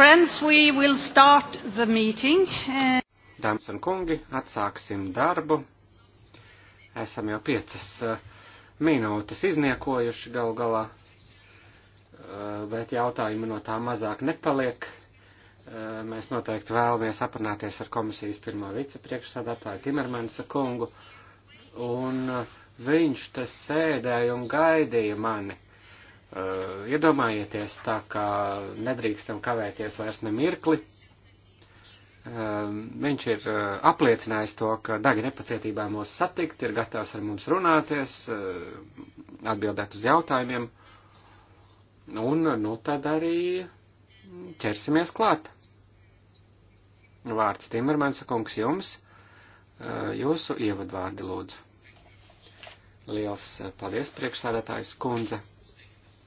Friends, we will start the meeting. Dāmas un kungi, atsāksim darbu. Esam jau piecas eh, minūtes izniekojuši gal galā, eh, bet jautājumi no tā mazāk nepaliek. Eh, mēs noteikti vēlamies aprunāties ar komisijas pirmo vicepriekšsādātāju Timermansa kungu, un viņš te sēdēja un gaidīja mani Eh, iedomājieties tā, ka nedrīkstam kavēties vairs ne mirkli. Eh, viņš ir eh, apliecinājis to, ka Dagi nepacietībā mūs satikt, ir gatavs ar mums runāties, atbildēt uz jautājumiem. Un, nu, tad arī ķersimies klāt. Vārds Timermans kungs jums, jūsu ievadvārdi lūdzu. Liels paldies, priekšsādātājs kundze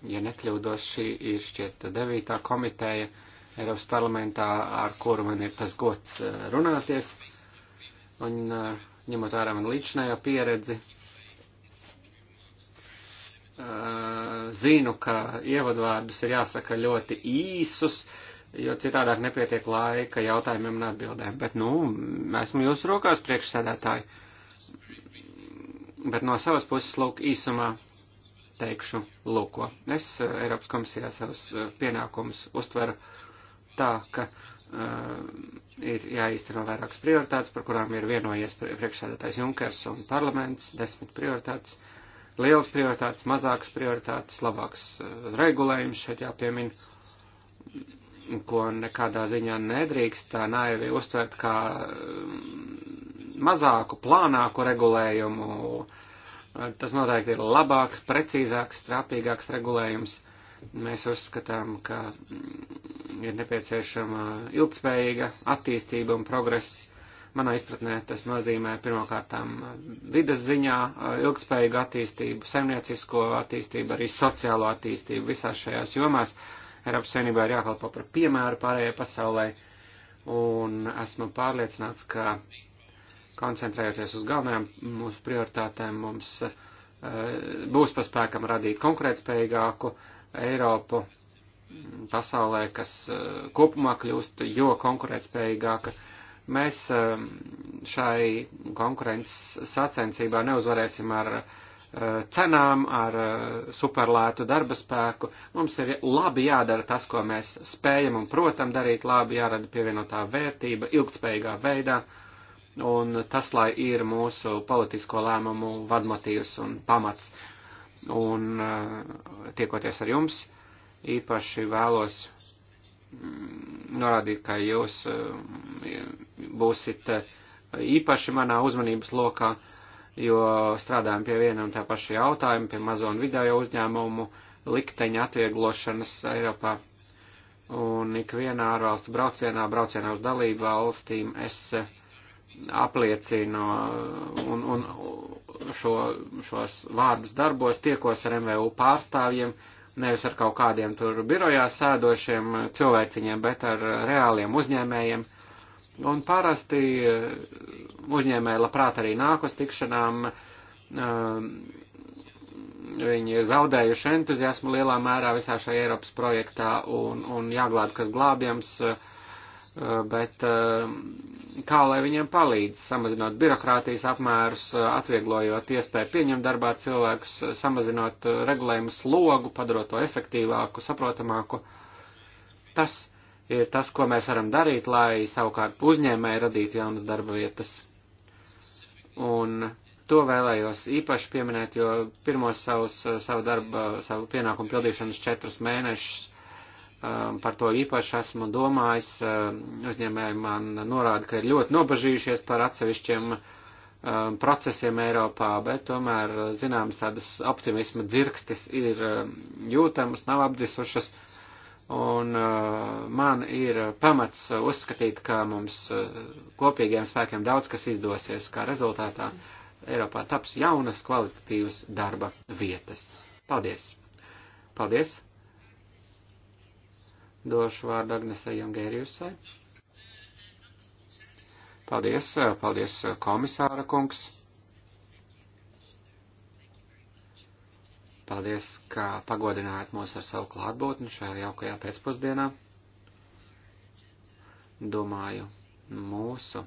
ja nekļūdos, šī ir šķiet devītā komiteja Eiropas parlamentā, ar kuru man ir tas gods eh, runāties. Un eh, ņemot vērā man līdzinējo pieredzi, eh, zinu, ka ievadvārdus ir jāsaka ļoti īsus, jo citādāk nepietiek laika jautājumiem un atbildēm. Bet, nu, esmu jūsu rokās priekšsēdētāji. Bet no savas puses, lūk, īsumā teikšu, lūko, es eh, Eiropas komisijā savus eh, pienākumus uztveru tā, ka uh, ir jāīsteno vairākas prioritātes, par kurām ir vienojies priekšsēdētājs Junkers un parlaments, desmit prioritātes, liels prioritātes, mazākas prioritātes, labāks uh, regulējums šeit jāpiemin, ko nekādā ziņā nedrīkst tā naivi uztvert kā um, mazāku, plānāku regulējumu. Uh, Tas noteikti ir labāks, precīzāks, strāpīgāks regulējums. Mēs uzskatām, ka mm, ir nepieciešama ilgspējīga attīstība un progress. Manā izpratnē tas nozīmē pirmkārtām mm, vidas ziņā ilgspējīgu attīstību, saimniecisko attīstību, arī sociālo attīstību visās šajās jomās. Eiropas Savienībā ir jākalpo par piemēru pārējai pasaulē, un esmu pārliecināts, ka koncentrējoties uz galvenajām mūsu prioritātēm, mums eh, būs paspēkam radīt konkurētspējīgāku Eiropu mm, pasaulē, kas eh, kopumā kļūst jo konkurētspējīgāka. Mēs eh, šai konkurences sacensībā neuzvarēsim ar cenām, ar superlētu darba spēku. Mums ir labi jādara tas, ko mēs spējam un protam darīt, labi jārada pievienotā vērtība, ilgtspējīgā veidā. Uh, un tas, lai ir mūsu politisko lēmumu vadmotīvs un pamats. Un uh, tiekoties ar jums, īpaši vēlos mm, norādīt, ka jūs uh, būsit uh, īpaši manā uzmanības lokā, jo strādājam pie viena un tā paša jautājuma, pie mazo un vidējo uzņēmumu likteņa atvieglošanas Eiropā. Un ikvienā ārvalstu braucienā, braucienā uz dalību valstīm es uh, apliecinu un, un šo, šos vārdus darbos tiekos ar MVU pārstāvjiem, nevis ar kaut kādiem tur birojā sēdošiem cilvēciņiem, bet ar reāliem uzņēmējiem. Un parasti eh, uzņēmēji labprāt arī nāk uz tikšanām, ehm, viņi ir zaudējuši entuziasmu lielā mērā visā šajā Eiropas projektā un, un jāglāb, kas glābjams. Uh, Eh, bet eh, kā lai viņiem palīdz samazinot birokrātijas apmērus, eh, atvieglojot iespēju pieņemt darbā cilvēkus, samazinot regulējumu slogu, padarot to efektīvāku, saprotamāku. Tas ir tas, ko mēs varam darīt, lai savukārt uzņēmēji radītu jaunas darba vietas. Un to vēlējos īpaši pieminēt, jo pirmos savus, savu darbu, savu pienākumu pildīšanas četrus mēnešus Um, par to īpaši esmu domājis. Um, uzņēmēji man norāda, ka ir ļoti nobažījušies par atsevišķiem um, procesiem Eiropā, bet tomēr, uh, zināms, tādas optimisma dzirkstis ir jūtamas, nav apdzisušas. Un uh, man ir pamats uzskatīt, ka mums uh, kopīgiem spēkiem daudz kas izdosies, kā rezultātā Eiropā taps jaunas kvalitatīvas darba vietas. Paldies! Paldies! Došu vārdu Agnesai Jungērijusai. Paldies, paldies komisāra kungs. Paldies, ka pagodinājāt mūs ar savu klātbūtni šajā jaukajā pēcpusdienā. Domāju, mūsu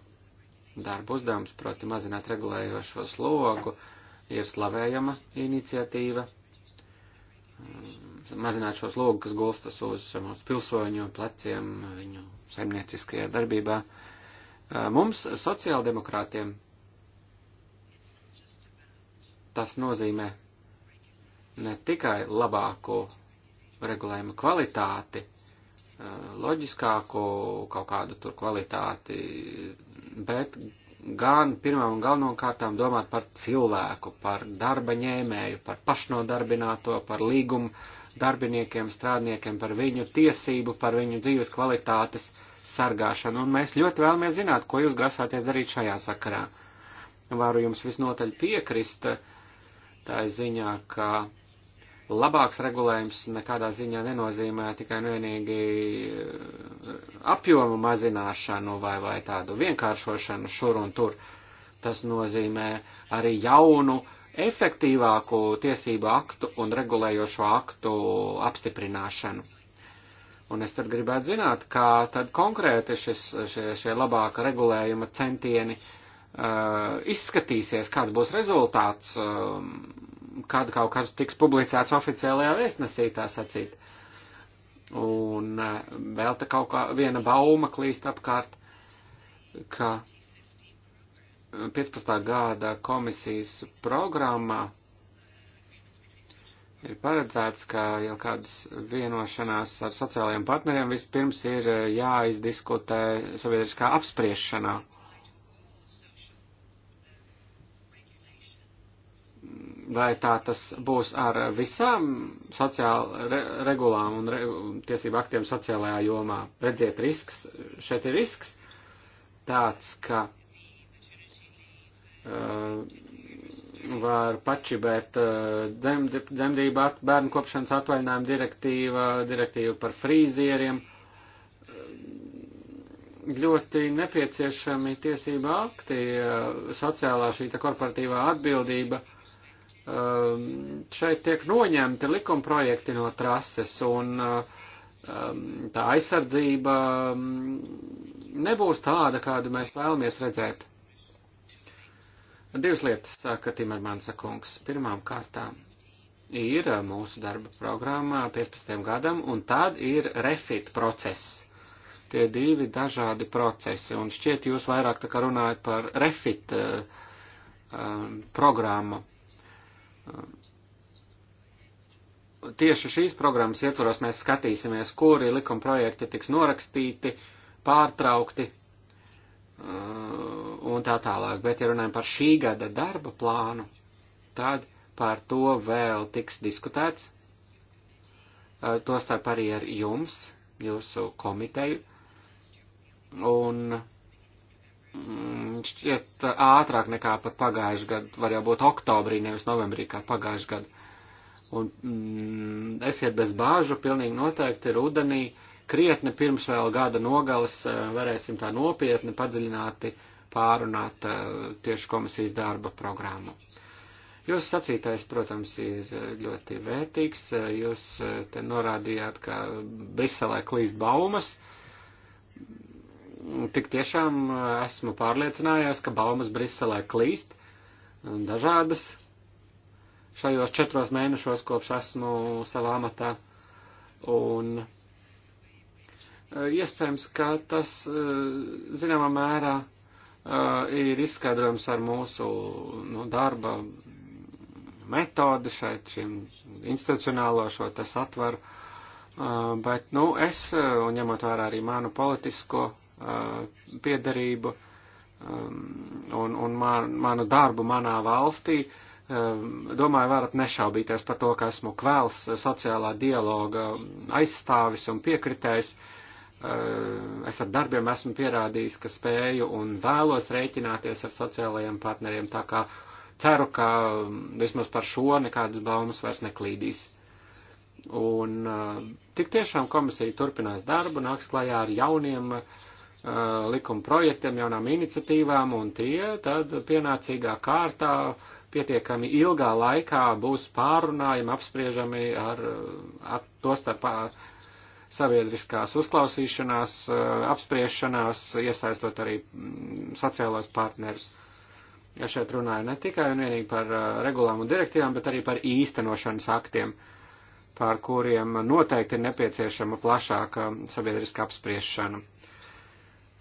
darba uzdevums, proti mazināt regulējošo slogu, ir slavējama iniciatīva, mazināt šos logus, kas gulstas uz mūsu pilsoņu pleciem, viņu saimnieciskajā darbībā. Mums, sociāldemokrātiem, tas nozīmē ne tikai labāku regulējumu kvalitāti, loģiskāku kaut kādu tur kvalitāti, bet gan pirmām un galvenokārtām domāt par cilvēku, par darba ņēmēju, par pašnodarbināto, par līgumu darbiniekiem, strādniekiem, par viņu tiesību, par viņu dzīves kvalitātes sargāšanu. Un mēs ļoti vēlamies zināt, ko jūs grasāties darīt šajā sakarā. Varu jums visnotaļ piekrist tā ziņā, ka labāks regulējums nekādā ziņā nenozīmē tikai un vienīgi eh, apjomu mazināšanu vai, vai tādu vienkāršošanu šur un tur. Tas nozīmē arī jaunu, efektīvāku tiesību aktu un regulējošo aktu apstiprināšanu. Un es tad gribētu zināt, kā tad konkrēti šis, šie, šie labāka regulējuma centieni uh, izskatīsies, kāds būs rezultāts. Um, kad kaut kas tiks publicēts oficiālajā vēstnesī, tā sacīt. Un e, vēl te kaut kā viena bauma klīst apkārt, ka 15. gada komisijas programmā ir paredzēts, ka jau kādas vienošanās ar sociālajiem partneriem vispirms ir e, jāizdiskutē sabiedriskā apspriešanā. vai tā tas būs ar visām sociāla re, regulām un re, tiesību aktiem sociālajā jomā. Redziet, risks, šeit ir risks tāds, ka uh, var pačibēt uh, demd, demdību at, bērnu kopšanas atvaļinājumu direktīva, direktīva par frīzieriem. Ļoti nepieciešami tiesība akti, uh, sociālā šīta korporatīvā atbildība. Uh, Um, šeit tiek noņemti likumprojekti no trases un uh, um, tā aizsardzība um, nebūs tāda, kādu mēs vēlamies redzēt. Divas lietas, saka Timermansa kungs. Pirmām kārtām ir uh, mūsu darba programmā 15. gadam, un tad ir refit process. Tie divi dažādi procesi, un šķiet jūs vairāk tā kā runājat par refit uh, um, programmu Um, tieši šīs programmas ietvaros mēs skatīsimies, kuri likuma projekti tiks norakstīti, pārtraukti uh, un tā tālāk. Bet, ja runājam par šī gada darba plānu, tad par to vēl tiks diskutēts, uh, tostarp arī ar jums, jūsu komiteju. Un Mm, šķiet uh, ātrāk nekā pat pagājuši gadu, var jau būt oktobrī, nevis novembrī kā pagājuši gadu. Un mm, esiet bez bāžu, pilnīgi noteikti rudenī, krietni pirms vēl gada nogales uh, varēsim tā nopietni padziļināti pārunāt uh, tieši komisijas darba programmu. Jūsu sacītais, protams, ir ļoti vērtīgs. Jūs te norādījāt, ka Briselē klīst baumas. Uh, tik tiešām uh, esmu pārliecinājies, ka baumas Briselē klīst dažādas šajos četros mēnešos, kopš esmu savā amatā. Un uh, iespējams, ka tas uh, zināmā mērā ir izskaidrojums ar mūsu nu, darba metodi šeit, šim institucionālo šo tas atvaru. Bet, nu, es, un ņemot vērā arī manu politisko Uh, piedarību um, un, un man, manu darbu manā valstī, um, domāju, varat nešaubīties par to, ka esmu kvēls sociālā dialoga aizstāvis un piekritējs. Uh, es ar darbiem esmu pierādījis, ka spēju un vēlos rēķināties ar sociālajiem partneriem, tā kā ceru, ka um, vismaz par šo nekādas baumas vairs neklīdīs. Un uh, tik tiešām komisija turpinās darbu, nāks klajā ar jauniem uh, Uh, likuma projektiem, jaunām iniciatīvām, un tie tad pienācīgā kārtā pietiekami ilgā laikā būs pārunājumi, apspriežami ar, uh, ar to starp uh, sabiedriskās uzklausīšanās, apspriešanās, iesaistot arī mm, sociālos partnerus. Es šeit runāju ne tikai un vienīgi par regulām un direktīvām, bet arī par īstenošanas aktiem, pār kuriem noteikti ir nepieciešama plašāka sabiedriska apspriešana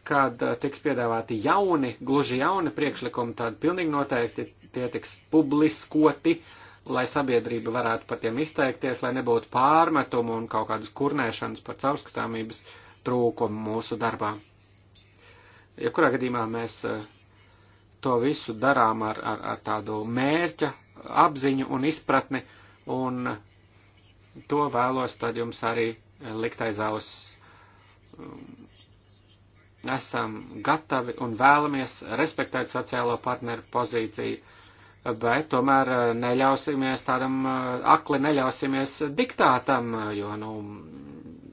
kad eh, tiks piedāvāti jauni, gluži jauni priekšlikumi, tad pilnīgi noteikti tie tiks publiskoti, lai sabiedrība varētu par tiem izteikties, lai nebūtu pārmetumu un kaut kādas kurnēšanas par caurskatāmības trūkumu mūsu darbā. Ja kurā gadījumā mēs eh, to visu darām ar, ar, ar tādu mērķa apziņu un izpratni, un to vēlos tad jums arī liktais auss esam gatavi un vēlamies respektēt sociālo partneru pozīciju, bet tomēr eh, neļausimies tādam, eh, akli neļausimies diktātam, jo, nu,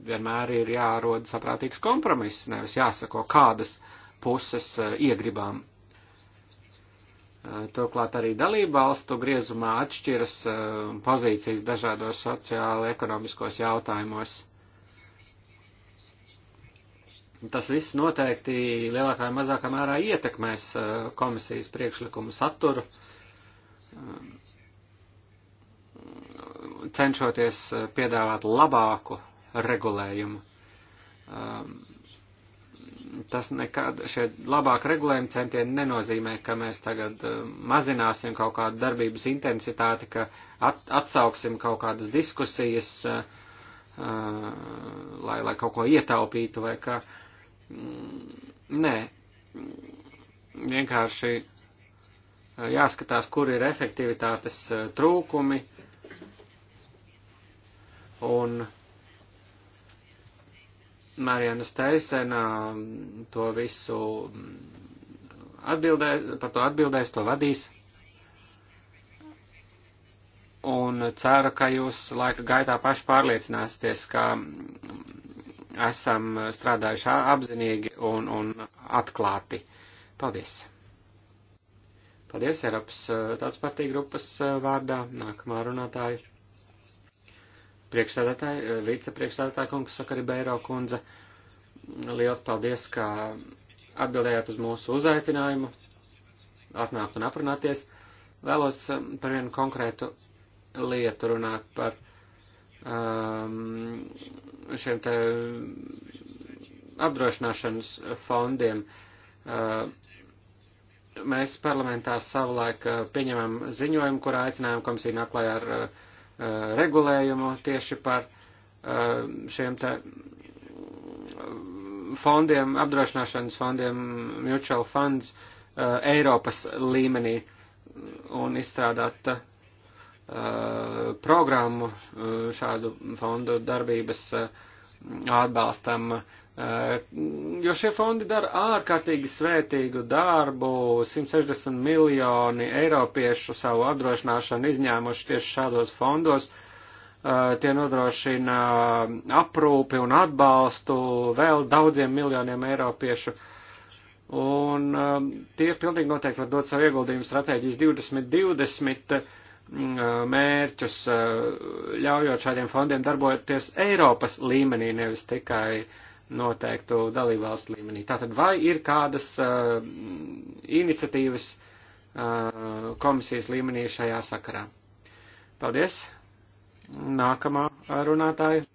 vienmēr ir jārod saprātīgs kompromiss, nevis jāsako, kādas puses eh, iegribām. Turklāt arī dalību valstu griezumā atšķiras pozīcijas dažādos sociāla ekonomiskos jautājumos Tas viss noteikti lielākā vai mazākā mērā ietekmēs uh, komisijas priekšlikumu saturu, um, cenšoties uh, piedāvāt labāku regulējumu. Um, tas nekad, šie labāk regulējumi centieni nenozīmē, ka mēs tagad uh, mazināsim kaut kādu darbības intensitāti, ka at, atsauksim kaut kādas diskusijas, lai, lai kaut ko ietaupītu vai ka. Kā Mm, nē, mm, vienkārši jāskatās, kur ir efektivitātes trūkumi un Marijanas Teisenā mm, to visu atbildē, par to atbildēs, to vadīs. Un ceru, ka jūs laika gaitā paši pārliecināsieties, ka esam strādājuši apzinīgi un, un atklāti. Paldies! Paldies Eiropas eh, Tautas partija grupas eh, vārdā. Nākamā runātāja. Priekšsēdētāji, eh, vicepriekšsēdētāja kungs Sakaribeiro kundze. Liels paldies, ka atbildējāt uz mūsu uzaicinājumu. Atnākt un aprunāties. Vēlos par vienu konkrētu lietu runāt par um, šiem te apdrošināšanas fondiem. Uh, mēs parlamentā savulaik uh, pieņemam ziņojumu, kurā aicinājām komisiju naklājā ar uh, regulējumu tieši par uh, šiem te uh, fondiem, apdrošināšanas fondiem, mutual funds uh, Eiropas līmenī un izstrādāt Eh, programmu eh, šādu fondu darbības eh, atbalstam, jo šie fondi dara ārkārtīgi svētīgu darbu, 160 miljoni eiropiešu savu apdrošināšanu izņēmuši tieši šādos fondos, tie nodrošina aprūpi un atbalstu vēl daudziem miljoniem eiropiešu. Un tie pilnīgi noteikti var dot savu ieguldījumu stratēģijas 2020 Mm, mērķus, ļaujot šādiem fondiem darboties Eiropas līmenī, nevis tikai noteiktu dalībvalstu līmenī. Tātad vai ir kādas uh, iniciatīvas uh, komisijas līmenī šajā sakarā? Paldies! Nākamā runātāja.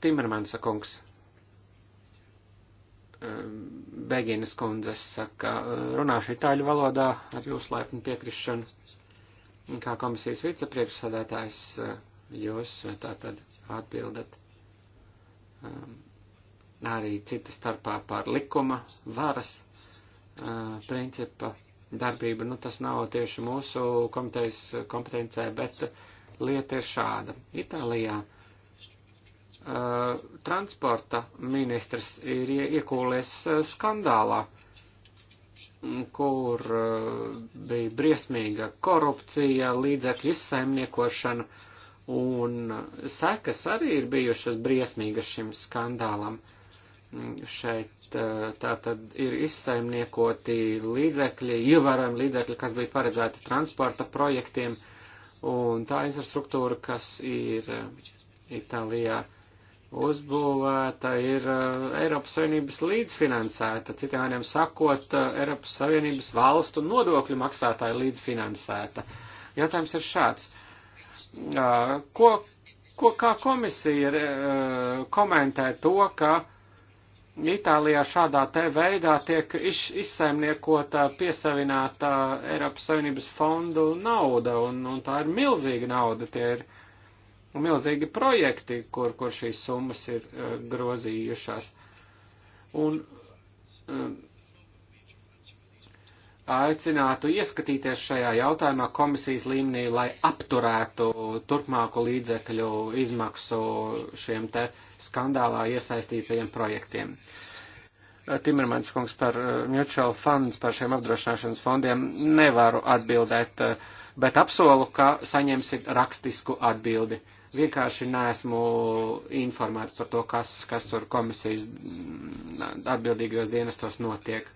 Timermansa kungs. Ehm, Beginas kundzes saka, eh, runāšu itāļu valodā ar jūsu laipnu piekrišanu. Kā komisijas vicepriekšsādātājs eh, jūs eh, tātad atbildat ehm, arī cita starpā par likuma varas principa darbību. Nu, tas nav tieši mūsu komitejas kompetencē, bet lieta ir šāda. Itālijā uh, Eh, transporta ministrs ir iekūlies eh, skandālā, kur eh, bija briesmīga korupcija, līdzekļu izsaimniekošana, un sekas arī ir bijušas briesmīgas šim skandālam. Mm, šeit tā tad ir izsaimniekoti līdzekļi, ievērojami līdzekļi, kas bija paredzēti transporta projektiem, un tā infrastruktūra, kas ir Itālijā uh, uzbūvēta ir eh, Eiropas Savienības līdzfinansēta, citiem vārdiem sakot, eh, Eiropas Savienības valstu nodokļu maksātāja līdzfinansēta. Jautājums ir šāds. Eh, ko, ko kā komisija komentē to, ka Itālijā šādā te veidā tiek iš, izsaimniekota piesavināta Eiropas Savienības fondu nauda, un, un tā ir milzīga nauda, tie ir uh, milzīgi projekti, kur, kur šīs summas ir uh, grozījušās. Un um, aicinātu ieskatīties šajā jautājumā komisijas līmenī, lai apturētu turpmāku līdzekļu izmaksu šiem te skandālā iesaistītajiem projektiem. E, Timermans kungs par mutual funds, par šiem apdrošināšanas fondiem nevaru atbildēt, bet apsolu, ka saņemsit rakstisku atbildi. Uh, vienkārši neesmu informēts par to, kas, kas tur komisijas mm, atbildīgajos dienestos notiek.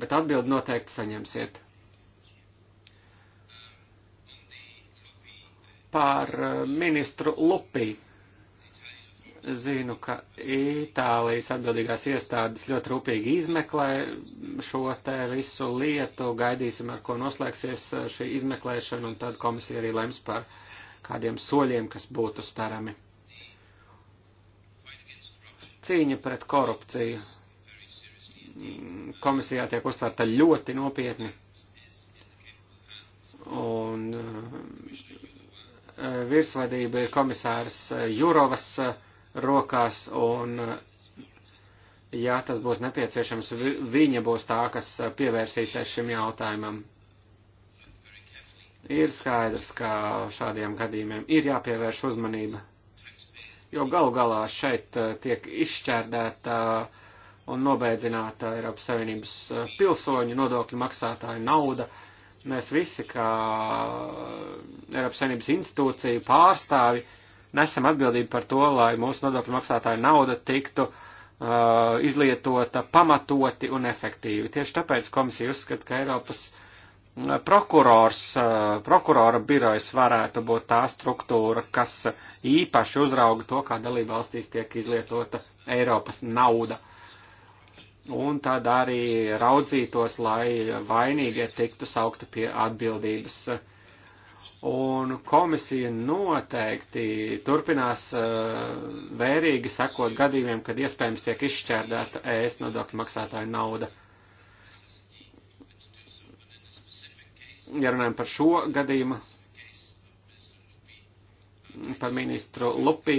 Bet atbildi noteikti saņemsiet. Par eh, ministru Lupī. Zinu, ka Itālijas atbildīgās iestādes ļoti rūpīgi izmeklē šo te visu lietu. Gaidīsim, ar ko noslēgsies eh, šī izmeklēšana, un tad komisija arī lems par uh, kādiem soļiem, kas būtu sperami. Cīņa pret korupciju komisijā tiek uztvērta ļoti nopietni. Un eh, virsvadība ir komisārs eh, Jurovas eh, rokās, un ja tas būs nepieciešams, viņa būs tā, kas pievērsīsies šim jautājumam ir skaidrs, ka šādiem gadījumiem ir jāpievērš uzmanība, jo galu galā šeit eh, tiek izšķērdēta un nobeidzināta Eiropas Savienības eh, pilsoņu nodokļu maksātāju nauda. Mēs visi, kā eh, Eiropas Savienības institūciju pārstāvi, nesam atbildību par to, lai mūsu nodokļu maksātāju nauda tiktu uh, izlietota pamatoti un efektīvi. Tieši tāpēc komisija uzskata, ka Eiropas uh, prokurors, eh, prokurora birojas varētu būt tā struktūra, kas īpaši uzrauga to, kā dalībvalstīs tiek izlietota Eiropas nauda. Un tad arī raudzītos, lai vainīgie tiktu saukti pie atbildības. Un komisija noteikti turpinās eh, vērīgi sekot gadījumiem, kad iespējams tiek izšķērdēta ēst nodokļu maksātāju nauda. ja runājam par šo gadījumu, par ministru Lupi,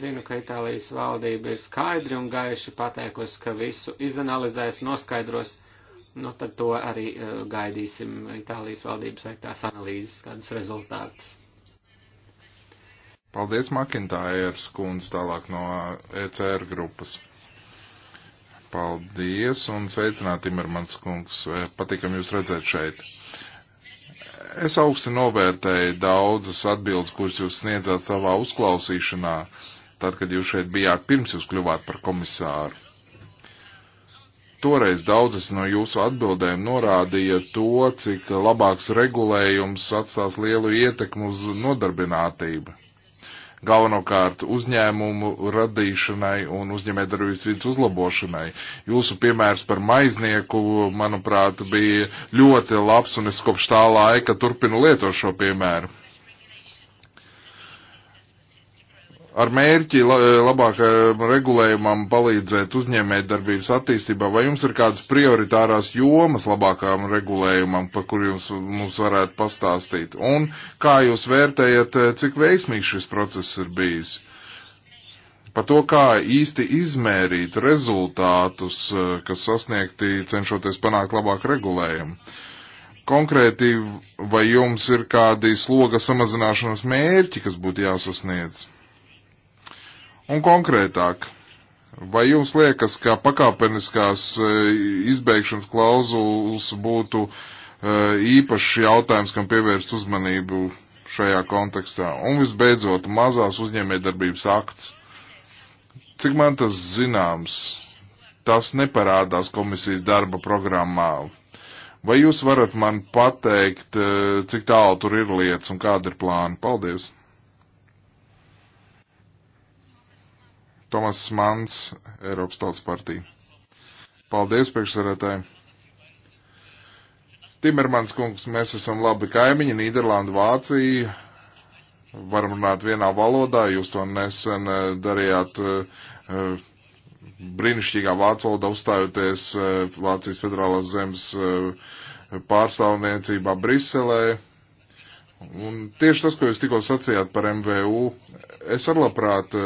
zinu, ka Itālijas valdība ir skaidri un gaiši pateikusi, ka visu izanalizēs, noskaidros, nu tad to arī eh, gaidīsim Itālijas valdības veiktās analīzes, kādus rezultātus. Paldies, Makintājers kundz, tālāk no ECR eh, e grupas. Paldies un sveicināti, Mermans kungs. Eh, patīkam jūs redzēt šeit. Es augstu novērtēju daudzas atbildes, kuras jūs sniedzāt savā uzklausīšanā, tad, kad jūs šeit bijāt pirms jūs kļuvāt par komisāru. Toreiz daudzas no jūsu atbildēm norādīja to, cik labāks regulējums atstās lielu ietekmu uz nodarbinātību galvenokārt uzņēmumu radīšanai un uzņēmējdarbības uzlabošanai. Jūsu piemērs par maiznieku, manuprāt, bija ļoti labs, un es kopš tā laika turpinu lietot šo piemēru. ar mērķi e, labākam e, regulējumam palīdzēt uzņēmēt darbības attīstībā, vai jums ir kādas prioritārās jomas labākam regulējumam, par kur jums mums varētu pastāstīt? Un kā jūs vērtējat, e, cik veiksmīgs šis process ir bijis? Par to, kā īsti izmērīt rezultātus, kas sasniegti cenšoties panākt labāku regulējumu konkrēti, vai jums ir kādi sloga samazināšanas mērķi, kas būtu jāsasniedz? Un konkrētāk, vai jums liekas, ka pakāpeniskās e, izbeigšanas klauzulas būtu e, īpašs jautājums, kam pievērst uzmanību šajā kontekstā? Un visbeidzot, mazās uzņēmējdarbības akts. Cik man tas zināms, tas neparādās komisijas darba programmā. Vai jūs varat man pateikt, e, cik tālu tur ir lietas un kāda ir plāna? Paldies! Tomas Mans, Eiropas Tautas partija. Paldies, priekšsarētāji! Timermans kungs, mēs esam labi kaimiņi, Nīderlanda, Vācija. Varam runāt vienā valodā, jūs to nesen eh, darījāt eh, eh, brīnišķīgā vācu valodā uzstājoties Vācijas federālās zemes pārstāvniecībā Briselē Un tieši tas, ko jūs tikko sacījāt par MVU, es ar labprāt eh,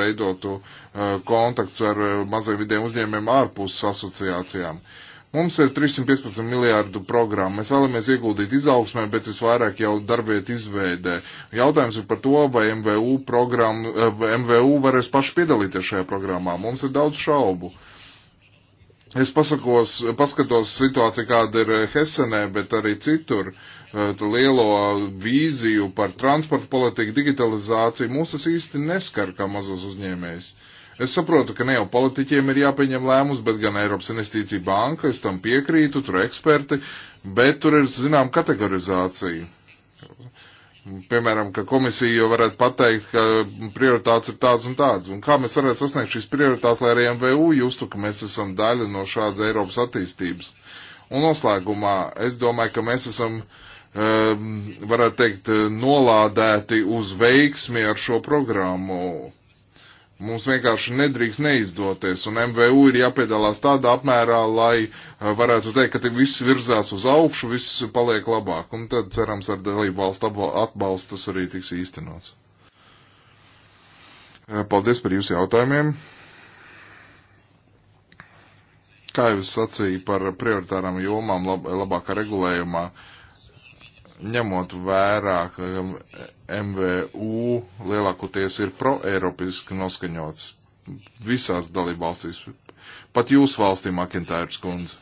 veidotu eh, kontakts ar eh, maziem vidiem uzņēmiem ārpus asociācijām. Mums ir 315 miljārdu programma, mēs vēlamies ieguldīt izaugsmē, bet visvairāk jau darbiet izveidē. Jautājums ir par to, vai MVU, programma, MVU varēs paši piedalīties šajā programmā. Mums ir daudz šaubu. Uh, Es pasakos, paskatos situāciju, kāda ir eh, Hesenē, bet arī citur, eh, lielo vīziju par transporta politiku, digitalizāciju, mūs tas īsti neskar kā mazos uzņēmējs. Es saprotu, ka ne jau politiķiem ir jāpieņem lēmums, bet gan Eiropas investīcija banka, es tam piekrītu, tur eksperti, bet tur ir, zinām, kategorizācija Piemēram, ka komisija jau varētu pateikt, ka prioritātes ir tādas un tādas. Un kā mēs varētu sasniegt šīs prioritātes, lai arī MVU justu, ka mēs esam daļa no šāda Eiropas attīstības. Un noslēgumā es domāju, ka mēs esam, um, varētu teikt, nolādēti uz veiksmi ar šo programmu Mums vienkārši nedrīkst neizdoties, un MVU ir jāpiedalās tādā apmērā, lai eh, varētu teikt, ka te viss virzās uz augšu, viss paliek labāk, un tad cerams ar dalību valstu atbalstu tas arī tiks īstenots. Eh, paldies par jūsu jautājumiem. Kā jau es sacīju par prioritārām jomām lab labākā regulējumā, uh, ņemot vērā, ka MVU lielākoties ir proeiropiski noskaņots visās dalībvalstīs, pat jūsu valstī, Makintārs kundze.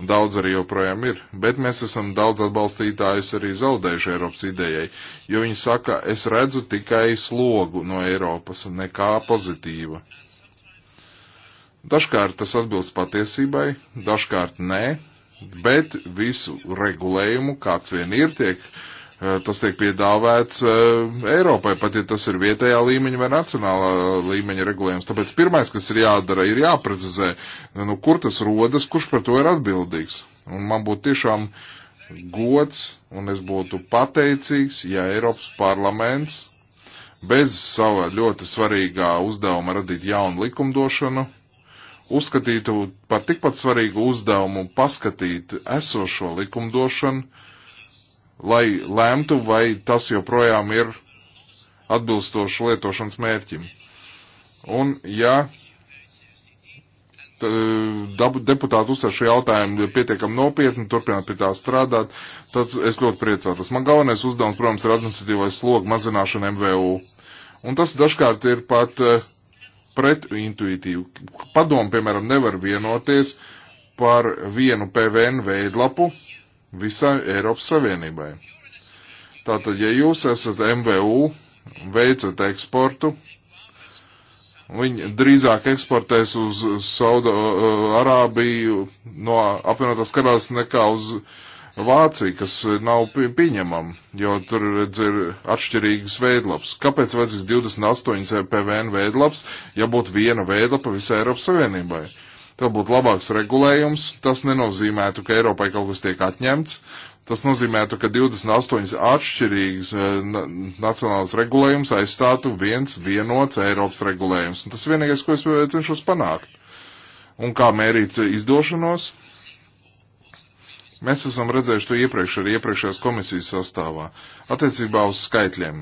Un daudz arī joprojām ir, bet mēs esam daudz atbalstītājus arī zaudējuši Eiropas idejai, jo viņi saka, es redzu tikai slogu no Eiropas, nekā pozitīva. Dažkārt tas atbilst patiesībai, dažkārt nē, Bet visu regulējumu, kāds vien ir, tiek, eh, tas tiek piedāvēts eh, Eiropai, pat ja tas ir vietējā līmeņa vai nacionālā līmeņa regulējums. Tāpēc pirmais, kas ir jādara, ir jāprecizē, nu, kur tas rodas, kurš par to ir atbildīgs. Un man būtu tiešām gods, un es būtu pateicīgs, ja Eiropas parlaments bez sava ļoti svarīgā uzdevuma radīt jaunu likumdošanu uzskatītu par tikpat svarīgu uzdevumu paskatīt esošo likumdošanu, lai lēmtu, vai tas joprojām ir atbilstoši lietošanas mērķim. Un, ja deputāti uzsver šo jautājumu pietiekami nopietni, turpināt pie tā strādāt, tad es ļoti priecātos. Man galvenais uzdevums, protams, ir administratīvais slogu mazināšana MVU. Un tas dažkārt ir pat uh, pretintuitīvi. Padomu, piemēram, nevar vienoties par vienu PVN veidlapu visai Eiropas Savienībai. Tātad, ja jūs esat MVU, veicat eksportu, Viņi drīzāk eksportēs uz Saudu uh, Arābiju no apvienotās karās nekā uz uh, Vāciju, kas nav pieņemama, jo tur redz ir atšķirīgas veidlaps. Kāpēc vajadzīgs 28 PVN veidlaps, ja būtu viena veidlapa visai Eiropas Savienībai? Tā būtu labāks regulējums, tas nenozīmētu, ka Eiropai kaut kas tiek atņemts, tas nozīmētu, ka 28 atšķirīgas eh, nacionālas regulējums aizstātu viens vienots Eiropas regulējums. Un tas vienīgais, ko es eh, cenšos panākt. Un kā mērīt izdošanos? Mēs esam redzējuši to iepriekš arī iepriekšējās komisijas sastāvā. Attiecībā uz skaitļiem.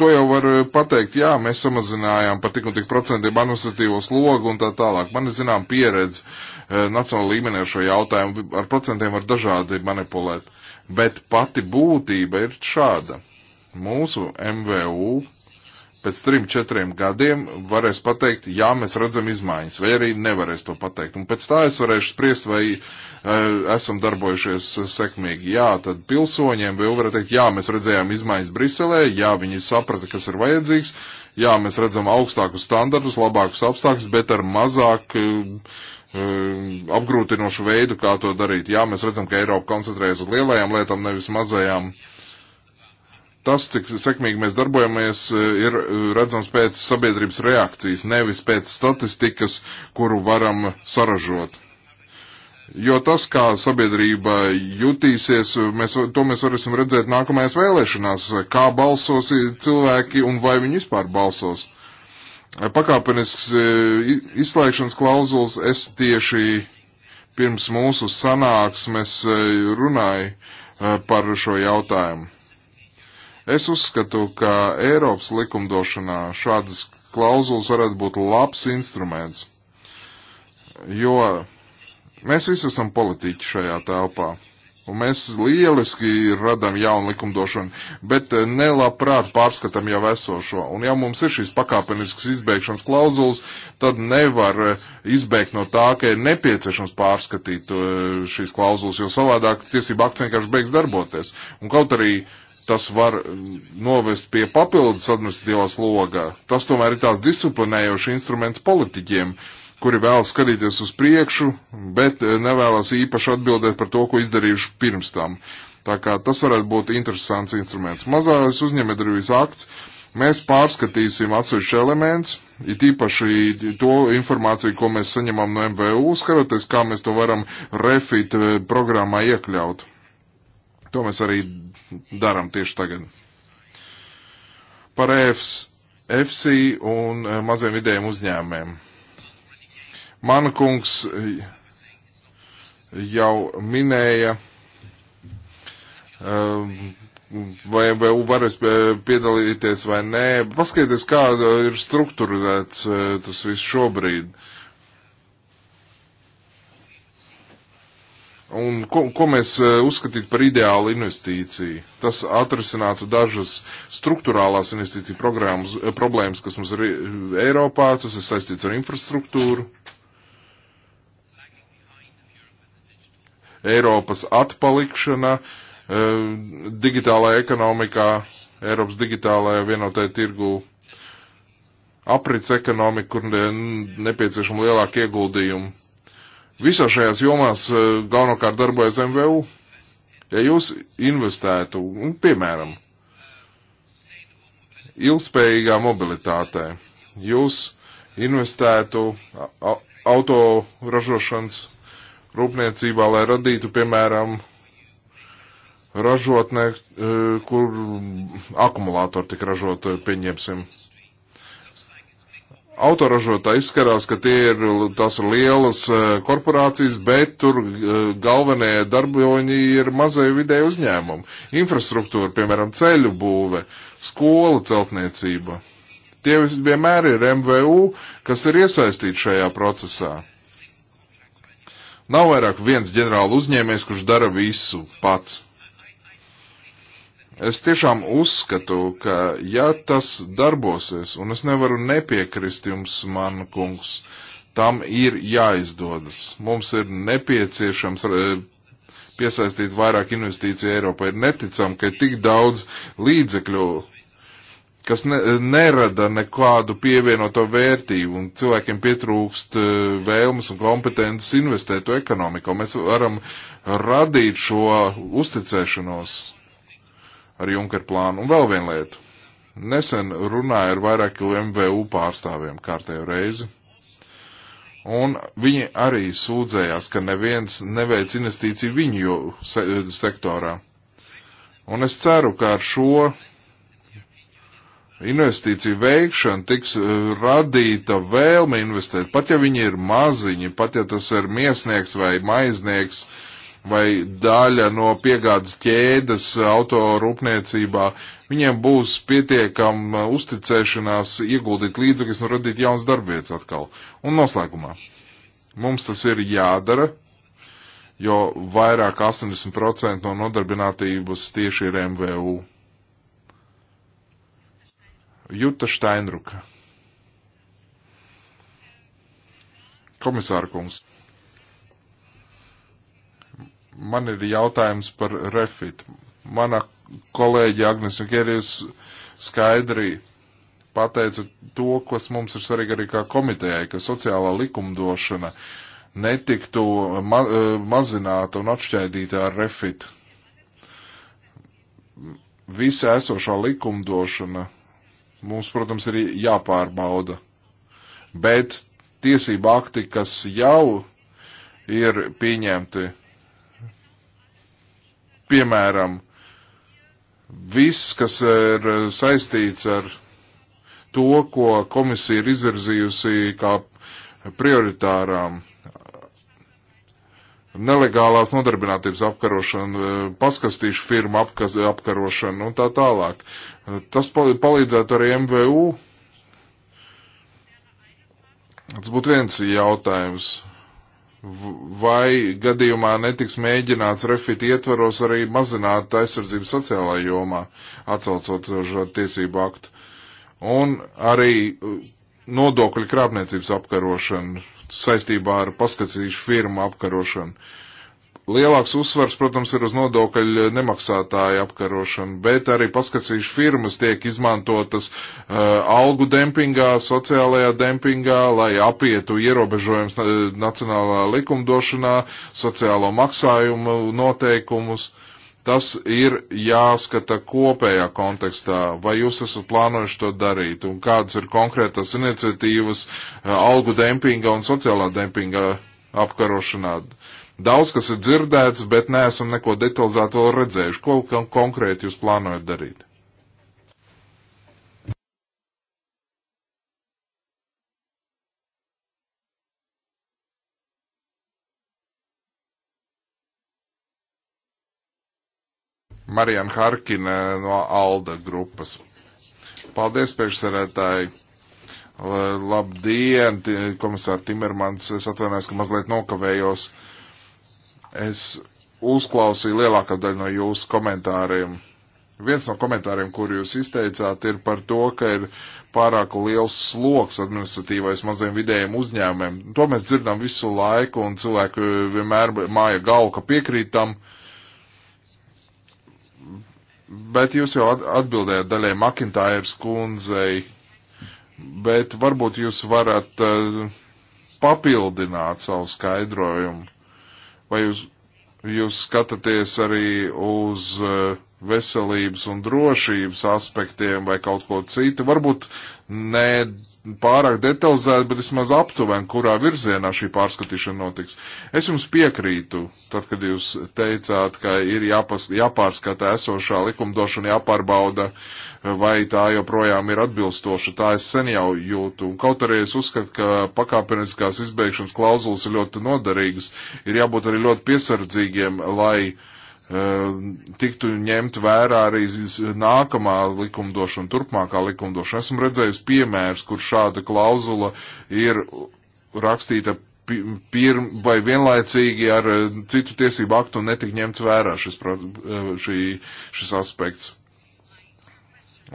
To jau var pateikt, jā, mēs samazinājām par tik un tik procentiem administratīvos logu un tā tālāk. Man ir zinām pieredze eh, nacionāla līmenī ar šo jautājumu, ar procentiem var dažādi manipulēt. Bet pati būtība ir šāda. Mūsu MVU pēc trim, četriem gadiem varēs pateikt, jā, mēs redzam izmaiņas, vai arī nevarēs to pateikt. Un pēc tā es varēšu spriest, vai e, esam darbojušies sekmīgi. Jā, tad pilsoņiem vēl varētu teikt, jā, mēs redzējām izmaiņas Briselē, jā, viņi saprata, kas ir vajadzīgs, jā, mēs redzam augstākus standartus, labākus apstākļus, bet ar mazāk e, e apgrūtinošu veidu, kā to darīt. Jā, mēs redzam, ka Eiropa koncentrējas uz lielajām lietām, nevis mazajām. Uh, tas, cik sekmīgi mēs darbojamies, eh, ir eh, redzams pēc sabiedrības reakcijas, nevis pēc statistikas, kuru varam saražot. Jo tas, kā sabiedrība jutīsies, mēs, to mēs varēsim redzēt nākamajās vēlēšanās, kā balsos cilvēki un vai viņi vispār balsos. Pakāpenisks eh, izslēgšanas klauzulas es tieši pirms mūsu sanāksmes runāju par šo jautājumu Es uzskatu, ka Eiropas likumdošanā šādas klauzulas varētu būt labs instruments, jo mēs visi esam politiķi šajā telpā. Un mēs lieliski radām jaunu likumdošanu, bet eh, nelabprāt pārskatām jau esošo. Un ja mums ir šīs pakāpeniskas izbēgšanas klauzulas, tad nevar eh, izbēgt no tā, ka ir nepieciešams pārskatīt eh, šīs klauzulas, jo savādāk tiesība akts vienkārši beigs darboties. Un kaut arī uh, tas var mm, novest pie papildus administratīvās logā. Tas tomēr ir tās disciplinējošs instruments politiķiem, kuri vēlas skatīties uz priekšu, bet eh, nevēlas īpaši atbildēt par to, ko izdarījuši pirms tam. Tā kā tas varētu būt interesants instruments. Mazās uzņēmējdarbības akts. Mēs pārskatīsim atsevišķu elements, it īpaši to informāciju, ko mēs saņemam no MVU, skatoties, kā mēs to varam refit eh, programmā iekļaut. To mēs arī darām tieši tagad. Par EFS, EFSI un eh, maziem vidējiem uzņēmēm. Mana kungs eh, jau minēja, eh, vai, vai varēs piedalīties vai nē. Paskaties, kāda ir struktūrēts tas viss šobrīd. Uh, Un ko, ko mēs e, uzskatītu par ideālu investīciju? Tas atrisinātu dažas struktūrālās investīciju e, problēmas, kas mums ir e, Eiropā, tas ir saistīts ar infrastruktūru. Eiropas atpalikšana digitālajā ekonomikā, Eiropas digitālajā vienotajā tirgū, aprits ekonomika, kur nepieciešama lielāka ieguldījuma Visā šajās jomās eh, galvenokārt darbojas MVU. Ja jūs investētu, un, nu, piemēram, ilgspējīgā mobilitātē, jūs investētu auto ražošanas rūpniecībā, lai radītu, piemēram, ražotne, eh, kur akumulātori tik ražot, eh, pieņemsim, autoražotājs izskatās, ka tie ir, tās ir lielas e, korporācijas, bet tur e, galvenie darboņi ir mazai vidēji uzņēmumi. Infrastruktūra, piemēram, ceļu būve, skola celtniecība. Tie vienmēr ir MVU, kas ir iesaistīti šajā procesā. Nav vairāk viens ģenerāla uzņēmējs, kurš dara visu pats. Es tiešām uzskatu, ka ja tas darbosies, un es nevaru nepiekrist jums, man kungs, tam ir jāizdodas. Mums ir nepieciešams piesaistīt vairāk investīciju Eiropā. Ir neticam, ka ir tik daudz līdzekļu, kas ne, nerada nekādu pievienoto vērtību, un cilvēkiem pietrūkst e, vēlmes un kompetences investēt to ekonomikā. Mēs varam radīt šo uzticēšanos ar Junker plānu. Un vēl viena lieta. Nesen runāju ar vairāku MVU pārstāvjiem kārtējo reizi. Un viņi arī sūdzējās, ka neviens neveic investīciju viņu se sektorā. Un es ceru, ka ar šo investīciju veikšanu tiks uh, radīta vēlme investēt, pat ja viņi ir maziņi, pat ja tas ir miesnieks vai maiznieks, uh, vai daļa no piegādes ķēdes autorūpniecībā, viņiem būs pietiekama uzticēšanās ieguldīt līdzekļus un radīt jauns darbvietas atkal. Un noslēgumā. Mums tas ir jādara, jo vairāk 80% no nodarbinātības tieši ir MVU. Juta Steinruka. Komisāra kungs. Man ir jautājums par refit. Mana kolēģi Agnes Kerijus skaidri pateica to, kas mums ir svarīgi arī kā komitejai, ka sociālā likumdošana netiktu ma eh, mazināta un atšķaidīta ar refit. Visa esošā likumdošana mums, protams, ir jāpārbauda. Bet tiesība akti, kas jau ir pieņemti Piemēram, viss, kas ir eh, saistīts ar to, ko komisija ir izvirzījusi kā prioritārām nelegālās nodarbinātības apkarošana, eh, paskastīšu firmu apkaz, apkarošana un tā tālāk. Tas palīdzētu arī MVU. Tas būtu viens jautājums vai gadījumā netiks mēģināts refit ietvaros arī mazināt aizsardzību sociālā jomā, atcaucot šo tiesību aktu. Un arī uh, nodokļu krāpniecības apkarošanu saistībā ar paskatīšu firmu apkarošanu. Lielāks uzsvars, protams, ir uz nodokļu nemaksātāju apkarošanu, bet arī paskatīšu firmas tiek izmantotas uh, algu dempingā, sociālajā dempingā, lai apietu ierobežojums uh, nacionālā likumdošanā, sociālo maksājumu noteikumus. Tas ir jāskata kopējā kontekstā, vai jūs esat plānojuši to darīt, un kādas ir konkrētas iniciatīvas uh, algu dempinga un sociālā dempinga apkarošanā. Uh, Daudz kas ir dzirdēts, bet neesam neko detalizētu vēl redzējuši. Ko konkrēti jūs plānojat darīt? Marijana Harkina no Alda grupas. Paldies, priekšsarētāji! Labdien, komisār Timermans, es atvainojos, ka mazliet nokavējos. Uh, Es uzklausīju lielākā daļa no jūsu komentāriem. Viens no komentāriem, kur jūs izteicāt, ir par to, ka ir pārāk liels sloks administratīvais maziem vidējiem uzņēmumiem. To mēs dzirdam visu laiku, un cilvēki vienmēr māja galvu, ka piekrīt tam. Bet jūs jau atbildējat daļai Makintājas kundzei, bet varbūt jūs varat eh, papildināt savu skaidrojumu Vai jūs, jūs skatāties arī uz uh, veselības un drošības aspektiem vai kaut ko citu. Varbūt ne pārāk detalizēti, bet vismaz aptuveni, kurā virzienā šī pārskatīšana notiks. Es jums piekrītu, tad, kad jūs teicāt, ka ir jāpas, jāpārskata esošā likumdošana, jāpārbauda, vai tā joprojām ir atbilstoša. Tā es sen jau jūtu. Un kaut arī es uzskatu, ka pakāpeniskās izbeigšanas klauzulas ir ļoti noderīgas, ir jābūt arī ļoti piesardzīgiem, lai uh, Eh, tiktu ņemt vērā arī nākamā likumdošana, turpmākā likumdošana. Esmu redzējusi piemērs, kur šāda klauzula ir rakstīta pirm, vai vienlaicīgi ar eh, citu tiesību aktu un netika ņemts vērā šis, eh, šī, šis aspekts.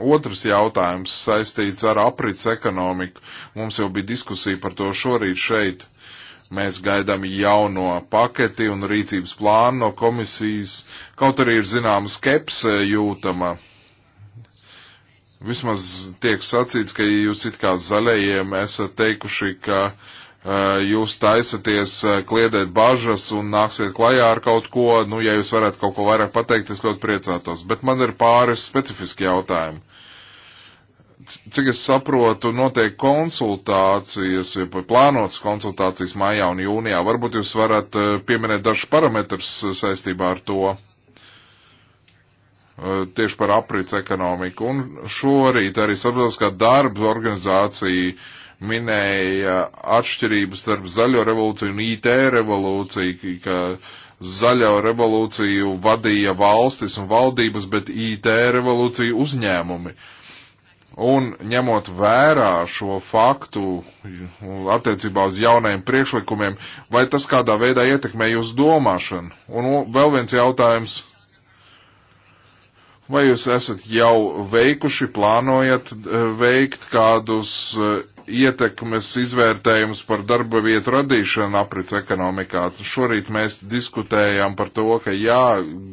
Otrs jautājums saistīts ar aprits ekonomiku. Mums jau bija diskusija par to šorīt šeit. Uh, Mēs gaidām jauno paketi un rīcības plānu no komisijas, kaut arī ir zināma skepse jūtama. Vismaz tiek sacīts, ka jūs it kā zaļajiem esat teikuši, ka uh, jūs taisaties kliedēt bažas un nāksiet klajā ar kaut ko, nu, ja jūs varētu kaut ko vairāk pateikt, es ļoti priecātos. Bet man ir pāris specifiski jautājumi cik es saprotu, notiek konsultācijas, plānotas konsultācijas maijā un jūnijā. Varbūt jūs varat eh, pieminēt dažus parametrus eh, saistībā ar to eh, tieši par aprits ekonomiku. Un šorīt arī sabiedriskā darba organizācija minēja atšķirības starp zaļo revolūciju un IT revolūciju, ka zaļo revolūciju vadīja valstis un valdības, bet IT revolūciju uzņēmumi. Uh, Un ņemot vērā šo faktu attiecībā uz jaunajiem priekšlikumiem, vai tas kādā veidā ietekmē jūsu domāšanu? Un vēl viens jautājums. Vai jūs esat jau veikuši, plānojat e, veikt kādus e, ietekmes izvērtējumus par darba vietu radīšanu aprits ekonomikā? Šorīt mēs diskutējām par to, ka jā,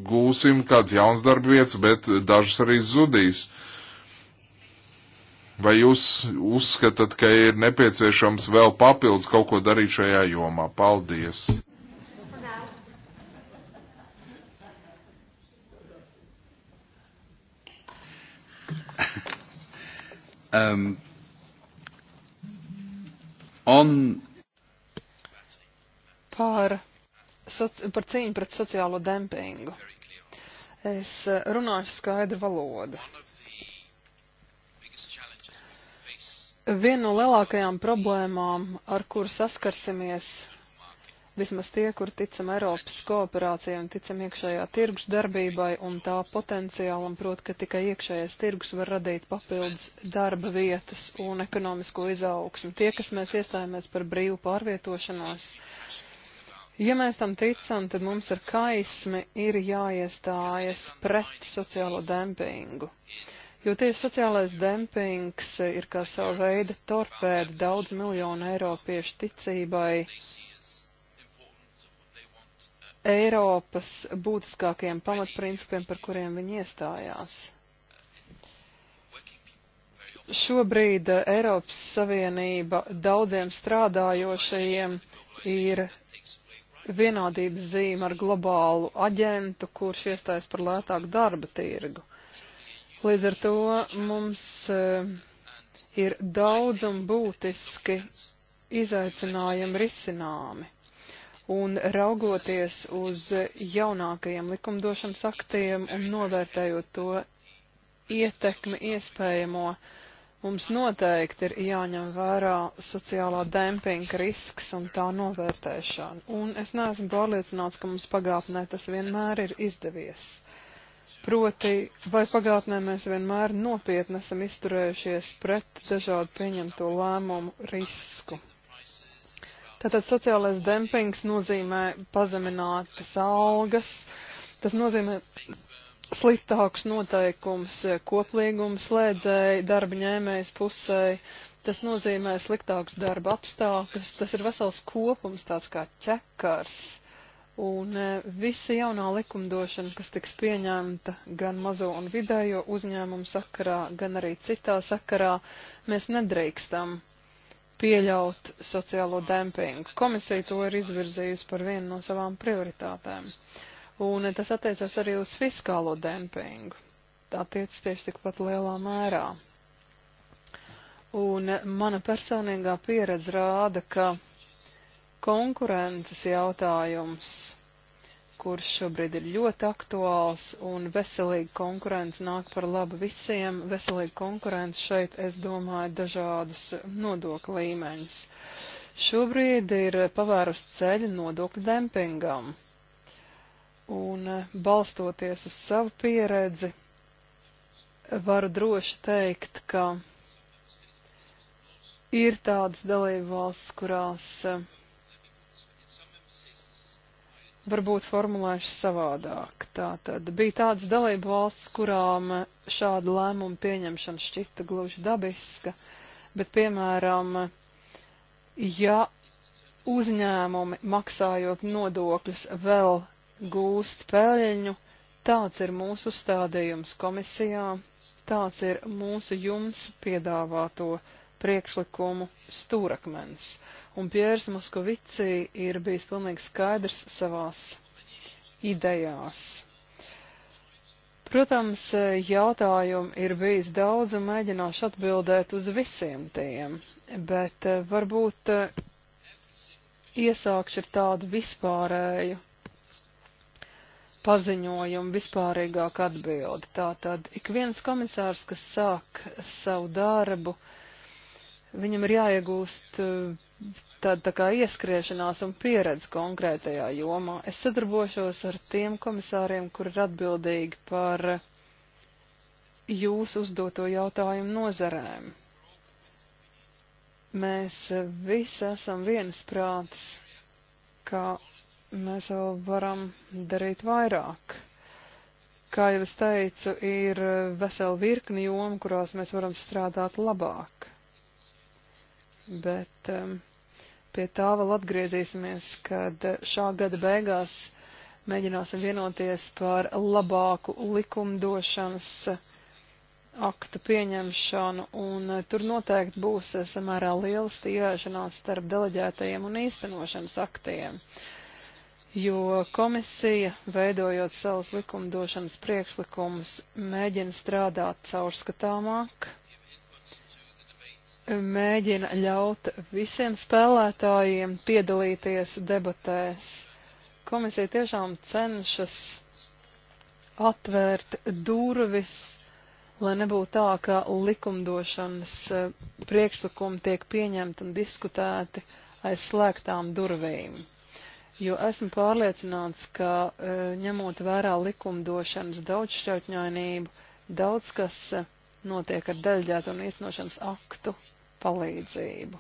gūsim kāds jauns darba vietas, bet dažas arī zudīs. Uh, Vai jūs uzskatāt, ka ir nepieciešams vēl papildus kaut ko darīt šajā jomā? Paldies! Um, on... par, soci, par cīņu pret sociālo dempingu. Es eh, runāšu skaidru valodu Viena no lielākajām problēmām, ar kur saskarsimies vismaz tie, kur ticam Eiropas kooperācijai un ticam iekšējā tirgus darbībai un tā potenciālam, prot, ka tikai iekšējais tirgus var radīt papildus darba vietas un ekonomisko izaugsmu. Tie, kas mēs iestājāmies par brīvu pārvietošanos, ja mēs tam ticam, tad mums ar kaismi ir jāiestājas pret sociālo dempingu. Jo tieši sociālais dempings ir kā savu veidu torpēda daudz miljonu eiropiešu ticībai Eiropas būtiskākajiem pamatprincipiem, par kuriem viņi iestājās. Šobrīd Eiropas Savienība daudziem strādājošajiem ir vienādības zīme ar globālu aģentu, kurš iestājas par lētāku darba tirgu. Līdz ar to mums eh, ir daudz un būtiski izaicinājumi risināmi. Un raugoties uz jaunākajiem likumdošanas aktiem un novērtējot to ietekmi iespējamo, mums noteikti ir jāņem vērā sociālā dempinga risks un tā novērtēšana. Un es neesmu pārliecināts, ka mums pagātnē tas vienmēr ir izdevies. Proti, vai pagātnē mēs vienmēr nopietni esam izturējušies pret dažādu pieņemto lēmumu risku. Tātad sociālais dempings nozīmē pazeminātas algas, tas nozīmē sliktāks noteikums koplīguma slēdzēji, darba ņēmējas pusēji, tas nozīmē sliktāks darba apstākļus, tas ir vesels kopums tāds kā ķekars Un e, visa jaunā likumdošana, kas tiks pieņemta gan mazo un vidējo uzņēmumu sakarā, gan arī citā sakarā, mēs nedrīkstam pieļaut sociālo dempingu. Komisija to ir izvirzījusi par vienu no savām prioritātēm. Un e, tas attiecas arī uz fiskālo dempingu. Tā tiec tieši tikpat lielā mērā. Un e, mana personīgā pieredze rāda, ka konkurences jautājums, kurš šobrīd ir ļoti aktuāls, un veselīga konkurence nāk par labu visiem. Veselīga konkurence šeit, es domāju, dažādus nodokļu līmeņus. Šobrīd ir pavērus ceļu nodokļu dempingam, un balstoties uz savu pieredzi, varu droši teikt, ka ir tādas dalību valsts, kurās varbūt formulēšu savādāk. Tātad bija tādas dalību valsts, kurām šāda lēmuma pieņemšana šķita gluži dabiska, bet, piemēram, ja uzņēmumi maksājot nodokļus vēl gūst peļņu, tāds ir mūsu stādījums komisijā, tāds ir mūsu jums piedāvāto priekšlikumu stūrakmens un Pjērs Moskovici ir bijis pilnīgi skaidrs savās idejās. Protams, jautājumu ir bijis daudz un mēģināšu atbildēt uz visiem tiem, bet eh, varbūt eh, iesākšu ar tādu vispārēju paziņojumu, vispārīgāku atbildi. Tātad ik viens komisārs, kas sāk savu darbu, uh, Viņam ir jāiegūst eh, tāda tā kā ieskriešanās un pieredze konkrētajā jomā. Es sadarbošos ar tiem komisāriem, kur ir atbildīgi par jūsu uzdoto jautājumu nozarēm. Mēs eh, visi esam viensprāts, ka mēs vēl varam darīt vairāk kā jau es teicu, ir eh, vesela virkni joma, kurās mēs varam strādāt labāk bet um, pie tā vēl atgriezīsimies, kad šā gada beigās mēģināsim vienoties par labāku likumdošanas aktu pieņemšanu, un uh, tur noteikti būs uh, samērā liela stīvēšanās starp deleģētajiem un īstenošanas aktiem, jo komisija, veidojot savus likumdošanas priekšlikumus, mēģina strādāt caurskatāmāk mēģina ļaut visiem spēlētājiem piedalīties debatēs. Komisija tiešām cenšas atvērt durvis, lai nebūtu tā, ka likumdošanas e, priekšlikumi tiek pieņemti un diskutēti aiz slēgtām durvīm. Jo esmu pārliecināts, ka e, ņemot vērā likumdošanas daudzšķautņainību, daudz kas e, notiek ar daļģētu un īstenošanas aktu palīdzību.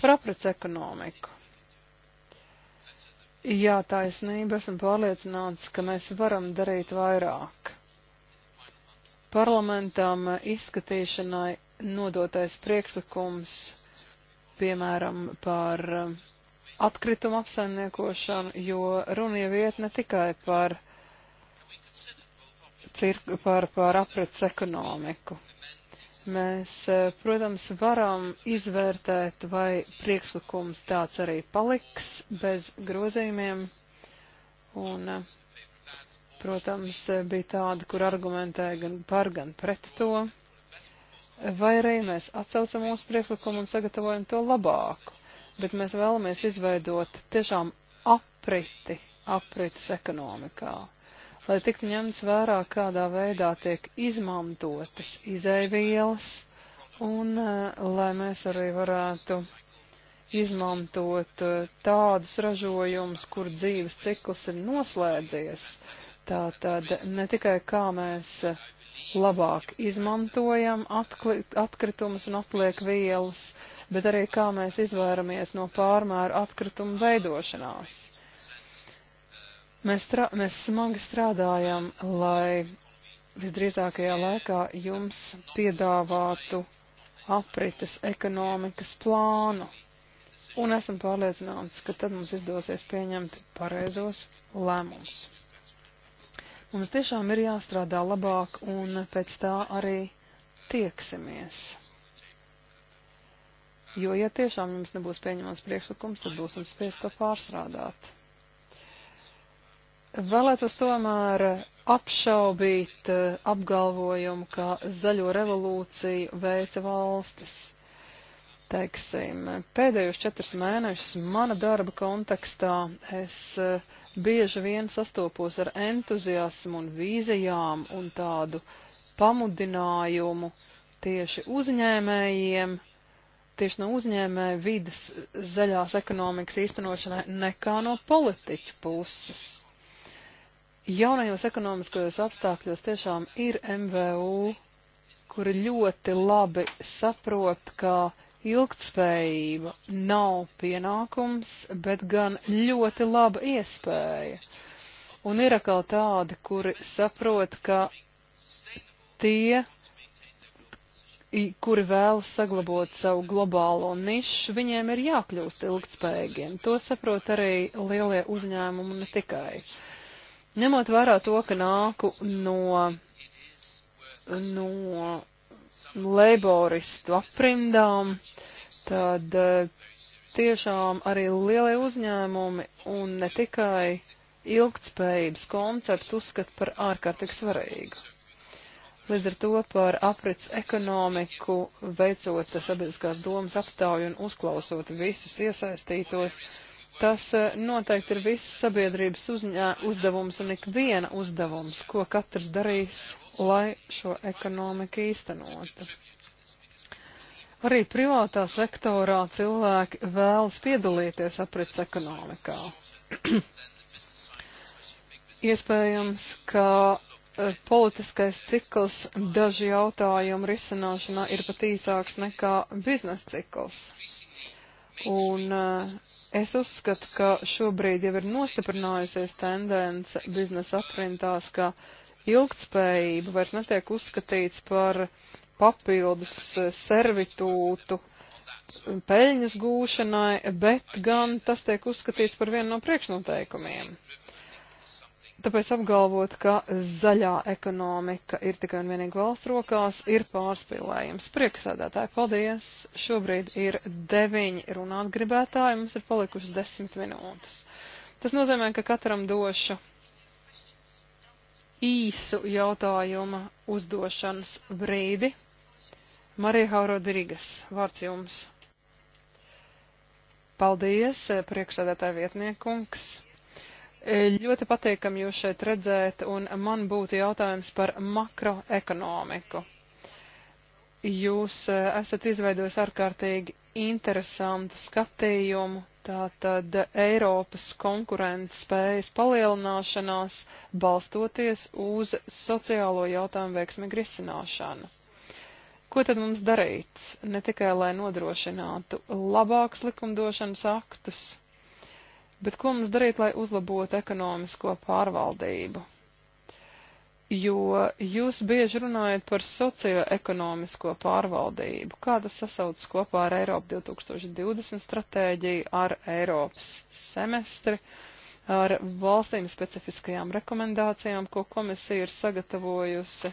Par aprits ekonomiku. Jā, taisnība, esmu pārliecināts, ka mēs varam darīt vairāk. Parlamentam izskatīšanai nodotais priekšlikums, piemēram, par atkritumu apsaimniekošanu, jo runa jau iet ne tikai par, cir, par, par aprits ekonomiku. Mēs, e, protams, varam izvērtēt, vai priekšlikums tāds arī paliks bez grozījumiem. Un, e, protams, e, bija tāda, kur argumentēja gan par, gan pret to. Vai arī mēs atcaucam mūsu priekšlikumu un sagatavojam to labāku. Bet mēs vēlamies izveidot tiešām apriti, aprites ekonomikā lai tiktu ņemts vērā, kādā veidā tiek izmantotas izaivielas un eh, lai mēs arī varētu izmantot eh, tādus ražojumus, kur dzīves cikls ir noslēdzies. Tātad ne tikai kā mēs eh, labāk izmantojam atkritumus un atliek vielas, bet arī kā mēs izvairamies no pārmēru atkritumu veidošanās. Mēs, strā, mēs smagi strādājam, lai visdrīzākajā laikā jums piedāvātu aprites ekonomikas plānu. Un esam pārliecināti, ka tad mums izdosies pieņemt pareizos lēmumus. Mums tiešām ir jāstrādā labāk un pēc tā arī tieksimies. Jo, ja tiešām jums nebūs pieņemams priekšlikums, tad būsim spiest to pārstrādāt. Vēlētos tomēr apšaubīt eh, apgalvojumu, ka zaļo revolūciju veica valstis. Teiksim, pēdējos četrus mēnešus mana darba kontekstā es eh, bieži vien sastopos ar entuziasmu un vīzijām un tādu pamudinājumu tieši uzņēmējiem, tieši no uzņēmēja vidas zaļās ekonomikas īstenošanai nekā no politiķu puses. Jaunajos ekonomiskajos apstākļos tiešām ir MVU, kuri ļoti labi saprot, ka ilgtspējība nav pienākums, bet gan ļoti laba iespēja. Un ir atkal tādi, kuri saprot, ka tie kuri vēlas saglabot savu globālo nišu, viņiem ir jākļūst ilgtspējīgiem. To saprot arī lielie uzņēmumi ne tikai. Ņemot vērā to, ka nāku no, no leiboristu aprindām, tad eh, tiešām arī lielie uzņēmumi un ne tikai ilgtspējības koncepts uzskata par ārkārtīgi svarīgu. Līdz ar to par aprits ekonomiku veicot sabiedriskās domas aptauju un uzklausot visus iesaistītos, Tas eh, noteikti ir visas sabiedrības uzņā, uzdevums un ikviena uzdevums, ko katrs darīs, lai šo ekonomiku īstenotu. Arī privātā sektorā cilvēki vēlas piedalīties aprits ekonomikā. Iespējams, ka eh, politiskais cikls daži jautājumu risināšanā ir pat īsāks nekā biznesa cikls. Un eh, es uzskatu, ka šobrīd jau ir nostiprinājusies tendence biznesa aprindās, ka ilgtspējība vairs netiek uzskatīts par papildus eh, servitūtu eh, peļņas gūšanai, bet gan tas tiek uzskatīts par vienu no priekšnoteikumiem. Tāpēc apgalvot, ka zaļā ekonomika ir tikai un vienīgi valsts rokās, ir pārspīlējums. Prieksēdētāji, paldies! Šobrīd ir deviņi runāt gribētāji, mums ir palikušas desmit minūtes. Tas nozīmē, ka katram došu īsu jautājuma uzdošanas brīdi. Marija Hauro Dirigas, vārds jums. Paldies, priekšsēdētāja vietniekungs. Ļoti patīkam jūs šeit redzēt, un man būtu jautājums par makroekonomiku. Jūs eh, esat izveidojis ārkārtīgi interesantu skatījumu, tātad Eiropas konkurences spējas palielināšanās, balstoties uz sociālo jautājumu veiksmīgu risināšanu. Ko tad mums darīt? Ne tikai, lai nodrošinātu labākus likumdošanas aktus, Bet ko mums darīt, lai uzlabotu ekonomisko pārvaldību? Jo jūs bieži runājat par socioekonomisko pārvaldību. Kā tas sasaucas kopā ar Eiropu 2020 stratēģiju, ar Eiropas semestri, ar valstīm specifiskajām rekomendācijām, ko komisija ir sagatavojusi?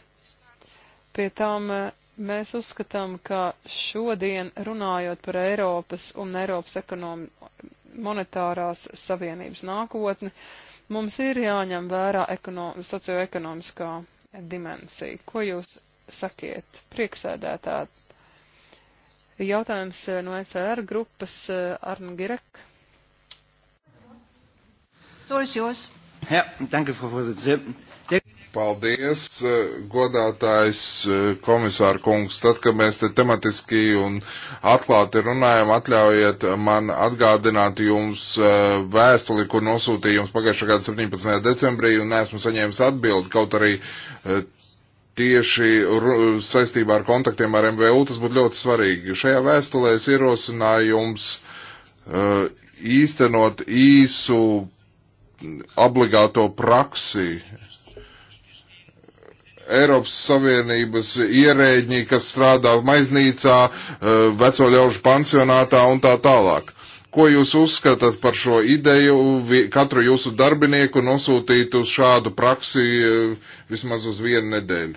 Pie tām eh, mēs uzskatām, ka šodien runājot par Eiropas un Eiropas ekonomi monetārās savienības nākotni, mums ir jāņem vērā ekonom, socioekonomiskā dimensija. Ko jūs sakiet, prieksēdētāji? Jautājums eh, no ECR grupas eh, Arn Girek. To es jūs. Jā, ja, danke, Frau Vorsitzende. Paldies, eh, godātājs eh, komisāra kungs. Tad, kad mēs te tematiski un atklāti runājam, atļaujiet man atgādināt jums eh, vēstuli, kur nosūtīju jums pagājušā gada 17. decembrī un neesmu saņēmis atbildi, kaut arī tieši saistībā ar kontaktiem ar MVU tas būtu ļoti svarīgi. Šajā vēstulē es ierosināju jums īstenot īsu obligāto praksi Eiropas Savienības ierēģi, kas strādā maiznīcā, eh, veco ļaužu pansionātā un tā tālāk. Ko jūs uzskatāt par šo ideju katru jūsu darbinieku nosūtīt uz šādu praksi eh, vismaz uz vienu nedēļu?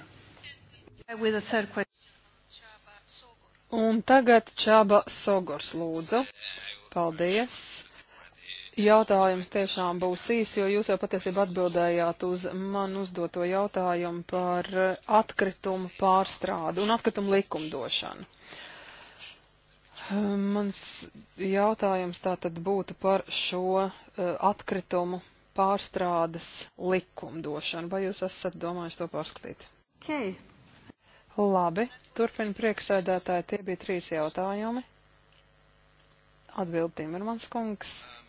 Un tagad Čaba Sogors lūdzu. Paldies jautājums tiešām būs īs, jo jūs jau patiesībā atbildējāt uz man uzdoto jautājumu par atkritumu pārstrādu un atkritumu likumdošanu. Mans jautājums tātad būtu par šo eh, atkritumu pārstrādes likumdošanu. Vai jūs esat domājuši to pārskatīt? Okay. Labi, turpina prieksēdētāji. Tie bija trīs jautājumi. Atbild Timermans kungs. Um.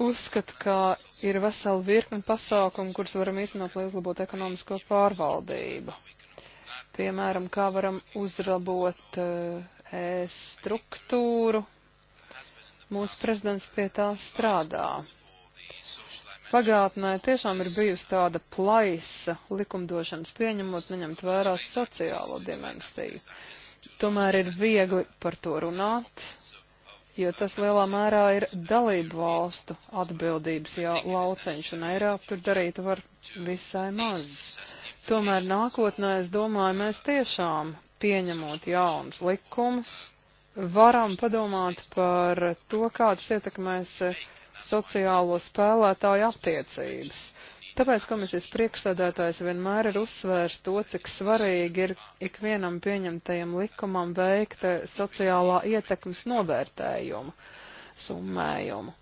uzskata, ka ir vesela virkni pasākumu, kurus varam īstenot, lai uzlabotu ekonomisko pārvaldību. Piemēram, kā varam uzlabot uh, eh, e struktūru. Mūsu prezidents pie tā strādā. Pagātnē tiešām ir bijusi tāda plaisa likumdošanas pieņemot, neņemt vērā sociālo dimensiju. Tomēr ir viegli par to runāt, jo tas lielā mērā ir dalību valstu atbildības jau lauceņš, un Eiropa tur darīt var visai maz. Tomēr nākotnē, es domāju, mēs tiešām pieņemot jaunas likumus, varam padomāt par to, kā tas ietekmēs sociālo spēlētāju attiecības. Tāpēc komisijas priekšsēdētājs vienmēr ir uzsvērs to, cik svarīgi ir ikvienam pieņemtajam likumam veikt eh, sociālā ietekmes novērtējumu, summējumu.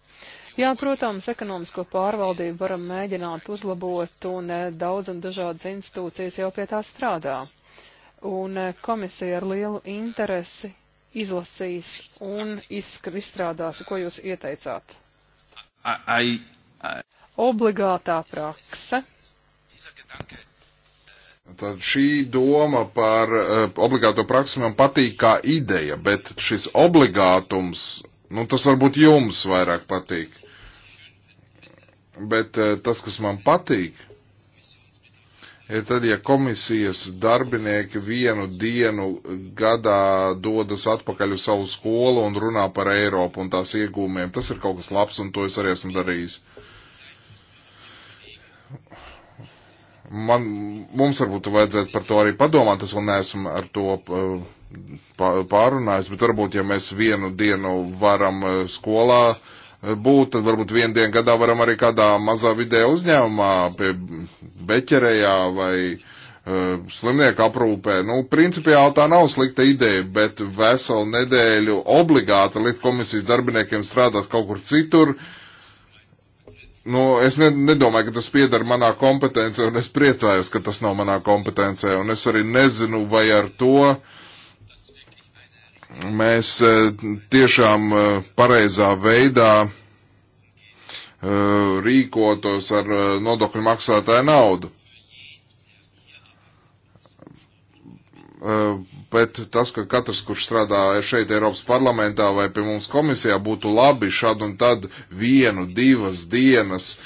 Jā, protams, ekonomisko pārvaldību varam mēģināt uzlabot, un eh, daudz un dažādas institūcijas jau pie tā strādā. Un eh, komisija ar lielu interesi izlasīs un izstrādās, ko jūs ieteicāt. I, I, I obligātā prakse. Tad šī doma par eh, obligāto praksi man patīk kā ideja, bet šis obligātums, nu tas varbūt jums vairāk patīk. Bet eh, tas, kas man patīk, ir tad, ja komisijas darbinieki vienu dienu gadā dodas atpakaļ uz savu skolu un runā par Eiropu un tās iegūmiem. Tas ir kaut kas labs un to es arī esmu darījis. Uh, Man, mums varbūt vajadzētu par to arī padomāt, es vēl neesmu ar to eh, pārunājis, bet varbūt, ja mēs vienu dienu varam eh, skolā eh, būt, tad varbūt vienu dienu gadā varam arī kādā mazā vidē uzņēmumā pie beķerējā vai slimnieku aprūpē. Nu, principiāli tā nav slikta ideja, bet veselu nedēļu obligāti likt komisijas darbiniekiem strādāt kaut kur citur, uh, Nu, es ne, nedomāju, ka tas piedara manā kompetencē, un es priecājos, ka tas nav manā kompetencē, un es arī nezinu, vai ar to mēs e, tiešām e, pareizā veidā e, rīkotos ar nodokļu maksātāju naudu bet tas, ka katrs, kurš strādā šeit Eiropas parlamentā vai pie mums komisijā, būtu labi šad un tad vienu, divas dienas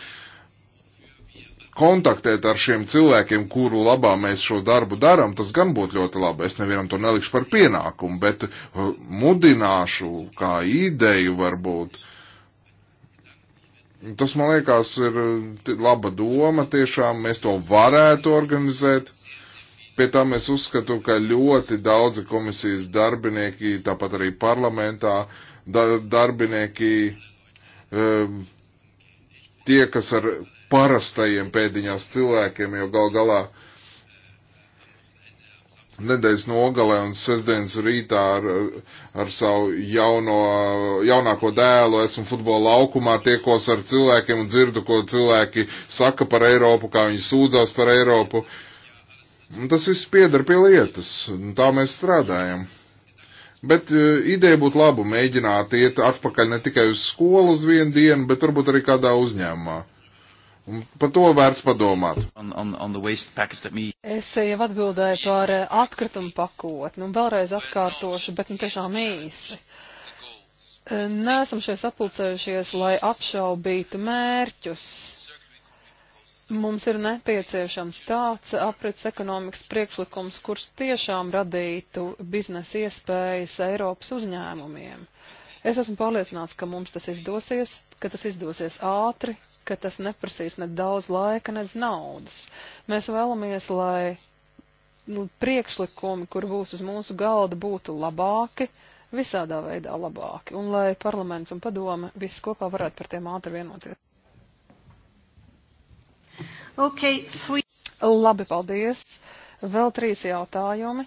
kontaktēt ar šiem cilvēkiem, kuru labā mēs šo darbu darām, tas gan būtu ļoti labi. Es nevienam to nelikšu par pienākumu, bet uh, mudināšu kā ideju varbūt. Tas, man liekas, ir uh, laba doma tiešām. Mēs to varētu organizēt Pie tam es uzskatu, ka ļoti daudzi komisijas darbinieki, tāpat arī parlamentā da darbinieki, um, tie, kas ar parastajiem pēdiņās cilvēkiem, jo gal galā nedēļas nogalē un sestdienas rītā ar, ar savu jauno, jaunāko dēlu esmu futbola laukumā, tiekos ar cilvēkiem un dzirdu, ko cilvēki saka par Eiropu, kā viņi sūdzās par Eiropu. Uh, Tas viss piedara pie lietas, un tā mēs strādājam. Bet e, ideja būtu laba mēģināt iet atpakaļ ne tikai uz skolu uz vienu dienu, bet varbūt arī kādā uzņēmumā. Un par to vērts padomāt. On, on, on me... Es e, jau atbildēju par e, atkritumu pakotni, un vēlreiz atkārtošu, bet nu tiešām īsi. Nesam šeit sapulcējušies, lai apšaubītu mērķus. Mums ir nepieciešams tāds aprits ekonomikas priekšlikums, kurš tiešām radītu biznesa iespējas Eiropas uzņēmumiem. Es esmu pārliecināts, ka mums tas izdosies, ka tas izdosies ātri, ka tas neprasīs ne daudz laika, ne naudas. Mēs vēlamies, lai nu, priekšlikumi, kur būs uz mūsu galda, būtu labāki, visādā veidā labāki, un lai parlaments un padome visi kopā varētu par tiem ātri vienoties. Okay, sweet. Labi, paldies. Vēl trīs jautājumi.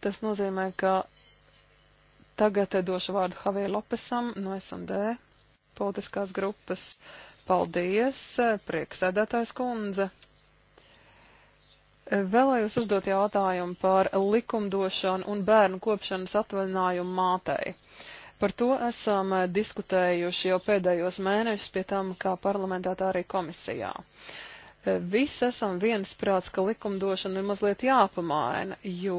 Tas nozīmē, ka tagad došu vārdu Havie Lopesam no SMD politiskās grupas. Paldies, prieksēdētājs kundze. Vēlējos uzdot jautājumu par likumdošanu un bērnu kopšanas atvaļinājumu mātei. Uh, Par to esam eh, diskutējuši jau pēdējos mēnešus, pie tam kā parlamentā, tā arī komisijā. Eh, visi esam viensprāts, ka likumdošana ir mazliet jāpamaina, jo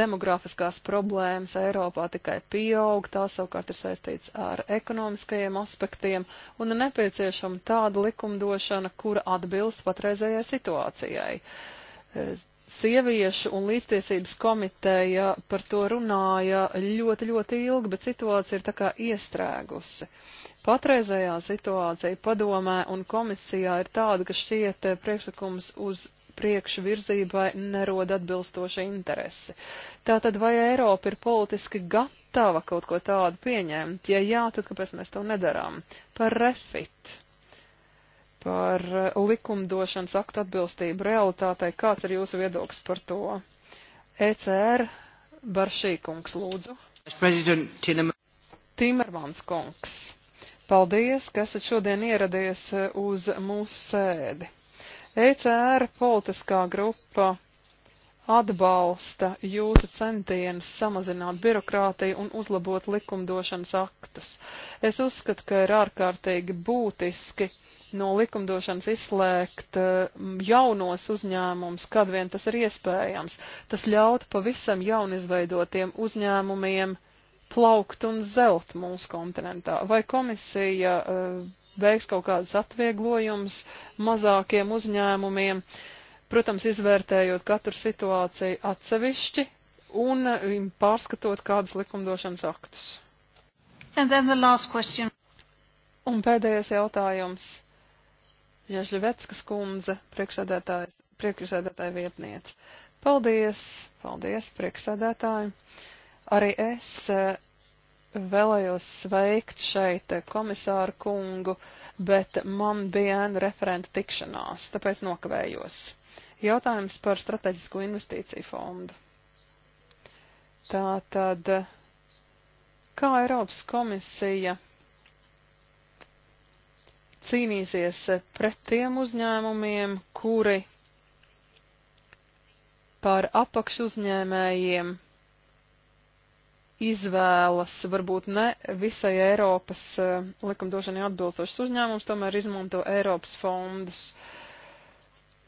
demografiskās problēmas Eiropā tikai pieaug, tās savukārt ir saistīts ar ekonomiskajiem aspektiem un ir nepieciešama tāda likumdošana, kura atbilst patreizējai situācijai eh, sieviešu un līdztiesības komiteja par to runāja ļoti, ļoti ilgi, bet situācija ir tā kā iestrēgusi. Patreizējā situācija padomē un komisijā ir tāda, ka šķiet eh, priekšlikums uz priekšu virzībai nerod atbilstoši interesi. Tātad vai Eiropa ir politiski gatava kaut ko tādu pieņemt? Ja jā, tad kāpēc mēs to nedarām? Par refit par eh, likumdošanas aktu atbilstību realitātei. Kāds ir jūsu viedoklis par to? ECR Baršīkungs lūdzu. Timermans kungs. Paldies, ka esat šodien ieradies eh, uz mūsu sēdi. ECR politiskā grupa atbalsta jūsu centienus samazināt birokrātiju un uzlabot likumdošanas aktus. Es uzskatu, ka ir ārkārtīgi būtiski no likumdošanas izslēgt jaunos uzņēmumus, kad vien tas ir iespējams. Tas ļautu pavisam jaunizveidotiem uzņēmumiem plaukt un zelt mūsu kontinentā. Vai komisija e, veiks kaut kādus atvieglojumus mazākiem uzņēmumiem? Uh, protams, izvērtējot katru situāciju atsevišķi un eh, pārskatot kādus likumdošanas aktus. The un pēdējais jautājums. Žažļeveckas kundze, priekšsēdētāja vietniece. Paldies, paldies, priekšsēdētāji. Arī es eh, vēlējos sveikt šeit eh, komisāru kungu, bet man bija ēna referenta tikšanās, tāpēc nokavējos. Jautājums par strateģisko investīciju fondu. Tā tad, kā Eiropas komisija cīnīsies pret tiem uzņēmumiem, kuri par apakšu uzņēmējiem izvēlas varbūt ne visai Eiropas eh, likumdošanai atbilstošas uzņēmums, tomēr izmanto Eiropas fondus. Uh,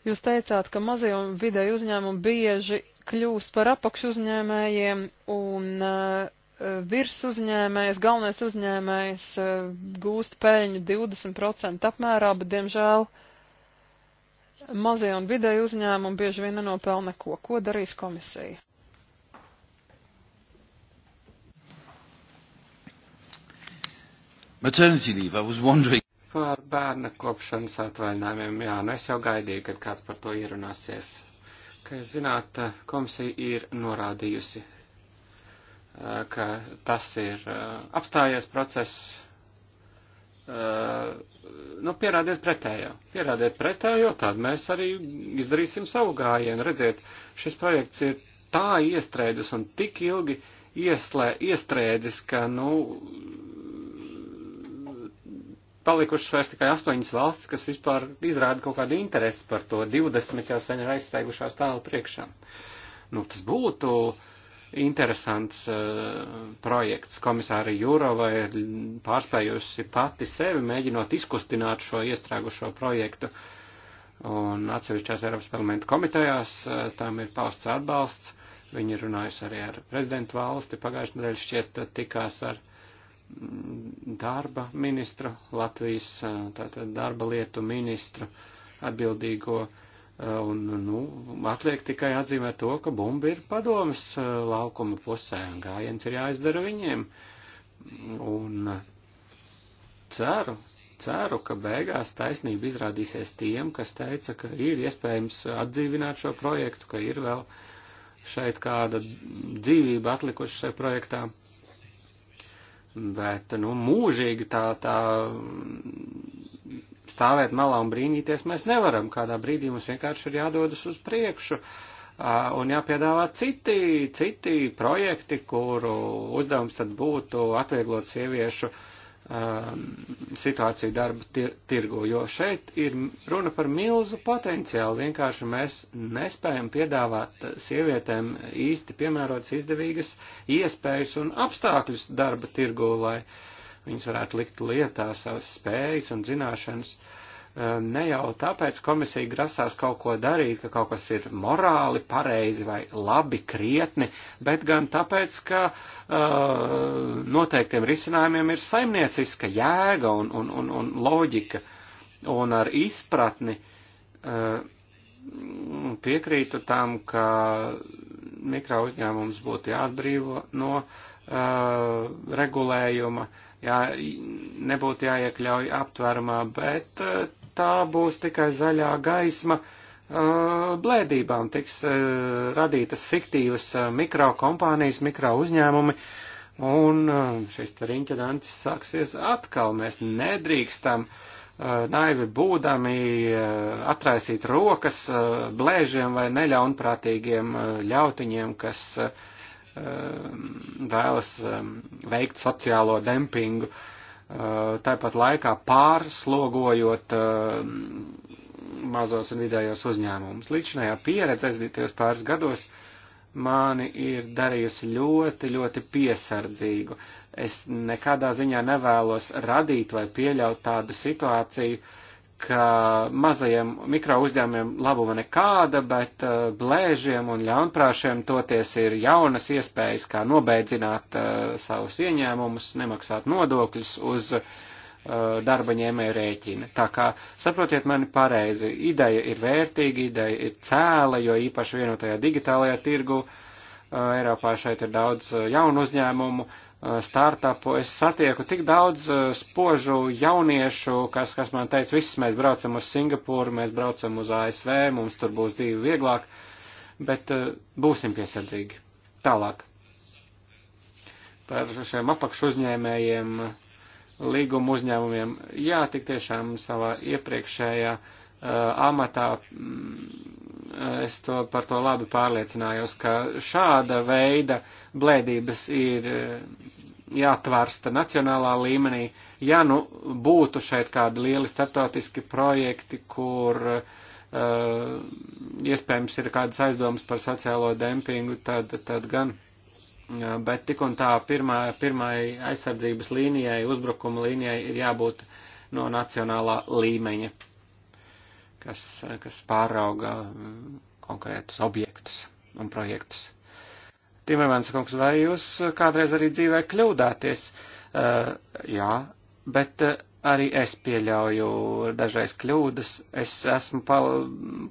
Jūs teicāt, ka mazie un vidēji uzņēmumi bieži kļūst par apakšuzņēmējiem un uh, virs uzņēmējs, galvenais uzņēmējs uh, gūst peļņu 20% apmērā, bet diemžēl mazie un vidēji uzņēmumi bieži vien nenopelna neko. Ko darīs komisija? Maternity leave, I was wondering par bērna kopšanas atvaļinājumiem. Jā, nu es jau gaidīju, kad kāds par to ierunāsies. Kā jūs zināt, eh, komisija ir norādījusi, eh, ka tas ir eh, apstājies process. Nu, pierādiet pretējo. Pierādiet pretējo, tad mēs arī izdarīsim savu gājienu. Redziet, šis projekts ir tā iestrēdzis un tik ilgi ieslē, iestrēdzis, ka, nu, palikušas vairs tikai astoņas valstis, kas vispār izrāda kaut kādu interesi par to. 20 jau sen ir aizsteigušās tālu priekšā. Nu, tas būtu interesants uh, projekts. Komisāra Jurova ir pārspējusi pati sevi, mēģinot izkustināt šo iestrēgušo projektu. Un atsevišķās Eiropas parlamenta komitejās uh, tam ir pausts atbalsts. Viņi ir runājusi arī ar prezidentu valsti. Pagājušajā nedēļā šķiet eh, tikās ar uh, darba ministra, Latvijas tātad darba lietu ministra atbildīgo, un, nu, atliek tikai atzīmēt to, ka bumba ir padomas laukuma pusē, un gājiens ir jāizdara viņiem. Un ceru, ceru, ka beigās taisnība izrādīsies tiem, kas teica, ka ir iespējams atdzīvināt šo projektu, ka ir vēl šeit kāda dzīvība atlikuši šajā projektā. Bet, nu, mūžīgi tā, tā stāvēt malā un brīnīties mēs nevaram. Kādā brīdī mums vienkārši ir jādodas uz priekšu un jāpiedāvā citi, citi projekti, kuru uzdevums tad būtu atvieglot sieviešu uh, Um, situāciju darba tir tirgu, jo šeit ir runa par milzu potenciālu. Vienkārši mēs nespējam piedāvāt uh, sievietēm īsti piemērotas izdevīgas iespējas un apstākļus darba tirgu, lai viņas varētu likt lietā savas spējas un zināšanas. Uh, Ehm, ne jau tāpēc komisija grasās kaut ko darīt, ka kaut kas ir morāli pareizi vai labi krietni, bet gan tāpēc, ka uh, noteiktiem risinājumiem ir saimnieciska jēga un, un, un, un loģika. Un ar izpratni uh, piekrītu tam, ka mikro uzņēmums būtu jāatbrīvo no uh, regulējuma, jā, nebūtu jāiekļauj aptvērumā, bet uh, tā būs tikai zaļā gaisma uh, blēdībām, tiks uh, radītas fiktīvas uh, mikrokompānijas, mikrouzņēmumi, un šis riņķa dantis sāksies atkal. Mēs nedrīkstam naivi būdami atraisīt rokas blēžiem vai neļaunprātīgiem ļautiņiem, kas um, vēlas um, veikt sociālo dempingu. Uh, Eh, tāpat laikā pārslogojot eh, mazos un vidējos uzņēmumus. Līdzinājā pieredze aizdītajos pāris gados mani ir darījusi ļoti, ļoti piesardzīgu. Es nekādā ziņā nevēlos radīt vai pieļaut tādu situāciju, uh, ka mazajiem mikro uzņēmumiem labuma nekāda, bet uh, blēžiem un ļaunprāšiem toties ir jaunas iespējas, kā nobeidzināt uh, savus ieņēmumus, nemaksāt nodokļus uz uh, darba ņēmēju rēķina. Tā kā, saprotiet mani pareizi, ideja ir vērtīga, ideja ir cēla, jo īpaši vienotajā digitālajā tirgu Eiropā šeit ir daudz jaunu uzņēmumu, uh, Uh, startupu, es satieku tik daudz uh, spožu jauniešu, kas, kas man teica, viss mēs braucam uz Singapūru, mēs braucam uz ASV, mums tur būs dzīve vieglāk, bet uh, būsim piesardzīgi. Tālāk. Par šiem apakšu uzņēmējiem, līguma uzņēmumiem. Jā, tik tiešām savā iepriekšējā uh, amatā. Mm, es to par to labi pārliecinājos, ka šāda veida blēdības ir eh, jātvērsta nacionālā līmenī. Ja nu būtu šeit kādi lieli starptautiski projekti, kur uh, iespējams ir kādas aizdomas par sociālo dempingu, tad, tad gan. Jā, bet tik un tā pirmā, pirmai aizsardzības līnijai, uzbrukuma līnijai ir jābūt no nacionālā līmeņa kas, kas pārauga mm, konkrētus objektus un projektus. Timermans kungs, vai jūs kādreiz arī dzīvē kļūdāties? Uh, jā, bet uh, arī es pieļauju dažreiz kļūdas. Es esmu pal,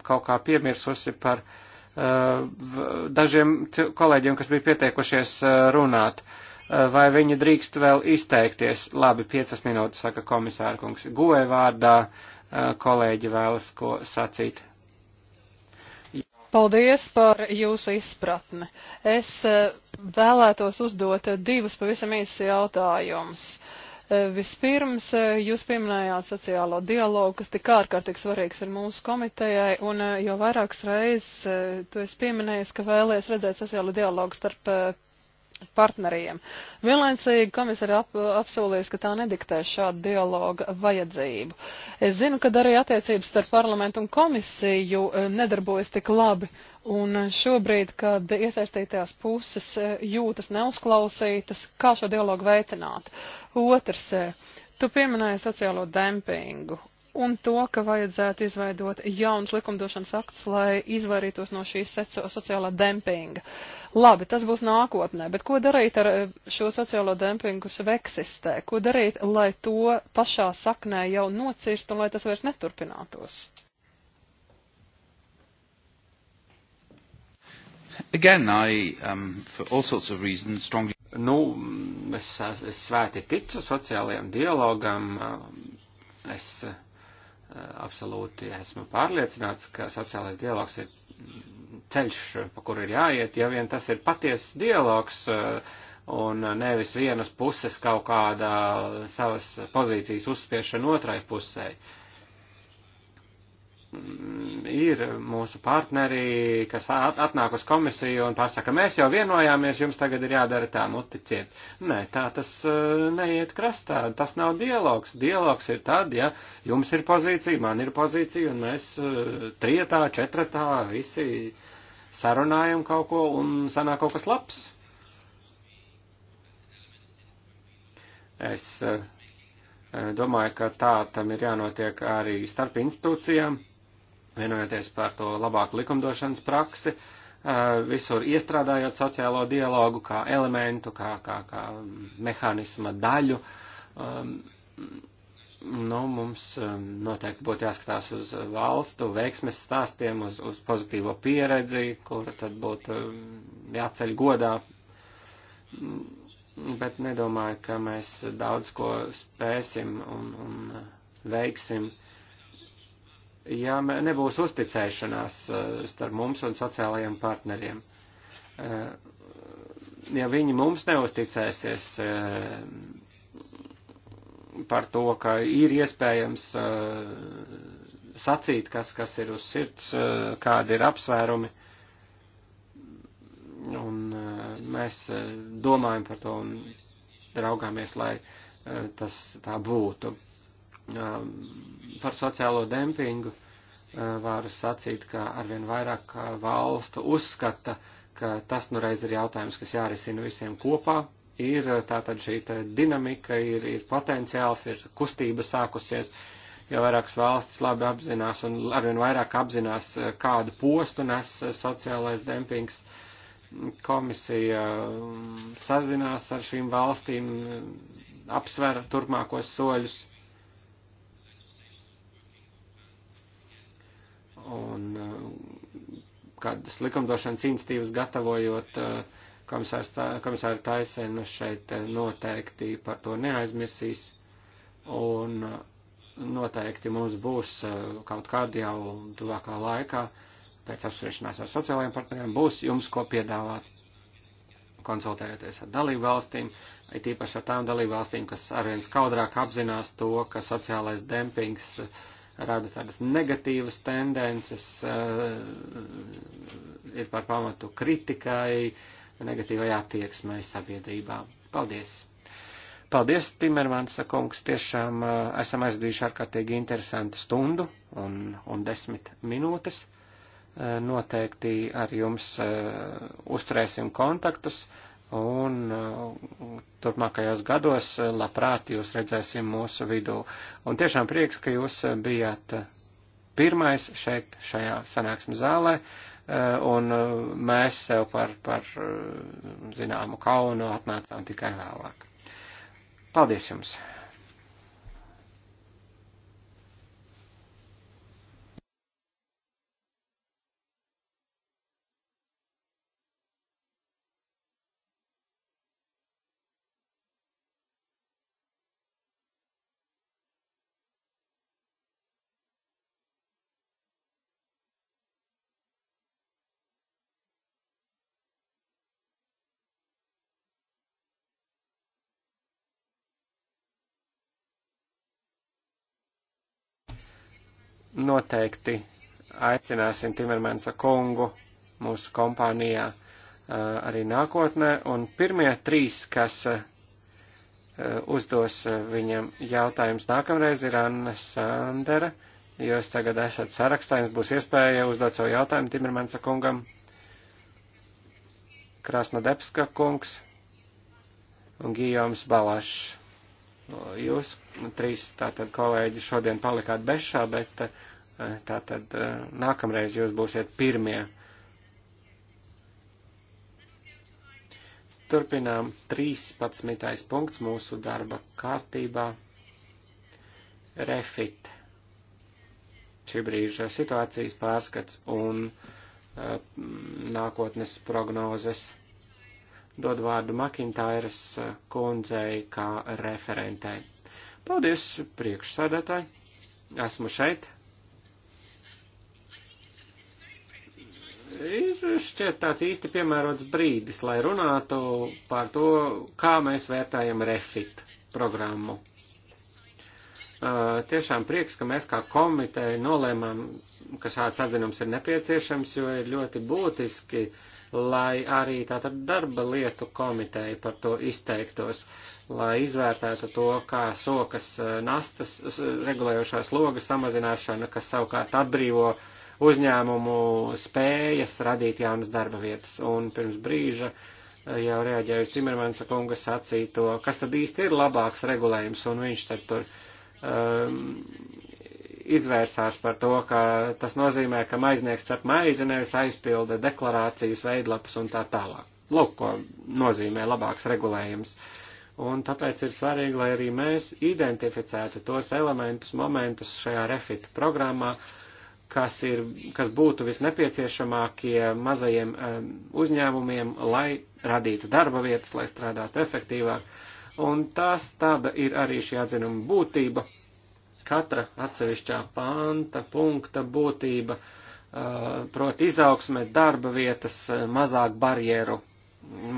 kaut kā piemirsusi par uh, dažiem kolēģiem, kas bija pieteikušies uh, runāt. Uh, vai viņi drīkst vēl izteikties? Labi, piecas minūtes, saka komisāra kungs. Goe vārdā. Uh, kolēģi vēlas ko sacīt. Paldies par jūsu izpratni. Es e, vēlētos uzdot divus pavisam īsus jautājumus. E, vispirms e, jūs pieminējāt sociālo dialogu, kas tik ārkārtīgi svarīgs ir mūsu komitejai, un jau vairākas reizes tu esi pieminējis, ka vēlies redzēt sociālo dialogu starp partneriem. Vienlaicīgi komisija ir ap, apsolījusi, ka tā nediktēs šādu dialogu vajadzību. Es zinu, ka arī attiecības starp parlamentu un komisiju e, nedarbojas tik labi, un šobrīd, kad iesaistītās puses e, jūtas neuzklausītas, kā šo dialogu veicināt. Otrs, e, tu pieminēji sociālo dempingu un to, ka vajadzētu izveidot jaunas likumdošanas aktus, lai izvairītos no šīs sociālā dempinga. Uh, Labi, tas būs nākotnē, bet ko darīt ar eh, šo sociālo dempingu, kurš eksistē? Ko darīt, lai to pašā saknē jau nocirst un lai tas vairs neturpinātos? Again, I, um, for all sorts of reasons, strongly. Nu, es, es svēti ticu sociālajiem dialogam. Es eh, absolūti esmu pārliecināts, ka sociālais dialogs ir ceļš, pa kuru ir jāiet, ja vien tas ir paties dialogs eh, un nevis vienas puses kaut kādā savas pozīcijas uzspiešana otrai pusē. Uh, ir mūsu partneri, kas atnāk uz komisiju un pasaka, mēs jau vienojāmies, jums tagad ir jādara tā, muticiet. Nu, Nē, tā tas eh, neiet krastā, tas nav dialogs. Dialogs ir tad, ja jums ir pozīcija, man ir pozīcija, un mēs eh, trietā, četratā visi sarunājam kaut ko un sanāk kaut kas labs. Es eh, domāju, ka tā tam ir jānotiek arī starp institūcijām vienojoties par to labāku likumdošanas praksi, visur iestrādājot sociālo dialogu kā elementu, kā, kā, kā mehānisma daļu. Nu, mums noteikti būtu jāskatās uz valstu veiksmes stāstiem, uz, uz pozitīvo pieredzi, kura tad būtu jāceļ godā bet nedomāju, ka mēs daudz ko spēsim un, un veiksim, ja nebūs uzticēšanās eh, starp mums un sociālajiem partneriem. Eh, ja viņi mums neusticēsies eh, par to, ka ir iespējams sacīt, kas, kas ir uz sirds, kādi ir apsvērumi, un mēs domājam par to un raugāmies, lai tas tā būtu. Um, par sociālo dempingu uh, varu sacīt, ka arvien vairāk uh, valstu uzskata, ka tas nu reiz ir jautājums, kas jārisina visiem kopā. Ir uh, tātad šī tā dinamika, ir, ir potenciāls, ir kustība sākusies, jo vairākas valstis labi apzinās un arvien vairāk apzinās, kādu postu nes sociālais dempings. Komisija um, sazinās ar šīm valstīm, apsver turpmākos soļus un uh, kādas likumdošanas institīvas gatavojot, uh, komisārs, komisāra Taisena šeit uh, noteikti par to neaizmirsīs, un noteikti mums būs kaut kādi jau tuvākā laikā, pēc apspriešanās ar sociālajiem partneriem, būs jums ko piedāvāt konsultējoties ar dalību valstīm, it īpaši ar tām dalību valstīm, kas arvien skaudrāk apzinās to, ka sociālais dempings uh, rada tādas negatīvas tendences, eh, ir par pamatu kritikai, negatīvai attieksmai sabiedrībā. Paldies! Paldies, Timermans kungs, tiešām eh, esam aizdījuši ārkārtīgi interesantu stundu un, un desmit minūtes. Eh, noteikti ar jums uzturēsim kontaktus Un uh, turpmākajos gados uh, labprāt jūs redzēsim mūsu vidū. Un tiešām prieks, ka jūs uh, bijāt pirmais šeit, šajā sanāksmes zālē un mēs sev par, par zināmu kaunu atnācām tikai vēlāk. Paldies jums! noteikti aicināsim Timermansa kungu mūsu kompānijā uh, arī nākotnē, un pirmie trīs, kas uh, uzdos uh, viņam jautājums nākamreiz, ir Anna Sandera. Jūs tagad esat sarakstā, jums būs iespēja uzdot savu jautājumu Timermansa kungam. Krasnodebska kungs un Gijoms Balašs. Jūs trīs tātad kolēģi šodien palikāt bešā, bet eh, tātad eh, nākamreiz jūs būsiet pirmie. Turpinām 13. punkts mūsu darba kārtībā. Refit. Šī brīža situācijas pārskats un uh, nākotnes prognozes dod vārdu Makintāras eh, kundzei kā referentei. Paldies, priekšsādātāji! Esmu šeit! ir šķiet tāds īsti piemērots brīdis, lai runātu par to, kā mēs vērtējam refit programmu. Uh, tiešām prieks, ka mēs kā komiteja nolēmām, ka šāds atzinums ir nepieciešams, jo ir ļoti būtiski uh, lai arī tātad darba lietu komiteja par to izteiktos, lai izvērtētu to, kā sokas eh, nastas regulējošās logas samazināšana, kas savukārt atbrīvo uzņēmumu spējas radīt jaunas darba vietas. Un pirms brīža eh, jau reaģēju uz Timermansa kunga sacīto, kas tad īsti ir labāks regulējums, un viņš tad tur um, izvērsās par to, ka tas nozīmē, ka maiznieks cep maizi, nevis aizpilda deklarācijas veidlapas un tā tālāk. Lūk, ko nozīmē labāks regulējums. Un tāpēc ir svarīgi, lai arī mēs identificētu tos elementus, momentus šajā refita programmā, kas, ir, kas būtu visnepieciešamākie mazajiem um, uzņēmumiem, lai radītu darba vietas, lai strādātu efektīvāk. Un tas tāda ir arī šī atzinuma būtība, katra atsevišķā panta, punkta būtība, proti izaugsme, darba vietas, mazāk barjeru,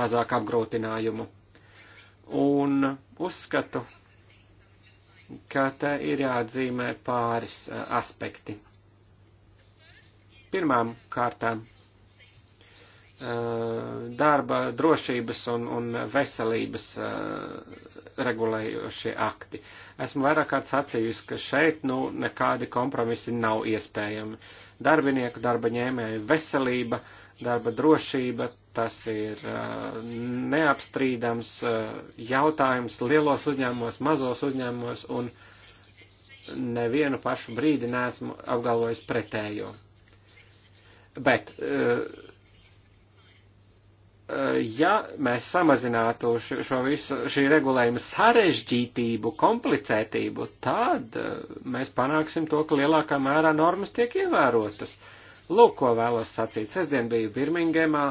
mazāk apgrūtinājumu. Un uzskatu, ka te ir jāatzīmē pāris aspekti. Pirmām kārtām darba drošības un, un veselības regulējošie akti. Esmu vairāk kārt sacījusi, ka šeit nu, nekādi kompromisi nav iespējami. Darbinieku, darba ņēmēju veselība, darba drošība, tas ir uh, neapstrīdams uh, jautājums lielos uzņēmumos, mazos uzņēmumos, un nevienu pašu brīdi neesmu apgalvojis pretējo. Bet uh, ja mēs samazinātu šo, šo visu, šī regulējuma sarežģītību, komplicētību, tad eh, mēs panāksim to, ka lielākā mērā normas tiek ievērotas. Lūk, ko vēlos sacīt. Sestdien biju Birmingemā,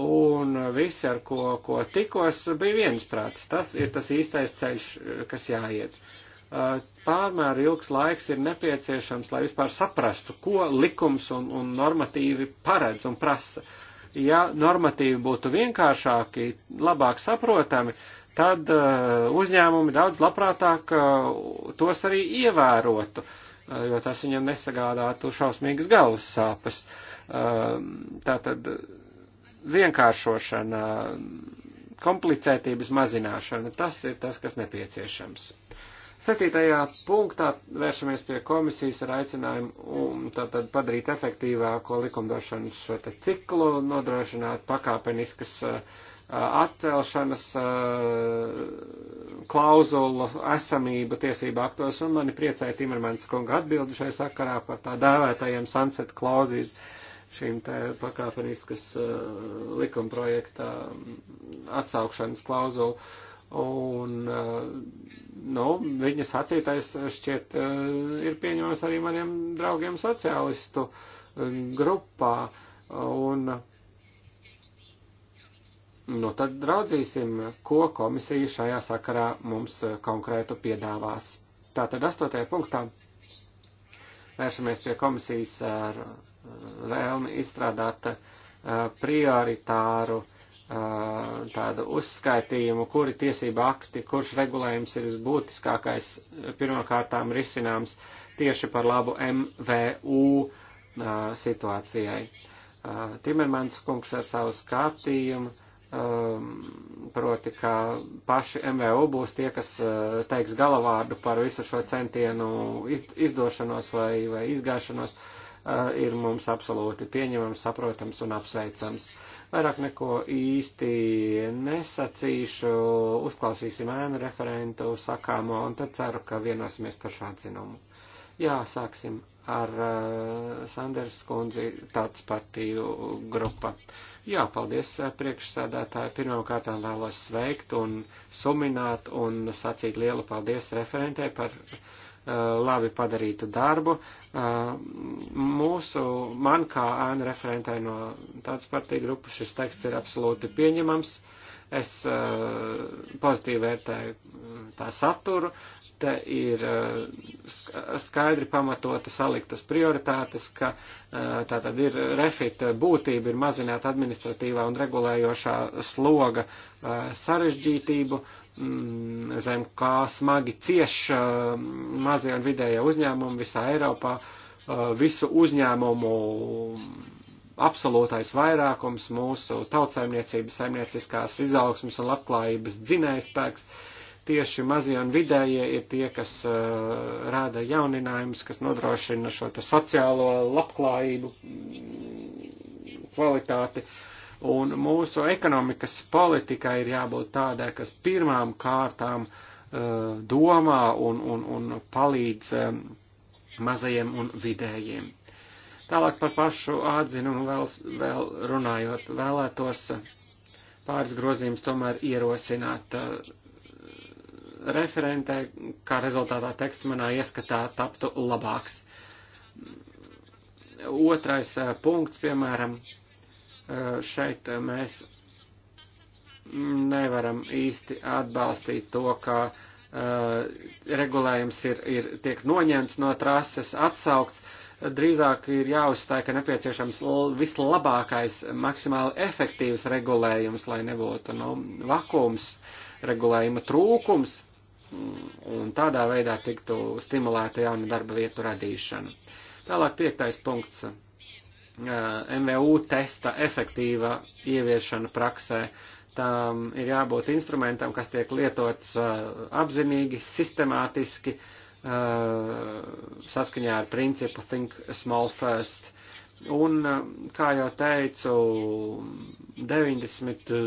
un visi, ar ko, ko tikos, bija viensprāts. Tas ir tas īstais ceļš, eh, kas jāiet. Eh, pārmēr ilgs laiks ir nepieciešams, lai vispār saprastu, ko likums un, un normatīvi paredz un prasa. Uh, ja normatīvi būtu vienkāršāki, labāk saprotami, tad eh, uzņēmumi daudz labprātāk eh, tos arī ievērotu, eh, jo tas viņam nesagādātu šausmīgas galvas sāpes. Tātad vienkāršošana, komplicētības mazināšana, tas ir tas, kas nepieciešams. Septītajā punktā vēršamies pie komisijas ar aicinājumu un um, tātad padarīt efektīvāko likumdošanas šo te ciklu, nodrošināt pakāpeniskas uh, atcelšanas uh, klauzulu esamību tiesību aktos, un mani priecēja Timermans kunga atbildi šai sakarā par tā dēvētajiem sunset klauzijas šīm te pakāpeniskas uh, likumprojekta um, atsaukšanas klauzulu Un, eh, nu, viņa sacītais šķiet eh, ir pieņemams arī maniem draugiem sociālistu eh, grupā. Un, nu, tad draudzīsim, ko komisija šajā sakarā mums konkrētu piedāvās. Tātad astotajā punktā vēršamies pie komisijas ar vēlmi izstrādāt prioritāru uh, tādu uzskaitījumu, kuri tiesība akti, kurš regulējums ir visbūtiskākais, pirmkārtām risināms tieši par labu MVU situācijai. Timermans kungs ar savu skatījumu, proti, ka paši MVU būs tie, kas teiks galavārdu par visu šo centienu izdošanos vai, vai izgāšanos. Uh, Eh, ir mums absolūti pieņemams, saprotams un apsveicams. Vairāk neko īsti nesacīšu, uzklausīsim ēnu referentu sakāmo un tad ceru, ka vienosimies par šo atzinumu. Jā, sāksim ar uh, Sanders kundzi, tāds partiju grupa. Jā, paldies eh, priekšsēdētāji. Pirmkārt vēlos sveikt un sumināt un sacīt lielu paldies referentē par uh, Eh, labi padarītu darbu. Eh, mūsu, man kā ēnu referentai no tādas partija grupas šis teksts ir absolūti pieņemams. Es eh, pozitīvi vērtēju tā saturu. Te ir skaidri pamatota saliktas prioritātes, ka tātad ir refita būtība, ir mazināt administratīvā un regulējošā sloga sarežģītību, Mm, zem kā smagi cieš uh, mazie un vidējie uzņēmumi visā Eiropā, uh, visu uzņēmumu absolūtais vairākums, mūsu tautsaimniecības, saimnieciskās izaugsmas un labklājības dzinējspēks. Tieši mazie un vidējie ir tie, kas uh, rāda jauninājumus, kas nodrošina šo sociālo labklājību mm, kvalitāti. Uh, Un mūsu ekonomikas politikai ir jābūt tādai, kas pirmām kārtām uh, domā un, un, un palīdz um, mazajiem un vidējiem. Tālāk par pašu atzinumu vēl, vēl runājot, vēlētos pāris grozījumus tomēr ierosināt uh, referentē, kā rezultātā teksts manā ieskatā taptu labāks. Otrais uh, punkts, piemēram, Eh, šeit eh, mēs nevaram īsti atbalstīt to, ka eh, regulējums ir, ir, tiek noņemts no trases, atsaukts. Drīzāk ir jāuzstāj, ka nepieciešams vislabākais, maksimāli efektīvs regulējums, lai nebūtu nu, vakums, regulējuma trūkums, mm, un tādā veidā tiktu stimulēta jauna darba vietu radīšana. Tālāk piektais punkts Eh, MVU testa efektīva ieviešana praksē. Tām ir jābūt instrumentam, kas tiek lietots eh, apzinīgi, sistemātiski, eh, saskaņā ar principu Think Small First. Un, kā jau teicu, 90,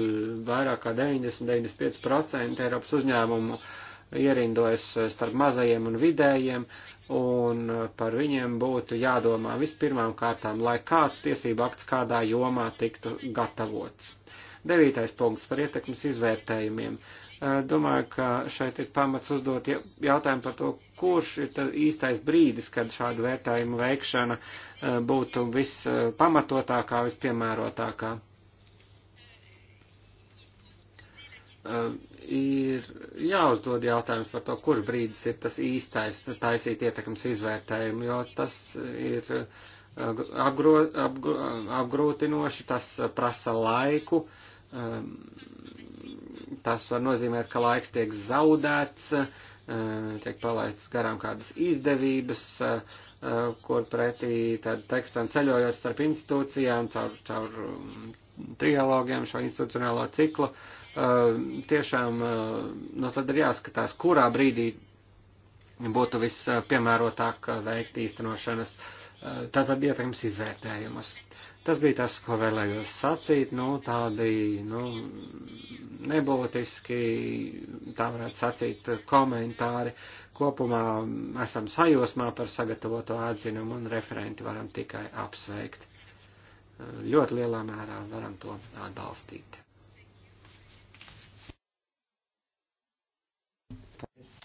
vairāk kā 90-95% Eiropas uzņēmumu ierindojas starp mazajiem un vidējiem. Uh, un par viņiem būtu jādomā vispirmām kārtām, lai kāds tiesība akts kādā jomā tiktu gatavots. Devītais punkts par ietekmes izvērtējumiem. Domāju, ka šeit ir pamats uzdot jautājumu par to, kurš ir īstais brīdis, kad šādu vērtējumu veikšana būtu vispamatotākā, vispiemērotākā ir jāuzdod jautājums par to, kurš brīdis ir tas īstais taisīt ietekmes izvērtējumu, jo tas ir uh, apgro, apgro, apgrūtinoši, tas uh, prasa laiku, um, tas var nozīmēt, ka laiks tiek zaudēts, uh, tiek palaists garām kādas izdevības, kur pretī tad tekstam ceļojot starp institūcijām, caur, caur um, trialogiem šo institucionālo ciklu. Uh, Eh, tiešām eh, no nu, tad ir jāskatās, kurā brīdī būtu vispiemērotāk veikt īstenošanas eh, tātad ietekmes izvērtējumus. Tas bija tas, ko vēlējos sacīt, nu, tādi, nu, nebūtiski, tā varētu sacīt, komentāri. Kopumā esam sajūsmā par sagatavoto atzinumu un referenti varam tikai apsveikt. Ļoti lielā mērā varam to atbalstīt.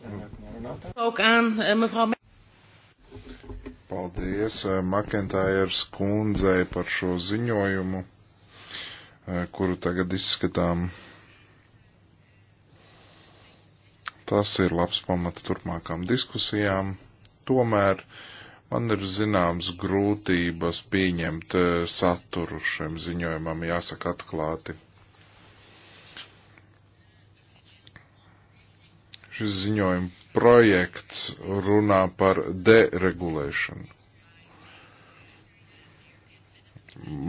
Eh, Paldies eh, Makentājas kundzei par šo ziņojumu, eh, kuru tagad izskatām. Tas ir labs pamats turpmākām diskusijām. Tomēr man ir zināms grūtības pieņemt saturu šiem ziņojumam, jāsaka atklāti. Šis ziņojuma projekts runā par deregulēšanu.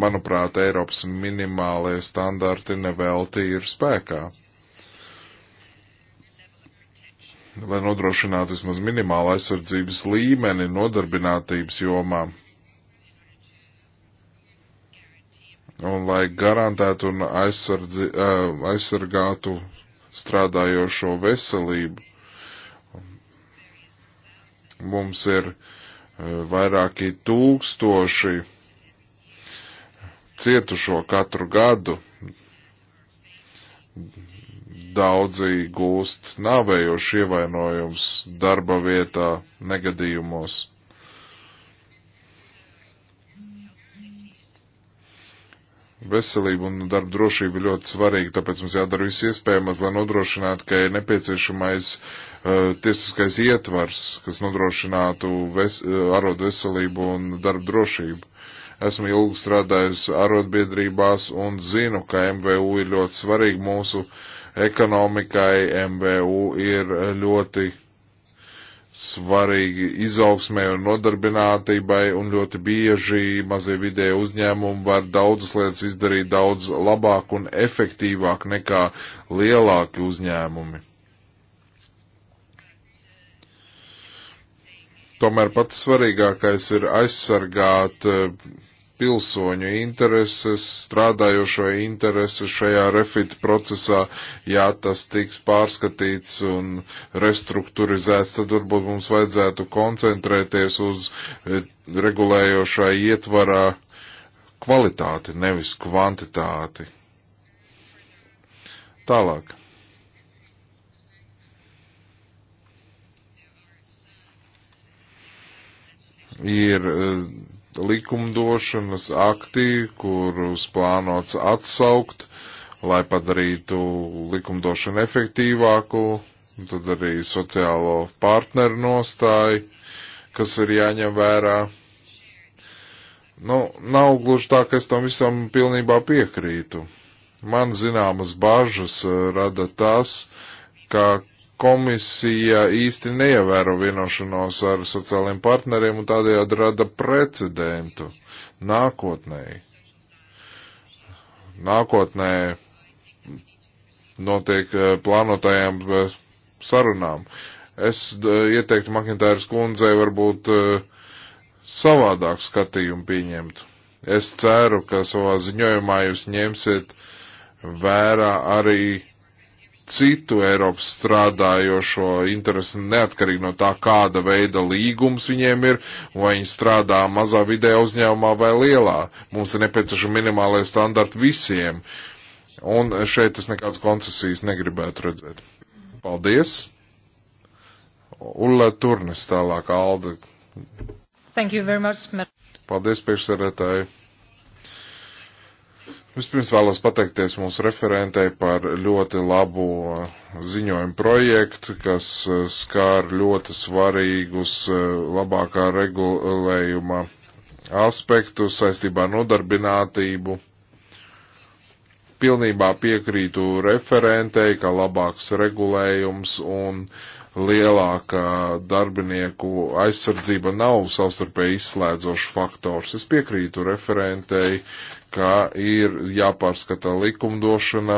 Manuprāt, Eiropas minimālie standarti nevelti ir spēkā. Lai nodrošinātu vismaz minimālu aizsardzības līmeni nodarbinātības jomā, un lai garantētu un aizsardzi, eh, aizsargātu strādājošo veselību. Mums ir e, vairāki tūkstoši cietušo katru gadu. Daudzi gūst nāvējošu ievainojums darba vietā negadījumos. Veselība un darba drošība ir ļoti svarīga, tāpēc mums jādara viss iespējamais, lai nodrošinātu, ka ir nepieciešamais uh, tiesiskais ietvars, kas nodrošinātu ves, uh, arodu veselību un darba drošību. Esmu ilgi strādājusi arotbiedrībās un zinu, ka MVU ir ļoti svarīgi mūsu ekonomikai. MVU ir ļoti svarīgi izaugsmē un nodarbinātībai, un ļoti bieži mazie vidēji uzņēmumi var daudzas lietas izdarīt daudz labāk un efektīvāk nekā lielāki uzņēmumi. Tomēr pats svarīgākais ir aizsargāt uh, pilsoņu intereses, strādājošo intereses šajā refit procesā, ja tas tiks pārskatīts un restruktūrizēts, tad varbūt mums vajadzētu koncentrēties uz eh, regulējošā ietvarā kvalitāti, nevis kvantitāti. Tālāk. Ir uh, likumdošanas akti, kurus plānots atsaukt, lai padarītu likumdošanu efektīvāku, tad arī sociālo partneru nostāju, kas ir jāņem vērā. Nu, nav gluži tā, ka es tam visam pilnībā piekrītu. Man zināmas bažas eh, rada tas, ka komisija īsti neievēro vienošanos ar sociālajiem partneriem un tādējādi rada precedentu nākotnēji. Nākotnē notiek eh, plānotajām eh, sarunām. Es eh, ieteiktu Makintāras kundzei varbūt savādāk skatījumu pieņemt. Es ceru, ka savā ziņojumā jūs ņemsiet vērā arī citu Eiropas strādājošo interesi neatkarīgi no tā, kāda veida līgums viņiem ir, vai viņi strādā mazā vidē uzņēmumā vai lielā. Mums ir nepieciešama minimālai standarti visiem. Un šeit es nekādas koncesijas negribētu redzēt. Paldies! Ulla Turnes tālāk, Alda. Thank you very much. Paldies, priekšsēdētāji. Vispirms vēlos pateikties mūsu referentei par ļoti labu ziņojumu projektu, kas e, skār ļoti svarīgus e, labākā regulējuma aspektus saistībā ar nodarbinātību. Pilnībā piekrītu referentei, ka labāks regulējums un lielāka darbinieku aizsardzība nav savstarpēji izslēdzošs faktors. Es piekrītu referentei, ka ir jāpārskata likumdošana,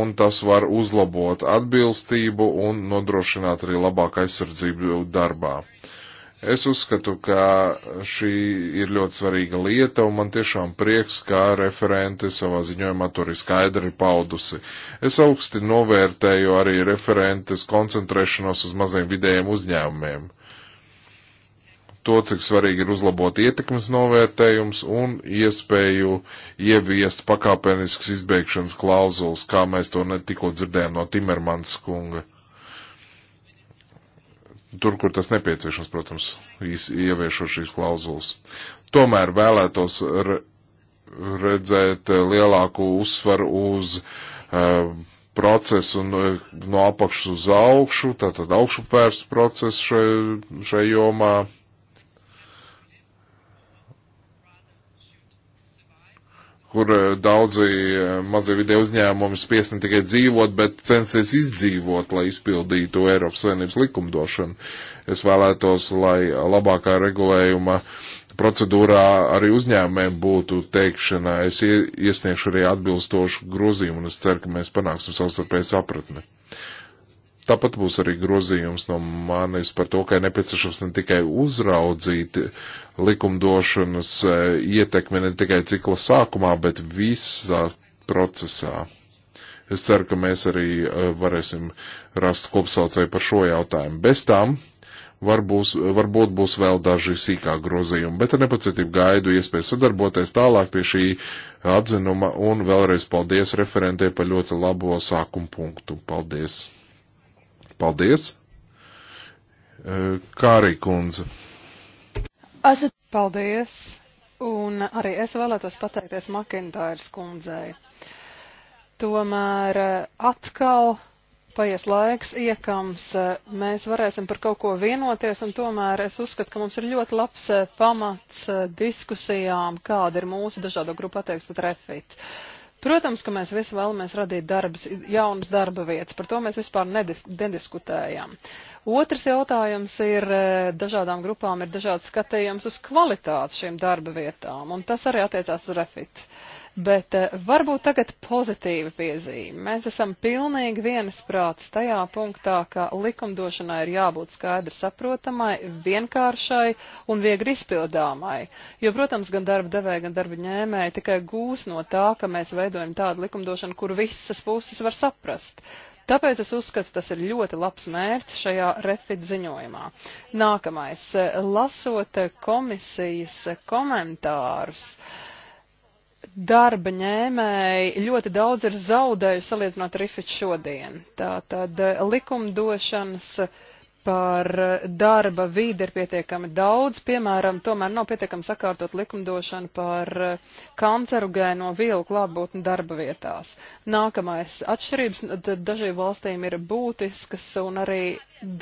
un tas var uzlabot atbilstību un nodrošināt arī labāku aizsardzību darbā. Es uzskatu, ka šī ir ļoti svarīga lieta, un man tiešām prieks, ka referente savā ziņojumā to arī skaidri paudusi. Es augsti novērtēju arī referentes koncentrēšanos uz maziem vidējiem uzņēmumiem to, cik svarīgi ir uzlabot ietekmes novērtējums un iespēju ieviest pakāpenisks izbeigšanas klauzulas, kā mēs to tikko dzirdējām no Timermans kunga. Tur, kur tas nepieciešams, protams, ieviešot šīs klauzulas. Tomēr vēlētos redzēt eh, lielāku uzsvaru uz uh, procesu un, uh, no apakšas uz augšu, tātad augšupvērstu procesu šai, šai jomā kur eh, daudzi eh, mazie video uzņēmumi spies ne tikai dzīvot, bet censies izdzīvot, lai izpildītu Eiropas Savienības likumdošanu. Es vēlētos, lai labākā regulējuma procedūrā arī uzņēmumiem būtu teikšana. Es iesniegšu arī atbilstošu grozījumu un es ceru, ka mēs panāksim savstarpēju sapratni. Tāpat būs arī grozījums no manis par to, ka ir nepieciešams ne tikai uzraudzīt likumdošanas e, ietekmi ne tikai cikla sākumā, bet visā procesā. Es ceru, ka mēs arī e, varēsim rast kopsaucēju par šo jautājumu. Bez tām varbūs, varbūt būs vēl daži sīkā grozījumi, bet ar nepacietību gaidu iespēju sadarboties tālāk pie šī atzinuma un vēlreiz paldies referentē par ļoti labo sākumu punktu. Paldies! Paldies! Eh, Kārī kundze. Esat paldies! Un arī es vēlētos pateikties Makintājas kundzei. Tomēr eh, atkal paies laiks, iekams, eh, mēs varēsim par kaut ko vienoties, un tomēr es uzskatu, ka mums ir ļoti labs pamats diskusijām, kāda ir mūsu dažādo grupu attieksme pret refit. Protams, ka mēs visi vēlamies radīt darbs, jaunas darba vietas, par to mēs vispār nedis, nediskutējam. Otrs jautājums ir, e, dažādām grupām ir dažāds skatījums uz kvalitāti šīm darba vietām, un tas arī attiecās uz refit. Uh, Bet eh, varbūt tagad pozitīva piezīme. Mēs esam pilnīgi viensprāts tajā punktā, ka likumdošanai ir jābūt skaidri saprotamai, vienkāršai un viegli izpildāmai. Jo, protams, gan darba devēja, gan darba ņēmēja tikai gūs no tā, ka mēs veidojam tādu likumdošanu, kur visas puses var saprast. Tāpēc es uzskatu, tas ir ļoti labs mērķis šajā refit ziņojumā. Nākamais, lasot komisijas komentārus, darba ņēmēji ļoti daudz ir zaudējuši salīdzinot ar IFIT šodien. Tātad eh, likumdošanas uh, par eh, darba vīdi ir pietiekami daudz, piemēram, tomēr nav pietiekami sakārtot likumdošanu par eh, kancerogēno vielu klātbūtni darba vietās. Nākamais atšķirības dažību valstīm ir būtiskas un arī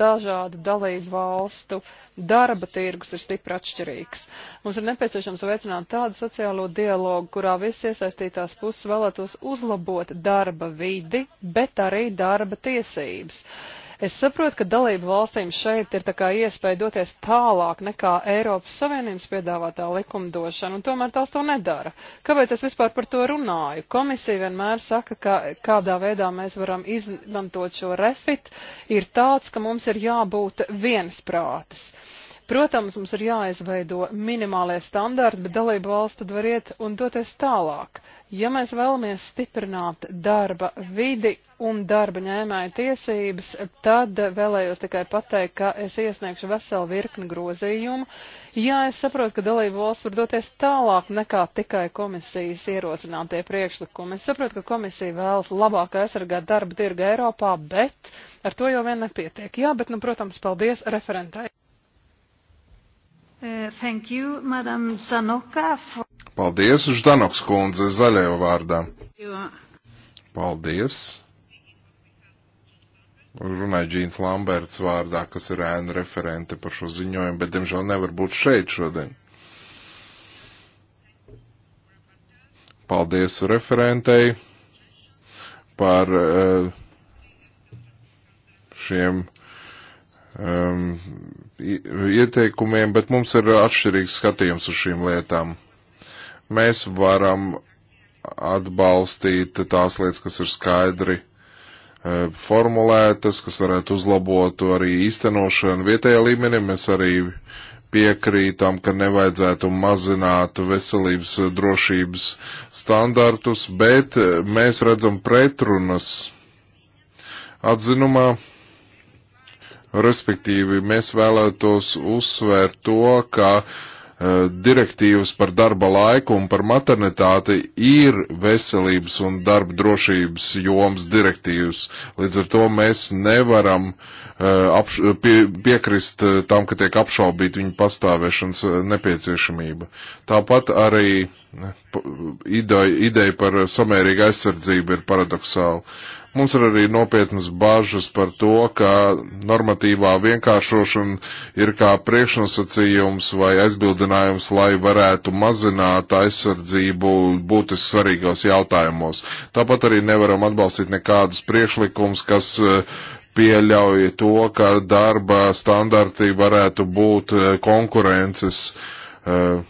dažādu dalību valstu darba tirgus ir stipri atšķirīgs. Mums ir nepieciešams veicināt tādu sociālo dialogu, kurā visas iesaistītās puses vēlētos uzlabot darba vidi, bet arī darba tiesības. Uh, Es saprotu, ka dalību valstīm šeit ir tā kā iespēja doties tālāk nekā Eiropas Savienības piedāvātā likumdošana, un tomēr tās to nedara. Kāpēc es vispār par to runāju? Komisija vienmēr saka, ka kādā veidā mēs varam izmantot šo refit, ir tāds, ka mums ir jābūt viensprātis. prātas. Protams, mums ir jāizveido minimālie standarti, bet dalību valsts tad var iet un doties tālāk. Ja mēs vēlamies stiprināt darba vidi un darba ņēmēju tiesības, tad vēlējos tikai pateikt, ka es iesniegšu veselu virkni grozījumu. Jā, es saprotu, ka dalību valsts var doties tālāk nekā tikai komisijas ierosinātie priekšlikumi. Es saprotu, ka komisija vēlas labāk aizsargāt darba tirgu Eiropā, bet ar to jau vien nepietiek. Jā, bet, nu, protams, paldies referentai. Uh, thank you, Madam Zanoka. For... Paldies, Ždanoks kundze, zaļajo vārdā. Paldies. Runāju Džīns Lamberts vārdā, kas ir ēna referente par šo ziņojumu, bet, diemžēl, nevar būt šeit šodien. Paldies referentei par eh, šiem um, ieteikumiem, bet mums ir atšķirīgs skatījums uz šīm lietām. Mēs varam atbalstīt tās lietas, kas ir skaidri uh, formulētas, kas varētu uzlabot arī īstenošanu vietējā līmenī. Mēs arī piekrītam, ka nevajadzētu mazināt veselības uh, drošības standartus, bet uh, mēs redzam pretrunas atzinumā Respektīvi, mēs vēlētos uzsvērt to, ka uh, direktīvas par darba laiku un par maternitāti ir veselības un darba drošības joms direktīvas. Līdz ar to mēs nevaram uh, apš, pie, piekrist eh, tam, ka tiek apšaubīt viņa pastāvēšanas nepieciešamība. Tāpat arī ideja, ideja par samērīgu aizsardzību ir paradoxāla. Mums ir arī nopietnas bažas par to, ka normatīvā vienkāršošana ir kā priekšnosacījums vai aizbildinājums, lai varētu mazināt aizsardzību būtiski svarīgos jautājumos. Tāpat arī nevaram atbalstīt nekādus priekšlikumus, kas eh, pieļauj to, ka darba standarti varētu būt eh, konkurences uh,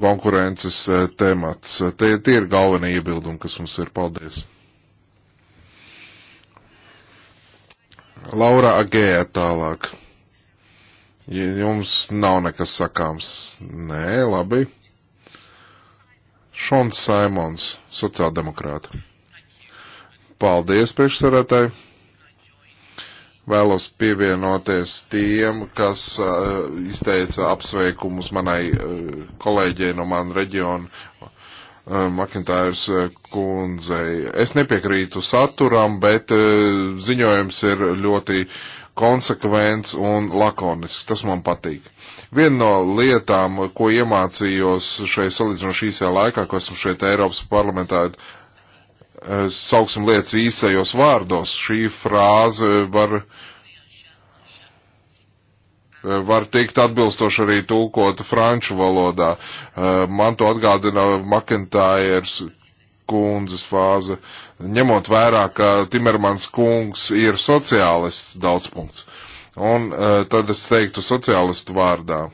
konkurences eh, temats. Tie, tie ir galvenie iebildumi, kas mums ir. Paldies! Laura Agēja tālāk. Jums nav nekas sakāms. Nē, labi. Šons Saimons, sociāldemokrāta. Paldies, priekšsarētāji! vēlos pievienoties tiem, kas uh, izteica apsveikumus manai uh, kolēģei no man reģiona uh, eh, Makintājas kundzei. Es nepiekrītu saturam, bet uh, ziņojums ir ļoti konsekvents un lakonisks. Tas man patīk. Viena no lietām, ko iemācījos šai salīdzinoši īsajā laikā, ko esmu šeit Eiropas parlamentā Eh, sauksim lietas īsajos vārdos. Šī frāze var, eh, var tikt atbilstoši arī tūkota franču valodā. Eh, man to atgādina Makentājers kundzes fāze, ņemot vērā, ka Timermans kungs ir sociālists daudz punkts. Un tad es teiktu sociālistu vārdā,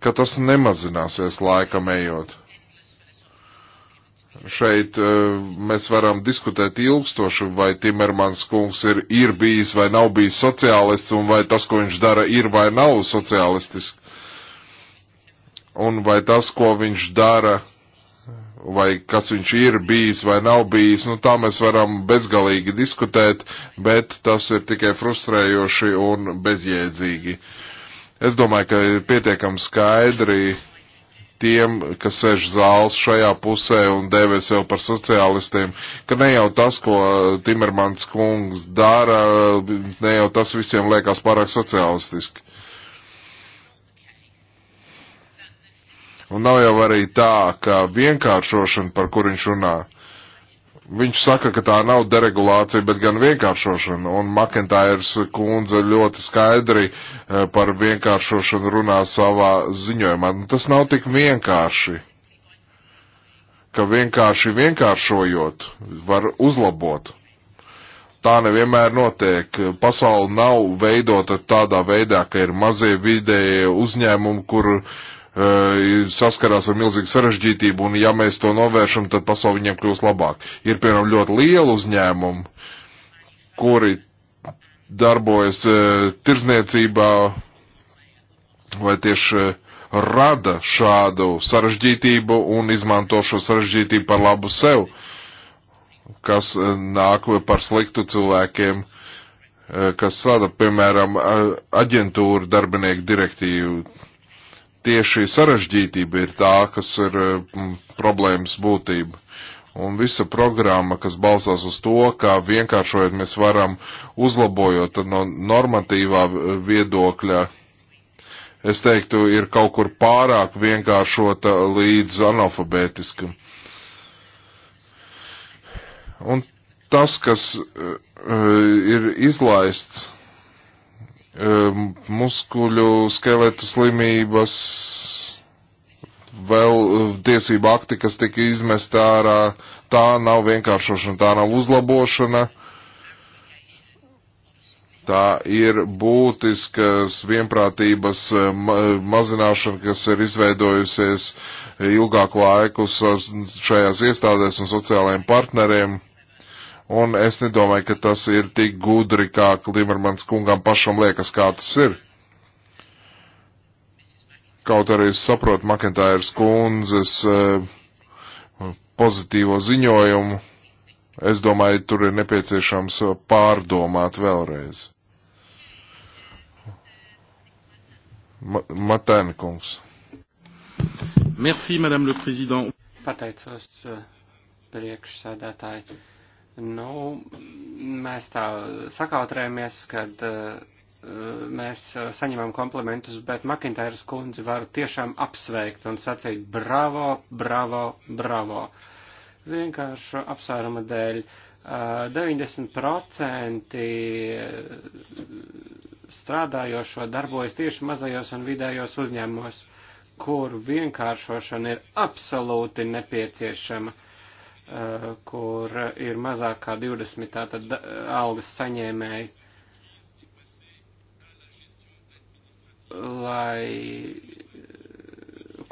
ka tas nemazināsies laikam ejot šeit eh, mēs varam diskutēt ilgstoši, vai Timermans kungs ir, ir bijis vai nav bijis sociālists, un vai tas, ko viņš dara, ir vai nav sociālistisks. Un vai tas, ko viņš dara, vai kas viņš ir bijis vai nav bijis, nu tā mēs varam bezgalīgi diskutēt, bet tas ir tikai frustrējoši un bezjēdzīgi. Es domāju, ka ir pietiekami skaidri tiem, kas sēž zāles šajā pusē un dēvē sev par sociālistiem, ka ne jau tas, ko Timermans kungs dara, ne jau tas visiem liekas pārāk sociālistiski. Un nav jau arī tā, ka vienkāršošana, par kur viņš runā, uh, Viņš saka, ka tā nav deregulācija, bet gan vienkāršošana, un Makintairs kundze ļoti skaidri eh, par vienkāršošanu runā savā ziņojumā. Nu, tas nav tik vienkārši, ka vienkārši vienkāršojot var uzlabot. Tā nevienmēr notiek. Pasauli nav veidota tādā veidā, ka ir mazie vidējie uzņēmumi, kur uh, Eh, saskarās ar milzīgu sarežģītību, un ja mēs to novēršam, tad pasauli viņiem kļūs labāk. Ir, piemēram, ļoti liela uzņēmuma, kuri darbojas eh, tirzniecībā vai tieši eh, rada šādu sarežģītību un izmanto šo sarežģītību par labu sev, kas nāk par sliktu cilvēkiem kas strādā, piemēram, aģentūra darbinieku direktīvu tieši sarežģītība ir tā, kas ir eh, problēmas būtība. Un visa programma, kas balstās uz to, kā vienkāršojot mēs varam uzlabojot no normatīvā eh, viedokļa, es teiktu, ir kaut kur pārāk vienkāršota līdz analfabētiskam. Un tas, kas uh, ir izlaists Ehm, muskuļu skeletu slimības, vēl eh, tiesība akti, kas tika izmest ārā, tā nav vienkāršošana, tā nav uzlabošana. Tā ir būtiskas vienprātības eh, mazināšana, kas ir izveidojusies ilgāku laiku šajās iestādēs un sociālajiem partneriem. Un es nedomāju, ka tas ir tik gudri, kā Klimermans kungam pašam liekas, kā tas ir. Kaut arī es saprotu Makintājas kundzes eh, pozitīvo ziņojumu, es domāju, tur ir nepieciešams pārdomāt vēlreiz. Ma Matēna kungs. Merci, Madame le Président. Pateicos eh, priekšsēdētāji Nu, mēs tā sakautrējamies, kad uh, mēs eh, saņemam komplimentus, bet Makintēras kundzi varu tiešām apsveikt un sacīt bravo, bravo, bravo. Vienkārši apsvēruma dēļ uh, eh, 90% strādājošo darbojas tieši mazajos un vidējos uzņēmumos, kur vienkāršošana ir absolūti nepieciešama. Uh, Eh, kur ir mazāk kā 20 tātad algas saņēmēji, lai,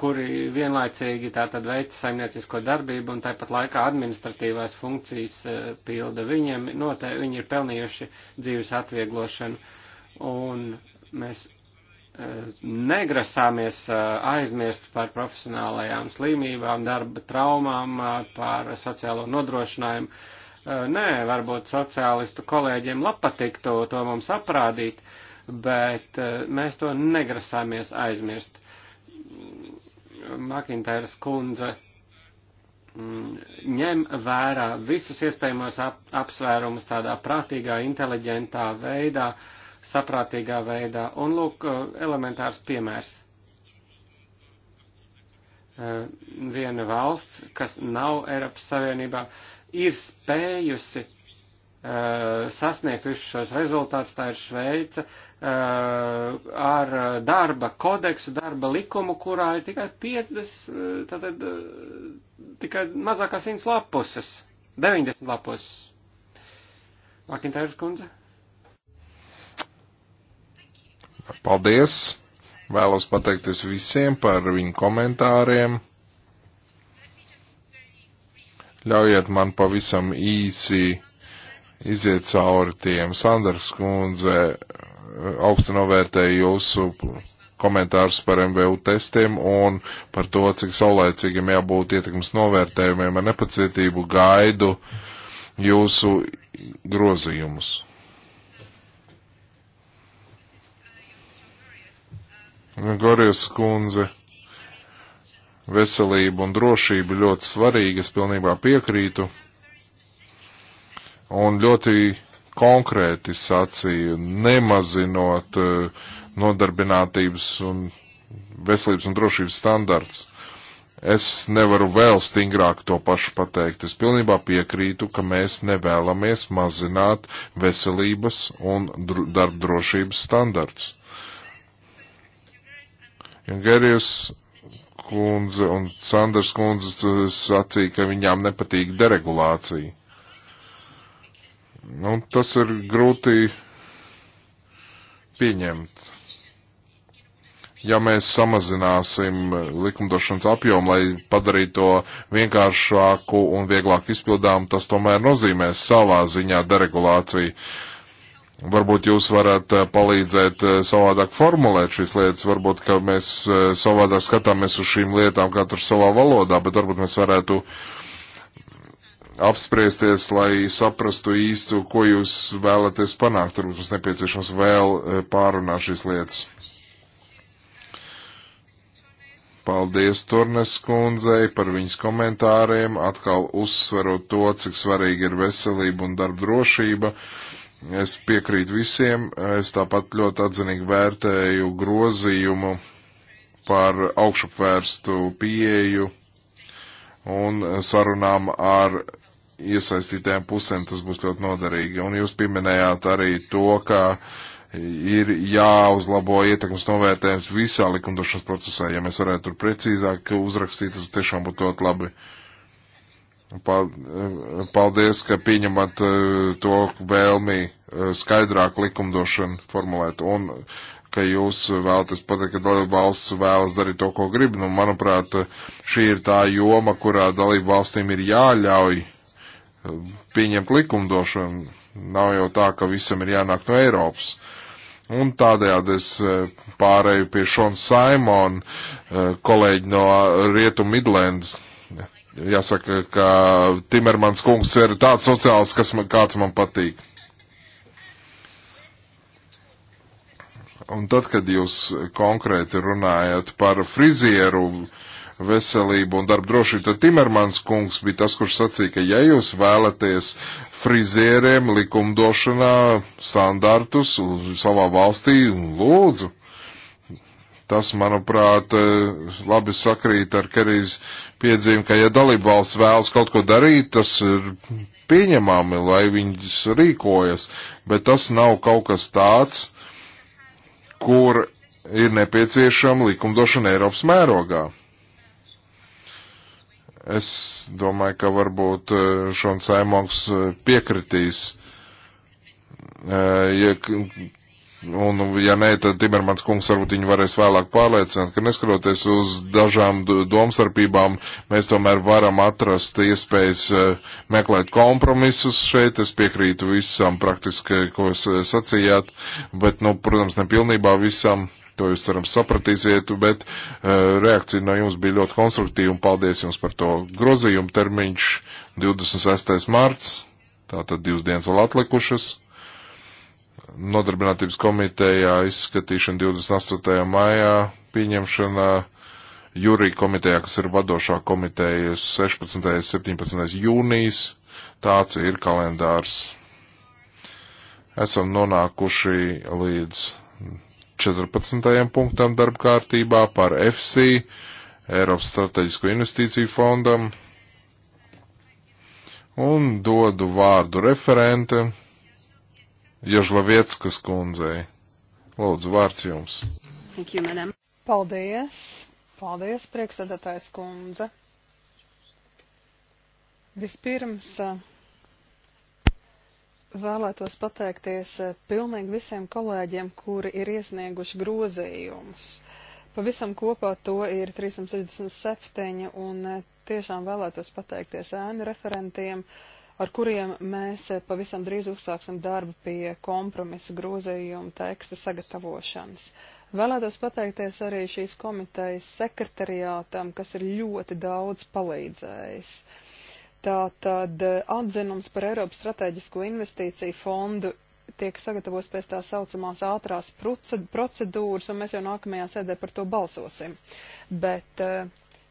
kuri vienlaicīgi tātad veic saimniecisko darbību un tāpat laikā administratīvās funkcijas eh, pilda. Viņiem noteikti, viņi ir pelnījuši dzīves atvieglošanu un mēs negrasāmies aizmirst par profesionālajām slimībām, darba traumām, par sociālo nodrošinājumu. Nē, varbūt sociālistu kolēģiem patiktu to mums aprādīt, bet mēs to negrasāmies aizmirst. Makintēras kundze mm, ņem vērā visus iespējamos ap, apsvērumus tādā prātīgā, inteliģentā veidā, uh, saprātīgā veidā. Un lūk, uh, elementārs piemērs. Uh, viena valsts, kas nav Eiropas Savienībā, ir spējusi uh, sasniegt visus šos rezultātus, tā ir Šveica, ar darba kodeksu, darba likumu, kurā ir tikai 50, tātad tikai mazākā 100 lapuses, 90 lapuses. Vakintērs kundze? Paldies! Vēlos pateikties visiem par viņu komentāriem. Ļaujiet man pavisam īsi iziet cauri tiem. Sandars kundze, eh, augstu novērtēju jūsu komentārus par MVU testiem un par to, cik saulēcīgiem jābūt ietekmes novērtējumiem. Ar nepacietību gaidu jūsu grozījumus. Gorijas kundze, veselība un drošība ļoti svarīga, es pilnībā piekrītu. Un ļoti konkrēti sacīju, nemazinot eh, nodarbinātības un veselības un drošības standarts. Es nevaru vēl stingrāk to pašu pateikt. Es pilnībā piekrītu, ka mēs nevēlamies mazināt veselības un dr darba drošības standarts. Gerijas kundze un Sanders kundze sacīja, ka viņām nepatīk deregulācija. Nu, tas ir grūti pieņemt. Ja mēs samazināsim likumdošanas apjomu, lai padarītu to vienkāršāku un vieglāk izpildām, tas tomēr nozīmēs savā ziņā deregulāciju. Uh, Varbūt jūs varat eh, palīdzēt eh, savādāk formulēt šīs lietas, varbūt, ka mēs eh, savādāk skatāmies uz šīm lietām katrs savā valodā, bet varbūt mēs varētu apspriesties, lai saprastu īstu, ko jūs vēlaties panākt. Varbūt mums nepieciešams vēl pārunāt šīs lietas. Paldies Turnes kundzei par viņas komentāriem, atkal uzsverot to, cik svarīgi ir veselība un darba drošība. Uh, Es piekrītu visiem, es tāpat ļoti atzinīgi vērtēju grozījumu par augšupvērstu pieeju un sarunām ar iesaistītēm pusēm tas būs ļoti noderīgi. Un jūs pieminējāt arī to, ka ir jāuzlabo ietekmes novērtējums visā likumdošanas procesā. Ja mēs varētu tur precīzāk uzrakstīt, tas tiešām būtu ļoti labi. Uh, Paldies, ka pieņemat eh, to vēlmi eh, skaidrāk likumdošanu formulēt un ka jūs vēlaties pateikt, ka dalība valsts vēlas darīt to, ko grib. Nu, manuprāt, šī ir tā joma, kurā dalība valstīm ir jāļauj eh, pieņemt likumdošanu. Nav jau tā, ka visam ir jānāk no Eiropas. Un tādējādi es pārēju pie Šona Simona, kolēģi no Rietu Midlands Jāsaka, ka Timermans kungs ir tāds sociāls, kas man, kāds man patīk. Un tad, kad jūs konkrēti runājat par frizieru veselību un darba drošību, tad Timermans kungs bija tas, kurš sacīja, ka ja jūs vēlaties frizieriem likumdošanā standartus savā valstī, lūdzu, Tas, manuprāt, e, labi sakrīt ar Kerijas piedzīmi, ka ja dalība valsts vēlas kaut ko darīt, tas ir pieņemami, lai viņas rīkojas, bet tas nav kaut kas tāds, kur ir nepieciešama likumdošana Eiropas mērogā. Es domāju, ka varbūt e, Šons Saimons piekritīs, e, ja Un, ja nē, tad Timermans kungs varbūt viņu varēs vēlāk pārliecināt, ka neskatoties uz dažām domstarpībām, mēs tomēr varam atrast iespējas eh, meklēt kompromisus šeit. Es piekrītu visam praktiski, ko jūs sacījāt, bet, nu, protams, nepilnībā visam. To jūs cerams sapratīsiet, bet uh, reakcija no jums bija ļoti konstruktīva un paldies jums par to. Grozījuma termiņš 26. mārts, tātad divas dienas vēl atlikušas nodarbinātības komitejā izskatīšana 28. maijā, pieņemšana jūrija komitejā, kas ir vadošā komiteja 16. un 17. jūnijas. Tāds ir kalendārs. Esam nonākuši līdz 14. punktam darba kārtībā par FC, Eiropas Strateģisko investīciju fondam. Un dodu vārdu referente Jožlavieckas kundzei. Lūdzu, vārds jums. Thank you, madam. Paldies. Paldies, priekšsēdētājs kundze. Vispirms eh, vēlētos pateikties eh, pilnīgi visiem kolēģiem, kuri ir iesnieguši grozījumus. Pavisam kopā to ir 367 un eh, tiešām vēlētos pateikties ēnu referentiem. Uh, ar kuriem mēs eh, pavisam drīz uzsāksim darbu pie kompromisa grozījuma teksta sagatavošanas. Vēlētos pateikties arī šīs komitejas sekretariātam, kas ir ļoti daudz palīdzējis. Tātad eh, atzinums par Eiropas strateģisko investīciju fondu tiek sagatavos pēc tā saucamās ātrās procedūras, un mēs jau nākamajā sēdē par to balsosim. Bet uh,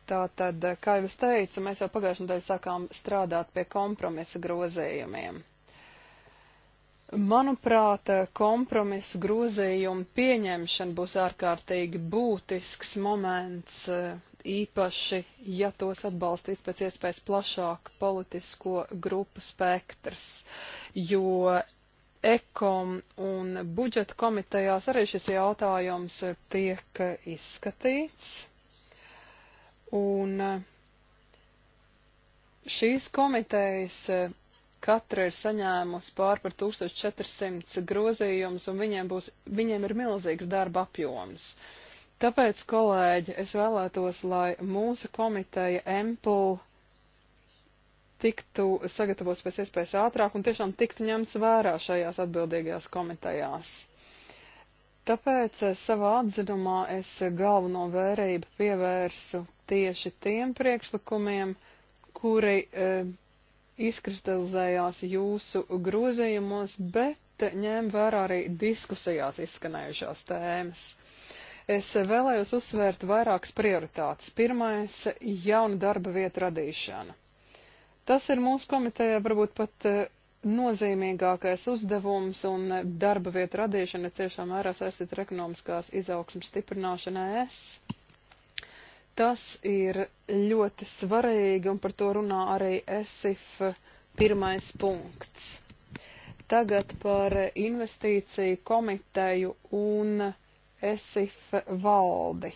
Tātad, kā jau es teicu, mēs jau pagājušajā nedēļā sākām strādāt pie kompromisa grozējumiem. Manuprāt, kompromisa grozījuma pieņemšana būs ārkārtīgi būtisks moments, īpaši, ja tos atbalstīs pēc iespējas plašāk politisko grupu spektrs, jo ekom un budžeta komitejās arī šis jautājums tiek izskatīts. Un eh, šīs komitejas eh, katra ir saņēmusi pār par 1400 grozījumus, un viņiem, būs, viņiem ir milzīgs darba apjoms. Tāpēc, kolēģi, es vēlētos, lai mūsu komiteja Empul tiktu sagatavots pēc iespējas ātrāk un tiešām tiktu ņemts vērā šajās atbildīgajās komitejās. Tāpēc eh, savā atzinumā es galveno vērību pievērsu tieši tiem priekšlikumiem, kuri e, izkristalizējās jūsu grozījumos, bet ņēma vērā arī diskusijās izskanējušās tēmas. Es vēlējos uzsvērt vairākas prioritātes. Pirmais - jauna darba vieta radīšana. Tas ir mūsu komitejā varbūt pat e, nozīmīgākais uzdevums un darba vietu radīšana ciešā mērā saistīta ar ekonomiskās izaugsmas stiprināšanu ES. Tas ir ļoti svarīgi, un par to runā arī ESIF pirmais punkts. Tagad par investīciju komiteju un ESIF valdi.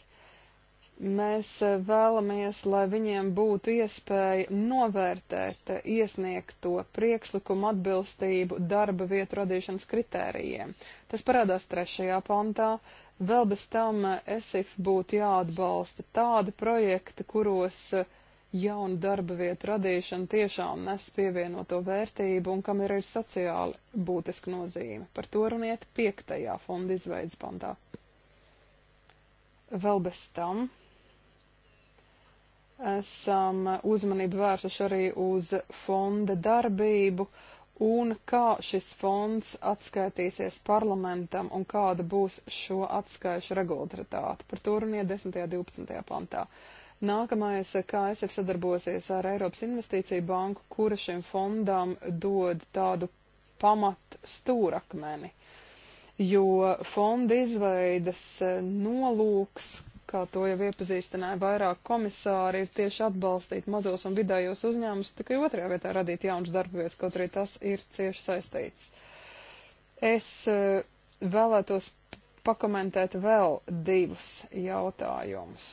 Mēs vēlamies, lai viņiem būtu iespēja novērtēt iesniegto priekšlikumu atbilstību darba vietu radīšanas kritērijiem. Tas parādās trešajā pantā, Vēl bez tam ESIF eh, būtu jāatbalsta tādi projekti, kuros eh, jauna darba vieta radīšana tiešām nes pievienoto vērtību un kam ir, ir sociāli būtiska nozīme. Par to runiet piektajā fonda izveidas pantā. Vēl bez tam esam uzmanību vērsuši arī uz fonda darbību. Uh, un kā šis fonds atskaitīsies parlamentam un kāda būs šo atskaišu regularitāte. Par to runie 10. un 12. pantā. Nākamais, kā ESF sadarbosies ar Eiropas investīciju banku, kura šim fondam dod tādu pamat stūrakmeni, jo fonda izveidas nolūks kā to jau iepazīstināja vairāk komisāri, ir tieši atbalstīt mazos un vidējos uzņēmumus, tikai otrajā vietā radīt jaunas darbvietas, kaut arī tas ir cieši saistīts. Es eh, vēlētos pakomentēt vēl divus jautājumus.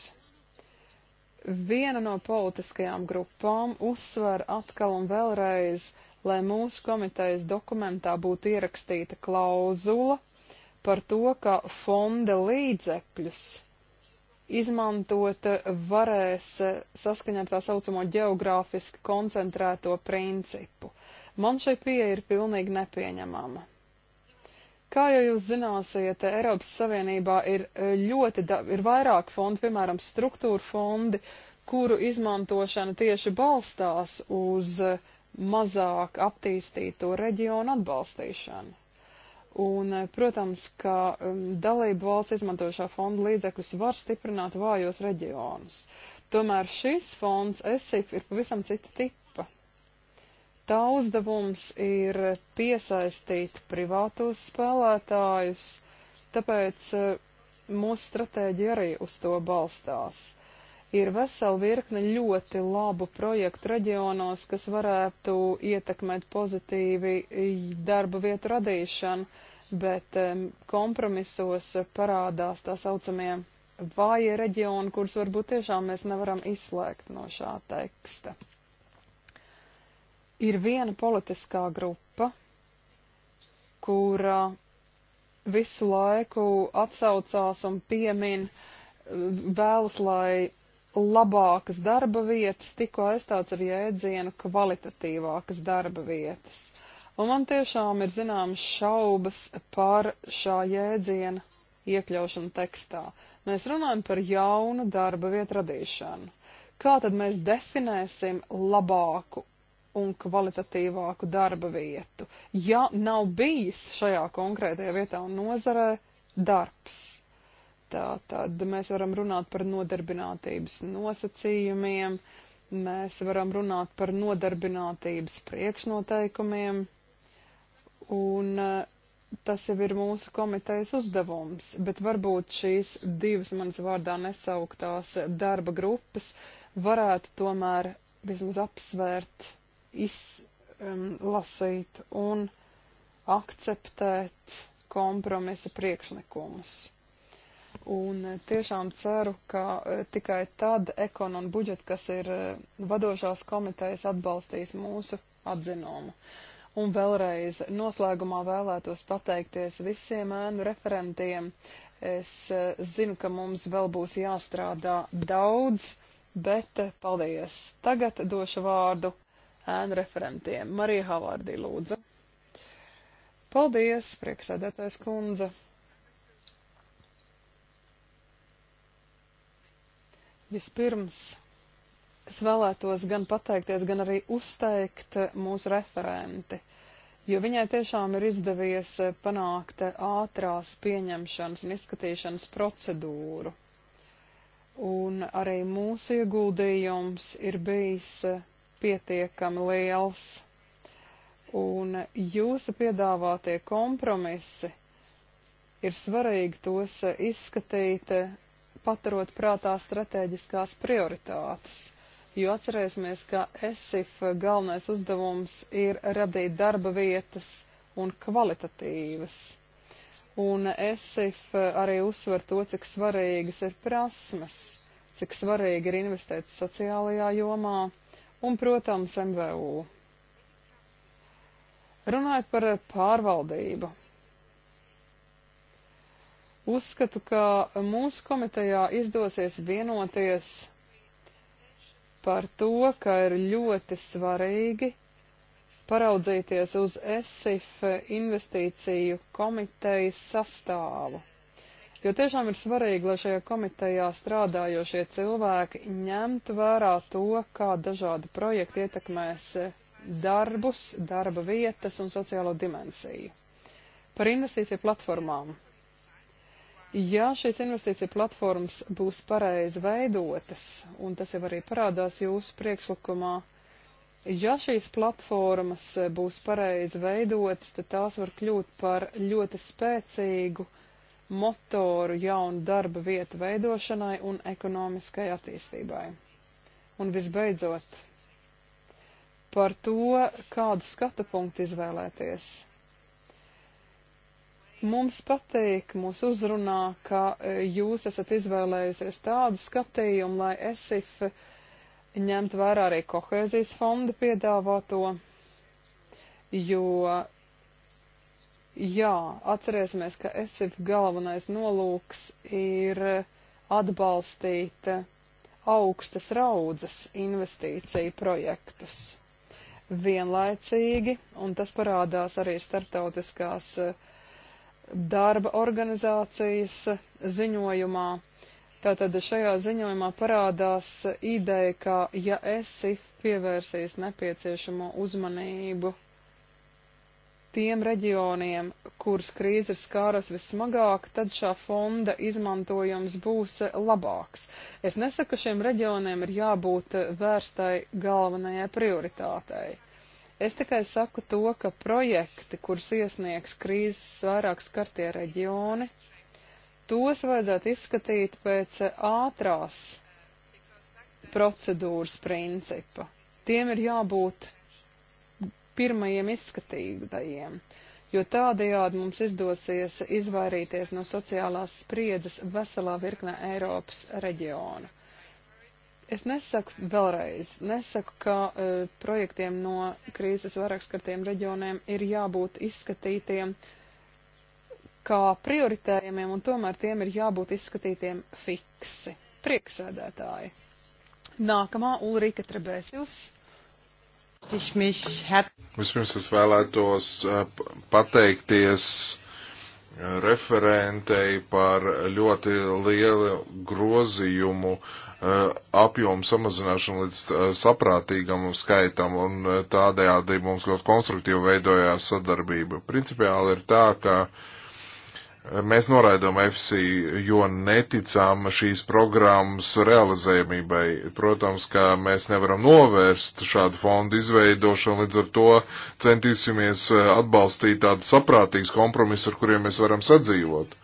Viena no politiskajām grupām uzsver atkal un vēlreiz, lai mūsu komitejas dokumentā būtu ierakstīta klauzula par to, ka fonda līdzekļus izmantot varēs saskaņā ar tā saucamo geogrāfiski koncentrēto principu. Man šī pieeja ir pilnīgi nepieņemama. Kā jau jūs zināsiet, Eiropas Savienībā ir ļoti, ir vairāk fondu, piemēram, struktūra fondi, kuru izmantošana tieši balstās uz mazāk attīstīto reģionu atbalstīšanu. Un, eh, protams, ka um, dalību valsts izmantošā fonda līdzekļus var stiprināt vājos reģionus. Tomēr šis fonds ESIF ir pavisam cita tipa. Tā uzdevums ir piesaistīt privātos spēlētājus, tāpēc eh, mūsu stratēģija arī uz to balstās ir vesela virkne ļoti labu projektu reģionos, kas varētu ietekmēt pozitīvi darba vietu radīšanu, bet kompromisos parādās tā saucamie vāja reģioni, kurus varbūt tiešām mēs nevaram izslēgt no šā teksta. Ir viena politiskā grupa, kura visu laiku atsaucās un piemin, vēlas, lai labākas darba vietas, tikko aizstāts ar jēdzienu kvalitatīvākas darba vietas. Un man tiešām ir zināmas šaubas par šā jēdziena iekļaušanu tekstā. Mēs runājam par jaunu darba vietu radīšanu. Kā tad mēs definēsim labāku un kvalitatīvāku darba vietu, ja nav bijis šajā konkrētajā vietā un nozarē darbs? Tā tad mēs varam runāt par nodarbinātības nosacījumiem, mēs varam runāt par nodarbinātības priekšnoteikumiem, un eh, tas jau ir mūsu komitejas uzdevums, bet varbūt šīs divas manas vārdā nesauktās darba grupas varētu tomēr vismaz apsvērt, izlasīt um, un akceptēt kompromisa priekšnekumus. Un eh, tiešām ceru, ka eh, tikai tad ekon un budžet, kas ir eh, vadošās komitejas, atbalstīs mūsu atzinumu. Un vēlreiz noslēgumā vēlētos pateikties visiem ēnu referentiem. Es zinu, ka mums vēl būs jāstrādā daudz, bet paldies. Tagad došu vārdu ēnu referentiem. Marija Havārdī lūdzu. Paldies, prieksēdētais kundze. Vispirms es vēlētos gan pateikties, gan arī uzteikt mūsu referenti, jo viņai tiešām ir izdevies panākt ātrās pieņemšanas un izskatīšanas procedūru. Un arī mūsu ieguldījums ir bijis pietiekami liels. Un jūsu piedāvātie kompromisi ir svarīgi tos izskatīt paturot prātā stratēģiskās prioritātes. Jo atcerēsimies, ka ESIF galvenais uzdevums ir radīt darba vietas un kvalitatīvas. Un ESIF arī uzsver to, cik svarīgas ir prasmes, cik svarīgi ir investēt sociālajā jomā un, protams, MVU. Runājot par pārvaldību, Uzskatu, ka mūsu komitejā izdosies vienoties par to, ka ir ļoti svarīgi paraudzīties uz ESIF investīciju komitejas sastāvu. Jo tiešām ir svarīgi, lai šajā komitejā strādājošie cilvēki ņemtu vērā to, kā dažādi projekti ietekmēs darbus, darba vietas un sociālo dimensiju. Par investīciju platformām. Ja šīs investīcija platformas būs pareizi veidotas, un tas jau arī parādās jūsu priekšlikumā, ja šīs platformas būs pareizi veidotas, tad tās var kļūt par ļoti spēcīgu motoru jaunu darba vietu veidošanai un ekonomiskai attīstībai. Un visbeidzot, par to, kādu skatu punktu izvēlēties. Mums patīk, mūs uzrunā, ka e, jūs esat izvēlējusies tādu skatījumu, lai ESIF ņemt vērā arī kohēzijas fonda piedāvāto, jo, jā, atcerēsimies, ka ESIF galvenais nolūks ir atbalstīt augstas raudzes investīciju projektus. Vienlaicīgi, un tas parādās arī starptautiskās uh, darba organizācijas ziņojumā. Tātad šajā ziņojumā parādās ideja, ka ja ESIF pievērsīs nepieciešamo uzmanību tiem reģioniem, kuras krīzes skāras vismagāk, tad šā fonda izmantojums būs labāks. Es nesaku, ka šiem reģioniem ir jābūt vērstai galvenajai prioritātei. Es tikai saku to, ka projekti, kurus iesniegs krīzes vairāk skartie reģioni, tos vajadzētu izskatīt pēc ātrās procedūras principa. Tiem ir jābūt pirmajiem izskatītajiem, jo tādējādi mums izdosies izvairīties no sociālās spriedzes veselā virknē Eiropas reģionu. Es nesaku vēlreiz, nesaku, ka uh, projektiem no krīzes vairāk skartiem reģioniem ir jābūt izskatītiem kā prioritējumiem, un tomēr tiem ir jābūt izskatītiem fiksi. Prieksēdētāji. Nākamā Ulrika Trebēsils. Vispirms es vēlētos e, pateikties referentei par ļoti lielu grozījumu eh, apjomu samazināšanu līdz eh, saprātīgam skaitam, un eh, tādējādi mums ļoti konstruktīvi veidojās sadarbība. Principiāli ir tā, ka uh, Mēs noraidām FC, jo neticām šīs programmas realizējumībai. Protams, ka mēs nevaram novērst šādu fondu izveidošanu, līdz ar to centīsimies atbalstīt tādu saprātīgu kompromisu, ar kuriem mēs varam sadzīvot.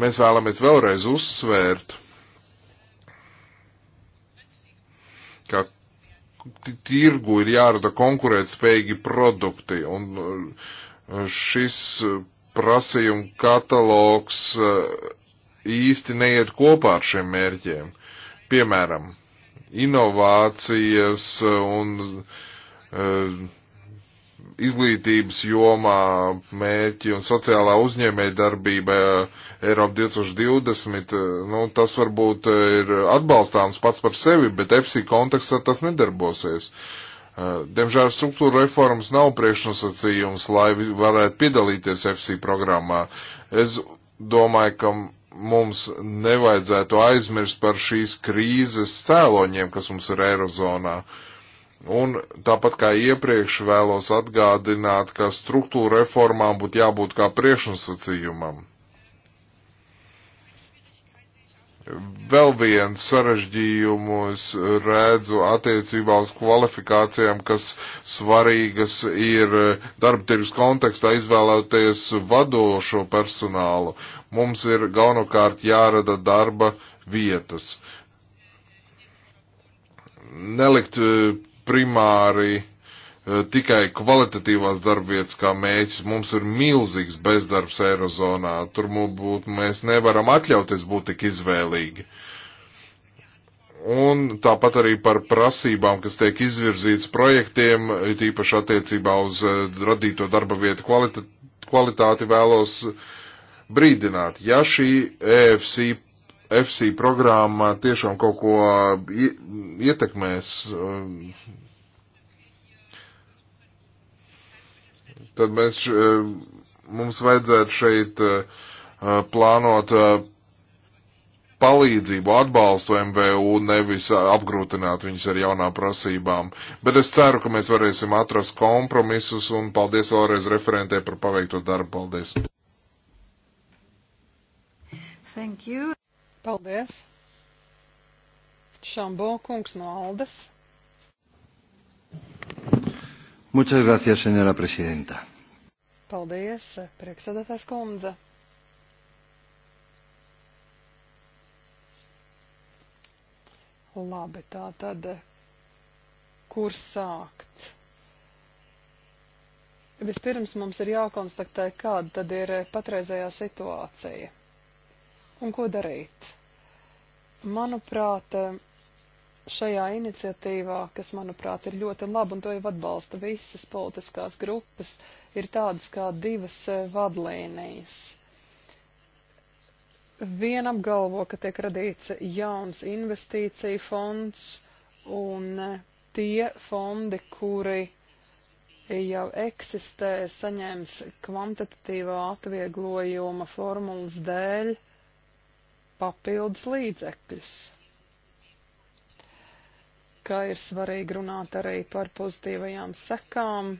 Mēs vēlamies vēlreiz uzsvērt, ka tirgu ir jārada konkurētspējīgi produkti, un uh, šis prasījumu katalogs eh, īsti neiet kopā ar šiem mērķiem. Piemēram, inovācijas un eh, izglītības jomā mērķi un sociālā uzņēmēja darbība eh, Eiropa 2020, nu, tas varbūt ir atbalstāms pats par sevi, bet EFSI kontekstā tas nedarbosies. Uh, Uh, diemžēl struktūra reformas nav priekšnosacījums, lai varētu piedalīties FC programmā. Es domāju, ka mums nevajadzētu aizmirst par šīs krīzes cēloņiem, kas mums ir Eirozonā. Un tāpat kā iepriekš vēlos atgādināt, ka struktūra reformām būtu jābūt kā priekšnosacījumam. Vēl viens sarežģījumus redzu attiecībā uz kvalifikācijām, kas svarīgas ir darba tirgus kontekstā izvēlēties vadošo personālu. Mums ir galvenokārt jārada darba vietas. Nelikt eh, primāri Eh, tikai kvalitatīvās darbvietas kā mēģis. Mums ir milzīgs bezdarbs Eirozonā. Tur būt, mēs nevaram atļauties būt tik izvēlīgi. Un tāpat arī par prasībām, kas tiek izvirzītas projektiem, tīpaši attiecībā uz eh, radīto darba vietu kvalita kvalitāti vēlos brīdināt. Ja šī EFC FC programma tiešām kaut ko ietekmēs eh, tad mēs, e, mums vajadzētu šeit e, e, plānot palīdzību, atbalstu MVU, nevis apgrūtināt viņus ar jaunām prasībām. Bet es ceru, ka mēs varēsim atrast kompromisus un paldies vēlreiz referentē par paveikto darbu. Paldies! Thank you. Paldies! Šambo kungs no Aldas. Muchas gracias, senora presidenta. Paldies, priekšsēdētājs kundze. Labi, tā tad, kur sākt? Vispirms mums ir jākonstatē, kāda tad ir patreizējā situācija un ko darīt. Manuprāt, šajā iniciatīvā, kas, manuprāt, ir ļoti laba un to jau atbalsta visas politiskās grupas, ir tādas kā divas e, vadlīnijas. Viena apgalvo, ka tiek radīts jauns investīciju fonds un e, tie fondi, kuri jau eksistē, saņems kvantitatīvā atvieglojuma formulas dēļ papildus līdzekļus ka ir svarīgi runāt arī par pozitīvajām sekām,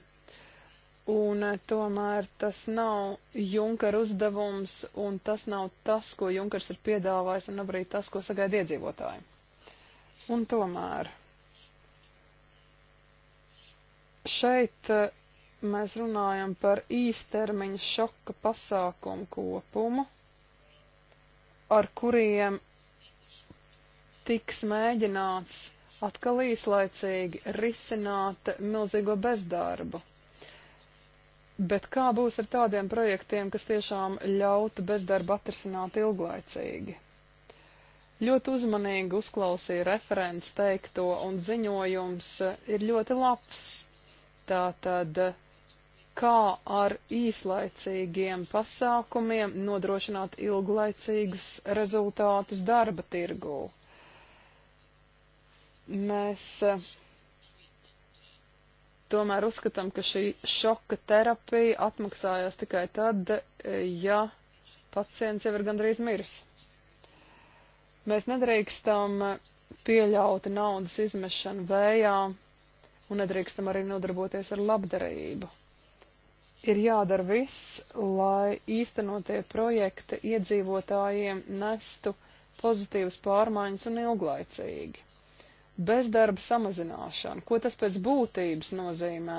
un eh, tomēr tas nav Junker uzdevums, un tas nav tas, ko Junkers ir piedāvājis, un arī tas, ko sagaida iedzīvotāji. Un tomēr šeit eh, mēs runājam par īstermiņa šoka pasākumu kopumu, ar kuriem tiks mēģināts atkal īslaicīgi risināt milzīgo bezdarbu. Bet kā būs ar tādiem projektiem, kas tiešām ļautu bezdarbu atrisināt ilglaicīgi? Ļoti uzmanīgi uzklausīja referents teikto, un ziņojums ir ļoti labs. Tātad, kā ar īslaicīgiem pasākumiem nodrošināt ilglaicīgus rezultātus darba tirgū? Mēs eh, tomēr uzskatām, ka šī šoka terapija atmaksājās tikai tad, eh, ja pacients jau ir gandrīz miris. Mēs nedrīkstam eh, pieļaut naudas izmešanu vējā un nedrīkstam arī nodarboties ar labdarību. Ir jādara viss, lai īstenotie projekti iedzīvotājiem nestu pozitīvas pārmaiņas un ilglaicīgi bezdarba samazināšanu. Ko tas pēc būtības nozīmē?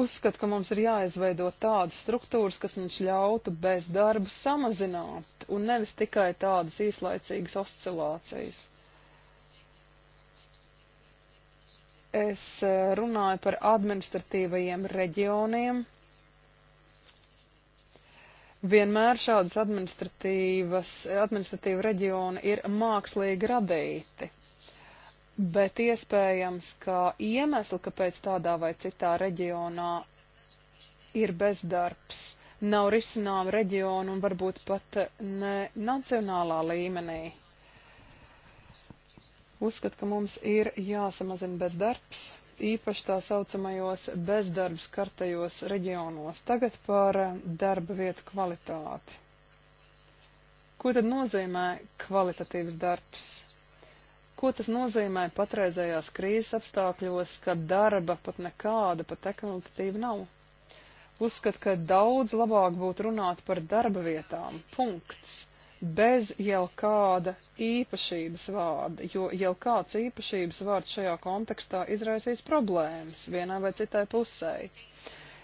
Uzskatu, ka mums ir jāizveido tādas struktūras, kas mums ļautu bezdarbu samazināt, un nevis tikai tādas īslaicīgas oscilācijas. Es eh, runāju par administratīvajiem reģioniem, Vienmēr šādas administratīva reģiona ir mākslīgi radīti, bet iespējams, ka iemesli, kāpēc tādā vai citā reģionā ir bezdarbs, nav risinām reģionu un varbūt pat ne nacionālā līmenī uzskata, ka mums ir jāsamazina bezdarbs īpaši tā saucamajos bezdarbs kartajos reģionos. Tagad par darba vietu kvalitāti. Ko tad nozīmē kvalitatīvs darbs? Ko tas nozīmē patreizējās krīzes apstākļos, kad darba pat nekāda, pat ekvalitatīva nav? Uzskat, ka daudz labāk būtu runāt par darba vietām. Punkts bez jau kāda īpašības vārda, jo jau kāds īpašības vārds šajā kontekstā izraisīs problēmas vienai vai citai pusē.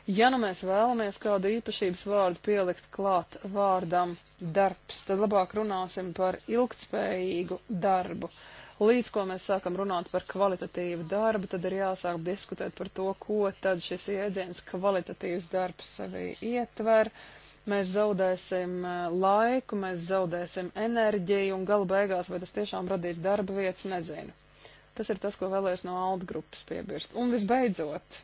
Ja nu mēs vēlamies kādu īpašības vārdu pielikt klāt vārdam darbs, tad labāk runāsim par ilgtspējīgu darbu. Līdz ko mēs sākam runāt par kvalitatīvu darbu, tad ir jāsāk diskutēt par to, ko tad šis jēdziens kvalitatīvs darbs sevī ietver, uh, mēs zaudēsim eh, laiku, mēs zaudēsim enerģiju un gala beigās, vai tas tiešām radīs darba vietas, nezinu. Tas ir tas, ko vēlējos no Alda grupas piebirst. Un visbeidzot,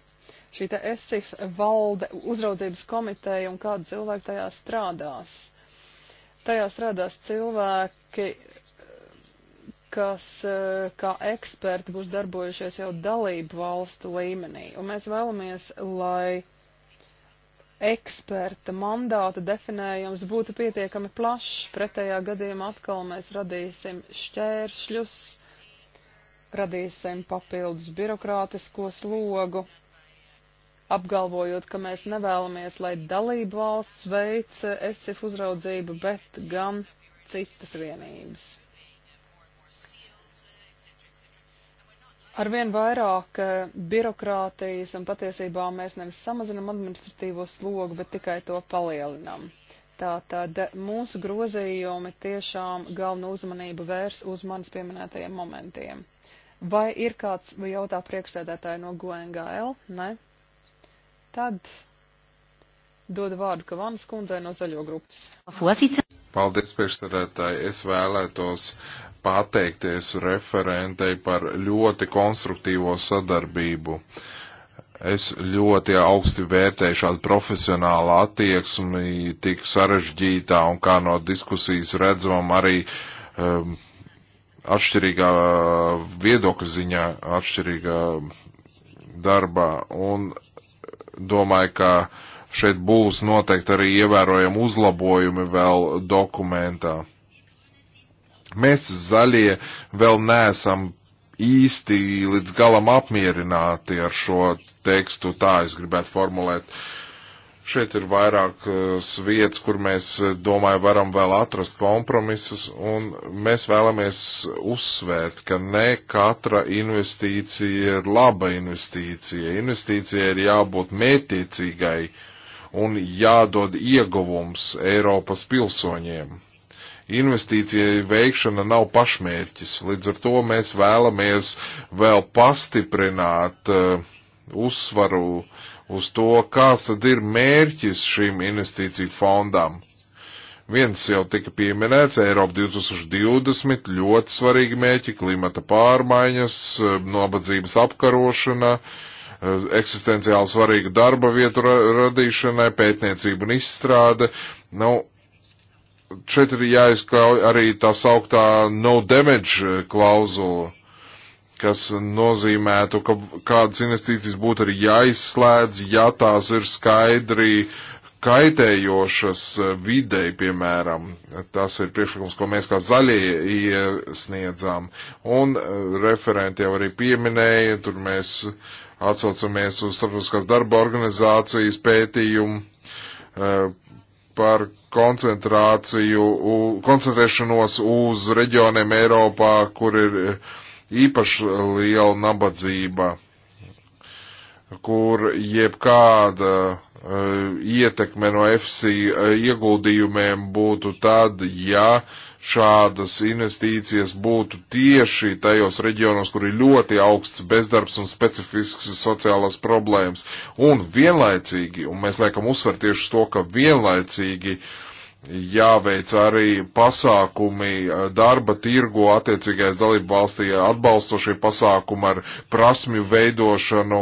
šī te ESIF valde, uzraudzības komiteja un kāda cilvēka tajā strādās. Tajā strādās cilvēki, kas eh, kā eksperti būs darbojušies jau dalību valstu līmenī. Un mēs vēlamies, lai eksperta mandāta definējums būtu pietiekami plašs, pretējā gadījumā atkal mēs radīsim šķēršļus, radīsim papildus birokrātisko slogu, apgalvojot, ka mēs nevēlamies, lai dalību valsts veic ESIF uzraudzību, bet gan citas vienības. Arvien vairāk eh, birokrātijas un patiesībā mēs nevis samazinam administratīvo slogu, bet tikai to palielinam. Tātad mūsu grozījumi tiešām galvenu uzmanību vērs uz manis pieminētajiem momentiem. Vai ir kāds, vai jautā priekšsēdētāji no GNGL? Nē. Tad dodu vārdu Kavanas kundzei no zaļo grupas. Paldies, priekšsēdētāji. Es vēlētos pateikties referentei par ļoti konstruktīvo sadarbību. Es ļoti augsti vērtēju šādu profesionālu attieksmi, tik sarežģītā un kā no diskusijas redzam arī um, atšķirīgā viedokļa ziņā, atšķirīgā darbā. Un domāju, ka šeit būs noteikti arī ievērojami uzlabojumi vēl dokumentā Mēs zaļie vēl neesam īsti līdz galam apmierināti ar šo tekstu, tā es gribētu formulēt. Šeit ir vairāk eh, vietas, kur mēs, eh, domāju, varam vēl atrast kompromisus, un mēs vēlamies uzsvērt, ka ne katra investīcija ir laba investīcija. Investīcija ir jābūt mētiecīgai un jādod ieguvums Eiropas pilsoņiem investīcija veikšana nav pašmērķis. Līdz ar to mēs vēlamies vēl pastiprināt uh, uzsvaru uz to, kāds tad ir mērķis šīm investīciju fondām. Viens jau tika pieminēts, Eiropa 2020, ļoti svarīgi mērķi, klimata pārmaiņas, eh, nabadzības apkarošana, eh, eksistenciāli svarīga darba vietu radīšanai, pētniecība un izstrāde. Nu, šeit ir jāizkļauj arī tā sauktā no damage eh, klauzula, kas nozīmētu, ka kādas investīcijas būtu arī jāizslēdz, ja tās ir skaidri kaitējošas eh, videi, piemēram. Tas ir priekšlikums, ko mēs kā zaļie iesniedzām. Un eh, referenti jau arī pieminēja, tur mēs atsaucamies uz starptautiskās darba organizācijas pētījumu par koncentrāciju, koncentrēšanos uz reģioniem Eiropā, kur ir īpaši liela nabadzība, kur jebkāda e, ietekme no FC ieguldījumiem būtu tad, ja šādas investīcijas būtu tieši tajos reģionos, kur ir ļoti augsts bezdarbs un specifisks sociālās problēmas. Un vienlaicīgi, un mēs liekam uzsver tieši to, ka vienlaicīgi uh, jāveic arī pasākumi eh, darba tirgo attiecīgais dalību valstī atbalstošie pasākumi ar prasmju veidošanu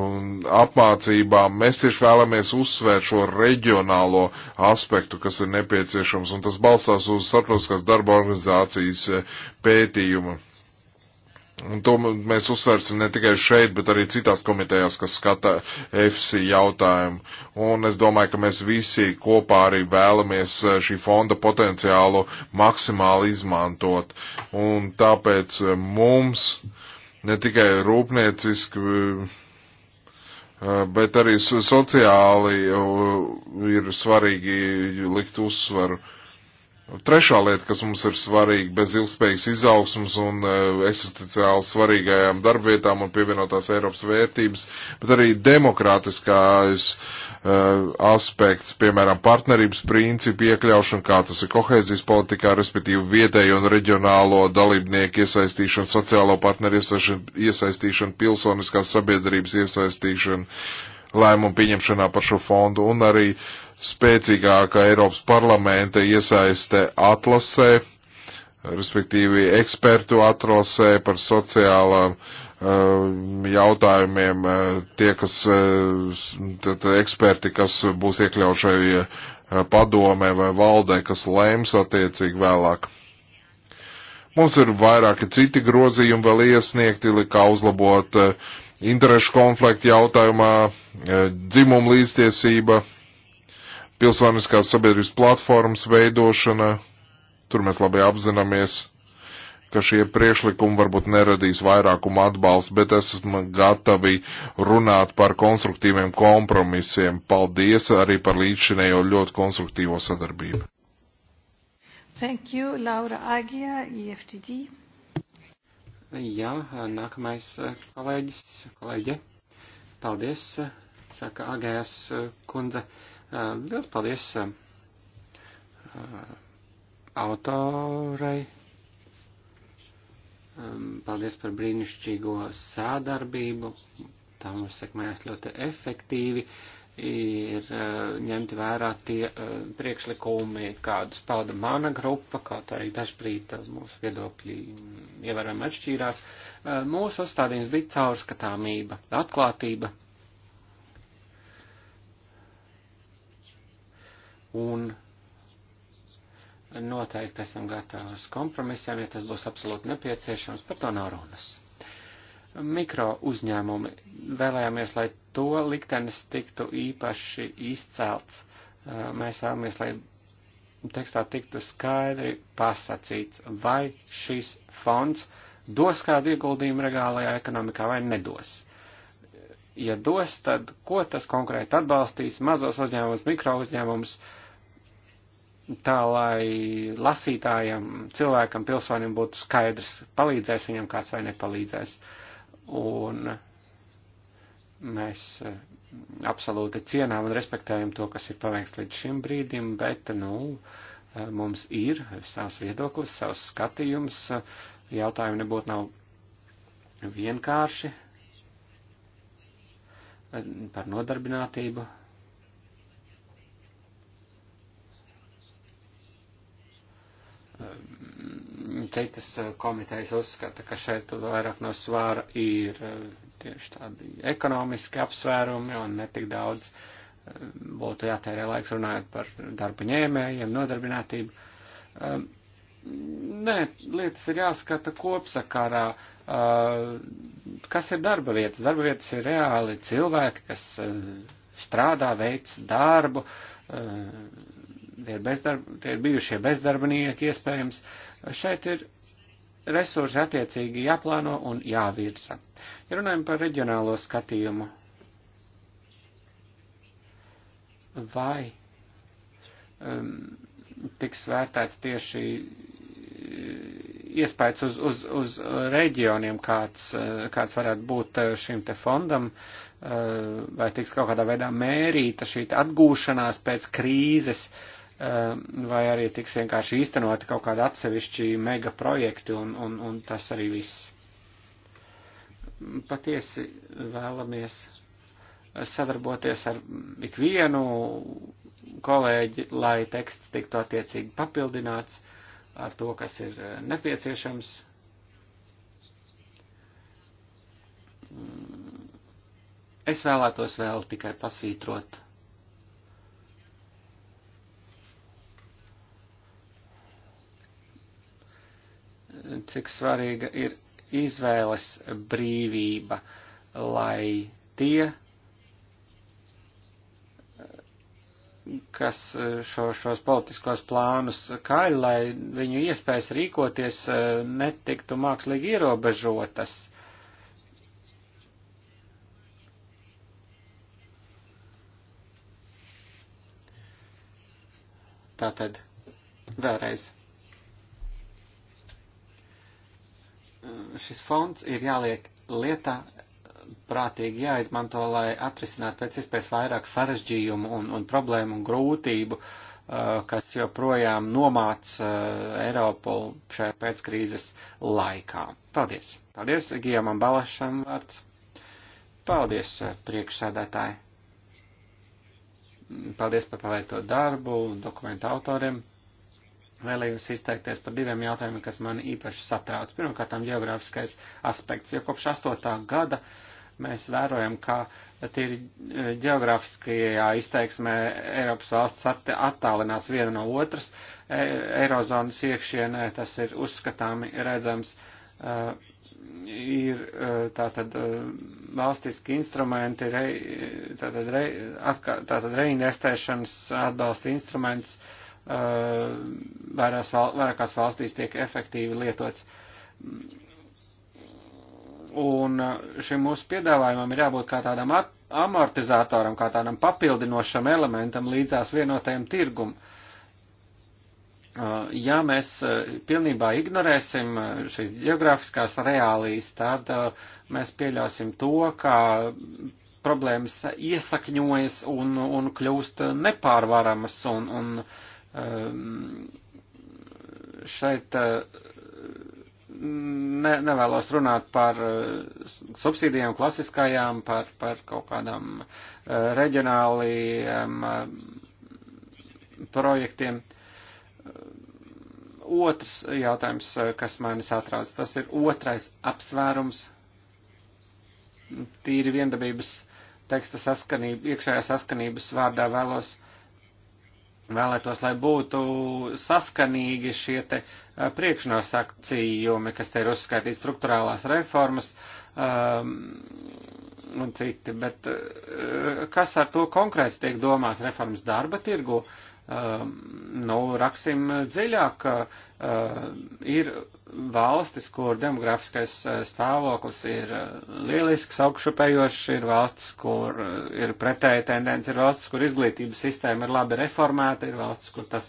un apmācībām. Mēs tieši vēlamies uzsvērt šo reģionālo aspektu, kas ir nepieciešams, un tas balstās uz starptautiskās darba organizācijas eh, pētījumu. Un to mēs uzsversim ne tikai šeit, bet arī citās komitejās, kas skata FC jautājumu. Un es domāju, ka mēs visi kopā arī vēlamies eh, šī fonda potenciālu maksimāli izmantot. Un tāpēc eh, mums ne tikai rūpnieciski, eh, bet arī sociāli ir svarīgi likt uzsvaru. Uh, Trešā lieta, kas mums ir svarīga bez ilgspējīgas izaugsmas un eh, eksistenciāli svarīgajām darbvietām un pievienotās Eiropas vērtības, bet arī demokrātiskās uh, eh, aspekts, piemēram, partnerības principu iekļaušana, kā tas ir kohēzijas politikā, respektīvi vietējo un reģionālo dalībnieku iesaistīšana, sociālo partneru iesaistīšana, iesaistīšana pilsoniskās sabiedrības iesaistīšana lēmumu pieņemšanā par šo fondu un arī uh, spēcīgāka Eiropas parlamenta iesaiste atlasē, respektīvi ekspertu atlasē par sociālām eh, jautājumiem eh, tie, kas eh, tad, eksperti, kas būs iekļaušai padomē vai valdē, kas lēms attiecīgi vēlāk. Mums ir vairāki citi grozījumi vēl iesniegti, kā uzlabot interešu konfliktu jautājumā, dzimumu līdztiesība, pilsoniskās sabiedrības platformas veidošana. Tur mēs labi apzināmies, ka šie priekšlikumi varbūt neradīs vairākumu atbalstu, bet esmu gatavi runāt par konstruktīviem kompromisiem. Paldies arī par līdzšinējo ļoti konstruktīvo sadarbību. Thank you, Laura Agija, EFTD. Jā, nākamais eh, kolēģis, kolēģe. Paldies, saka Agējas eh, kundze. Uh, Liels paldies autorei. Paldies par brīnišķīgo sādarbību. Tā mums sekmējās ļoti efektīvi. Ir ņemti vērā tie priekšlikumi, kādus pauda mana grupa, kaut arī dažbrīd mūsu viedokļi ievērojami atšķīrās. Mūsu uzstādījums bija caurskatāmība, atklātība, un noteikti esam gatavi uz kompromisiem, ja tas būs absolūti nepieciešams, par to nav runas. Mikro uzņēmumi vēlējāmies, lai to liktenis tiktu īpaši izcelts. Mēs vēlamies, lai tekstā tiktu skaidri pasacīts, vai šis fonds dos kādu ieguldījumu regālajā ekonomikā vai nedos. Ja dos, tad ko tas konkrēti atbalstīs mazos uzņēmumus, mikro uzņēmumus? Uh, tā, lai lasītājam, cilvēkam, pilsonim būtu skaidrs, palīdzēs viņam kāds vai nepalīdzēs. Un mēs eh, absolūti cienām un respektējam to, kas ir paveikts līdz šim brīdim, bet, nu, eh, mums ir savs viedoklis, savs skatījums, jautājumi nebūtu nav vienkārši par nodarbinātību citas eh, komitejas uzskata, ka šeit vairāk no svāra ir eh, tieši tādi ekonomiski apsvērumi un netik daudz eh, būtu jātērē laiks runājot par darba ņēmējiem, nodarbinātību. Nē, lietas ir jāskata kopsakarā. Kas ir darba vietas? Darba vietas ir reāli cilvēki, kas strādā, veic darbu, tie ir, bezdarb, tie ir bijušie bezdarbnieki iespējams. Šeit ir resursi attiecīgi jāplāno un jāvirza. Ja runājam par reģionālo skatījumu, vai um, tiks vērtēts tieši uh, iespējas uz, uz, uz reģioniem, kāds, uh, kāds varētu būt uh, šim te fondam, vai tiks kaut kādā veidā mērīta šī atgūšanās pēc krīzes, uh, Ehm, vai arī tiks vienkārši īstenoti kaut kādi atsevišķi mega projekti un, un, un tas arī viss. Patiesi vēlamies sadarboties ar ikvienu kolēģi, lai teksts tiktu attiecīgi papildināts ar to, kas ir eh, nepieciešams. Mm. Es vēlētos vēl tikai pasvītrot cik svarīga ir izvēles brīvība, lai tie, kas eh, šo, šos politiskos plānus kaļ, lai viņu iespējas rīkoties eh, netiktu mākslīgi ierobežotas. Tātad, vēlreiz. šis fonds ir jāliek lietā prātīgi jāizmanto, lai atrisinātu pēc iespējas vairāk sarežģījumu un, un problēmu un grūtību, kas joprojām nomāc Eiropu šajā pēckrīzes laikā. Paldies! Paldies, Gijamam Balašam vārds! Paldies, priekšsēdētāji! Paldies par paveikto darbu dokumentu autoriem! vēlējos izteikties par diviem jautājumiem, kas mani īpaši satrauc. Pirmkārt, geogrāfiskais aspekts, jo kopš 8. gada mēs vērojam, ka tīri eh, geogrāfiskajā izteiksmē Eiropas valsts attālinās viena no otras. E, Eirozonas iekšienē tas ir uzskatāmi redzams. Eh, ir eh, tātad valstiski instrumenti, re, tātad, re, atka, tātad reinvestēšanas atbalsta instruments, uh, Eh, vairās, vairākās valstīs tiek efektīvi lietots. Un eh, šim mūsu piedāvājumam ir jābūt kā tādam amortizatoram, kā tādam papildinošam elementam līdzās vienotajam tirgum. Eh, ja mēs pilnībā ignorēsim šīs geogrāfiskās reālijas, tad mēs pieļausim to, ka problēmas iesakņojas un, un kļūst nepārvaramas un, un uh, Ehm, šeit eh, ne, nevēlos runāt par eh, subsīdijām klasiskajām, par, par kaut kādām eh, reģionāliem projektiem. Otrs jautājums, kas manis atrauc, tas ir otrais apsvērums tīri viendabības teksta saskanība, iekšējā saskanības vārdā vēlos vēlētos, lai būtu saskanīgi šie te priekšnosakījumi, kas te ir uzskaitīti struktūrālās reformas um, un citi, bet kas ar to konkrēts tiek domāts reformas darba tirgu, Um, nu, raksim dziļāk, ka uh, ir valstis, kur demografiskais uh, stāvoklis ir uh, lielisks, augšupējošs, ir valstis, kur ir pretēja tendence, ir valstis, kur izglītības sistēma ir labi reformēta, ir valstis, kur tas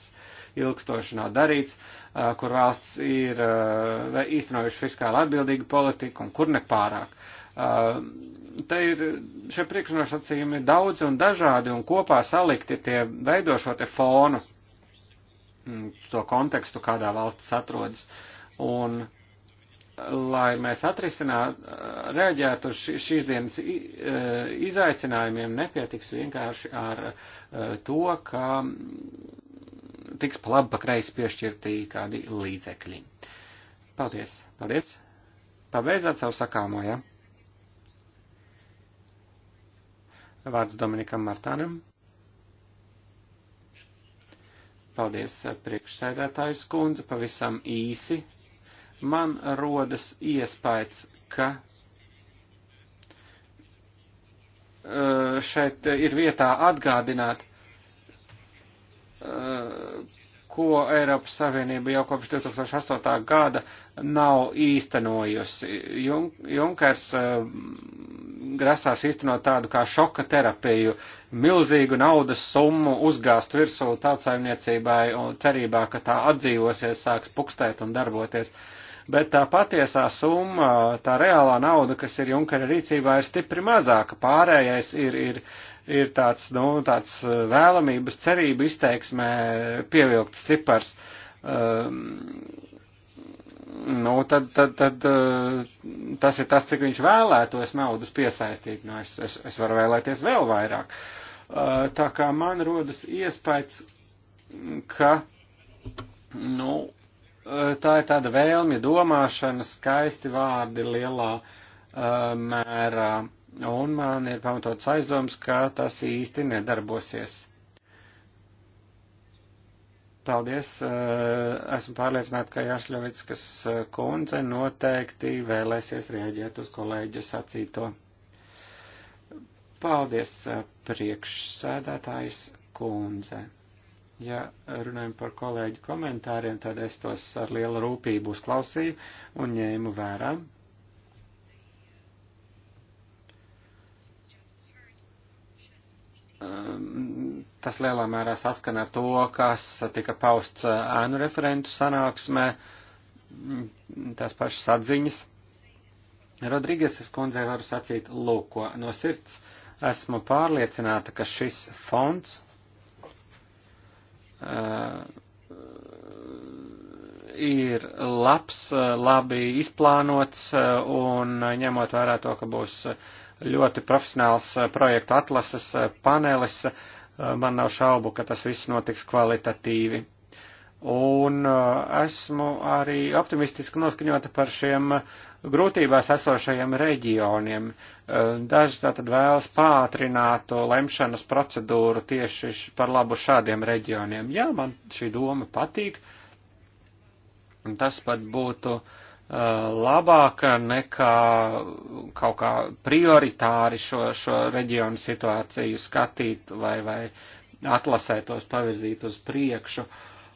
ilgstoši nav darīts, kur valsts ir īstenojuši fiskāli atbildīgu politiku un kur nepārāk. pārāk Te ir šie priekšnosacījumi daudz un dažādi un kopā salikti tie veidošo te fonu, mm, to kontekstu, kādā valsts atrodas. Un lai mēs atrisinātu, reaģētu uz šīs dienas izaicinājumiem, nepietiks vienkārši ar to, ka tiks pa labi pa kreisi piešķirtī kādi līdzekļi. Paldies, paldies. Pabeidzāt savu sakāmo, ja? Vārds Dominikam Martānam. Paldies, eh, priekšsēdētājs kundze, pavisam īsi. Man rodas iespējas, ka eh, šeit ir vietā atgādināt eh, ko Eiropas Savienība jau kopš 2008. gada nav īstenojusi. Jun Junkers uh, grasās īstenot tādu kā šoka terapiju, milzīgu naudas summu uzgāst virsū tautsājumniecībai un cerībā, ka tā atdzīvosies, sāks pukstēt un darboties. Bet tā patiesā summa, tā reālā nauda, kas ir Junkera rīcībā, ir stipri mazāka. Pārējais ir, ir ir tāds, nu, tāds uh, vēlamības cerību izteiksmē pievilkts cipars. Um, nu, tad, tad, tad uh, tas ir tas, cik viņš vēlētos naudas piesaistīt. Nu, es, es, es varu vēlēties vēl vairāk. Uh, tā kā man rodas iespējas, ka, nu, tā ir tāda vēlmja domāšana, skaisti vārdi lielā mērā. Uh, un man ir pamatots aizdoms, ka tas īsti nedarbosies. Paldies, eh, esmu pārliecināta, ka Jašļovickas eh, kundze noteikti vēlēsies rēģēt uz kolēģu sacīto. Paldies, eh, priekšsēdētājs kundze. Ja runājam par kolēģu komentāriem, tad es tos ar lielu rūpību uzklausīju un ņēmu vērām. Ehm, tas lielā mērā saskana ar to, kas tika pausts eh, ēnu referentu sanāksmē, mm, tās pašas atziņas. Rodrīgeses kundzei varu sacīt, lūk, ko no sirds esmu pārliecināta, ka šis fonds uh, ir labs, eh, labi izplānots un ņemot vērā to, ka būs uh, ļoti profesionāls eh, projektu atlases eh, panelis. Eh, man nav šaubu, ka tas viss notiks kvalitatīvi. Un esmu arī optimistiski noskaņota par šiem grūtībās esošajiem reģioniem. Daži tātad vēlas pātrināt lemšanas procedūru tieši par labu šādiem reģioniem. Jā, man šī doma patīk. Un tas pat būtu uh, Uh, labāka nekā kaut kā prioritāri šo, šo reģionu situāciju skatīt vai, vai atlasētos pavirzīt uz priekšu.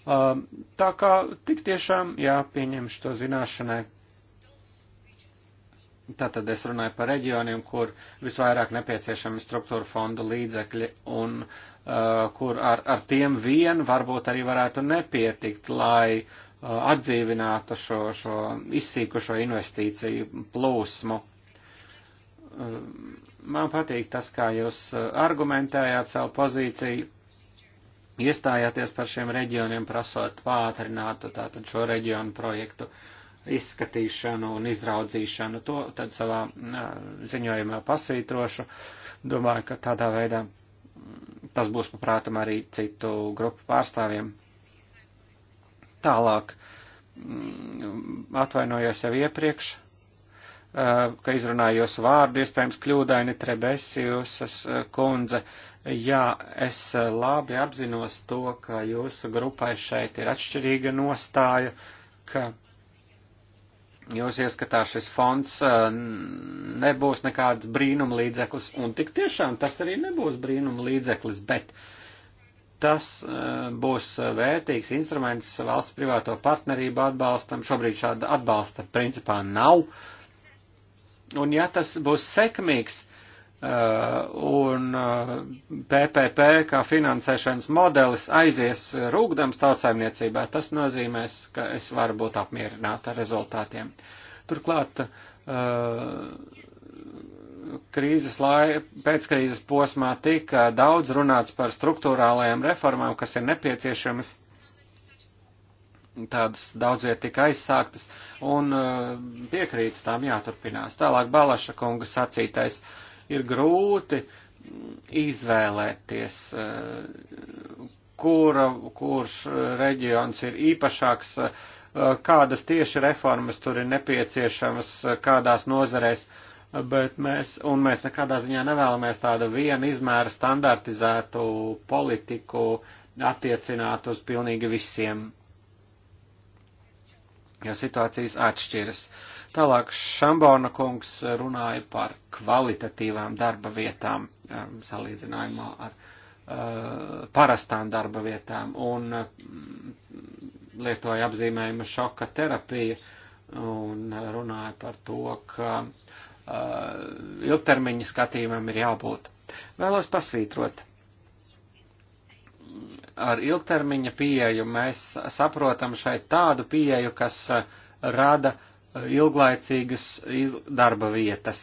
Um, tā kā tik tiešām jāpieņemšu to zināšanai. Tātad es runāju par reģioniem, kur visvairāk nepieciešami struktūra fondu līdzekļi un uh, kur ar, ar tiem vien varbūt arī varētu nepietikt, lai uh, atdzīvinātu šo, šo izsīkušo investīciju plūsmu. Man patīk tas, kā jūs argumentējāt savu pozīciju, iestājāties par šiem reģioniem, prasot pātrinātu tātad šo reģionu projektu izskatīšanu un izraudzīšanu. To tad savā ziņojumā pasvītrošu. Domāju, ka tādā veidā tas būs paprātam arī citu grupu pārstāvjiem. Tālāk, mm, atvainojos jau iepriekš, ka izrunājos vārdu, iespējams, kļūdaini Trebesijusas kundze. Jā, es labi apzinos to, ka jūsu grupai šeit ir atšķirīga nostāja, ka jūs ieskatā šis fonds nebūs nekāds brīnuma līdzeklis, un tik tiešām tas arī nebūs brīnuma līdzeklis, bet Tas e, būs vērtīgs instruments valsts privāto partnerību atbalstam. Šobrīd šāda atbalsta principā nav. Un ja tas būs sekmīgs e, un PPP e, kā finansēšanas modelis aizies rūgdams tautsājumniecībā, tas nozīmēs, ka es varu būt apmierināta ar rezultātiem. Turklāt krīzes lai, pēckrīzes posmā tika daudz runāts par struktūrālajām reformām, kas ir nepieciešamas. Tādas daudz viet tika aizsāktas un uh, piekrītu tām jāturpinās. Tālāk Balaša kunga sacītais ir grūti izvēlēties, uh, kura, kurš reģions ir īpašāks, uh, kādas tieši reformas tur ir nepieciešamas, kādās nozarēs. Uh, bet mēs, un mēs nekādā ziņā nevēlamies tādu vienu izmēru standartizētu politiku attiecināt uz pilnīgi visiem, jo situācijas atšķiras. Tālāk Šambona kungs runāja par kvalitatīvām darba vietām um, salīdzinājumā ar uh, parastām darba vietām un mm, lietoja apzīmējumu šoka terapija un runāja par to, ka uh, Uh, ilgtermiņa skatījumam ir jābūt. Vēlos pasvītrot. Ar ilgtermiņa pieeju mēs saprotam šeit tādu pieeju, kas uh, rada uh, ilglaicīgas darba vietas.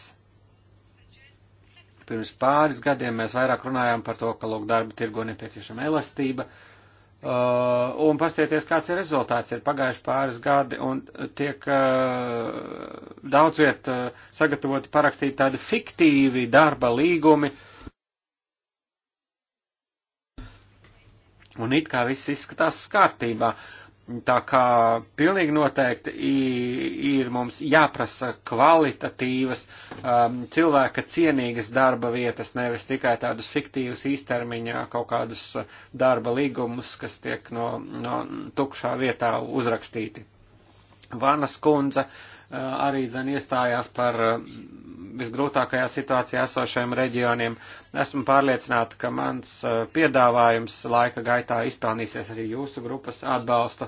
Pirms pāris gadiem mēs vairāk runājām par to, ka lūk darba tirgo nepieciešama elastība, uh, Uh, un pastieties, kāds ir rezultāts. Ir pagājuši pāris gadi un tiek uh, daudz viet uh, sagatavoti parakstīt tādi fiktīvi darba līgumi. Un it kā viss izskatās kārtībā. Tā kā pilnīgi noteikti ir mums jāprasa kvalitatīvas, um, cilvēka cienīgas darba vietas, nevis tikai tādus fiktīvus īstermiņā kaut kādus uh, darba līgumus, kas tiek no, no tukšā vietā uzrakstīti. Vanas kundze uh, Eh, arī zin iestājās par eh, visgrūtākajā situācijā esošajiem reģioniem. Esmu pārliecināta, ka mans eh, piedāvājums laika gaitā izpelnīsies arī jūsu grupas atbalstu.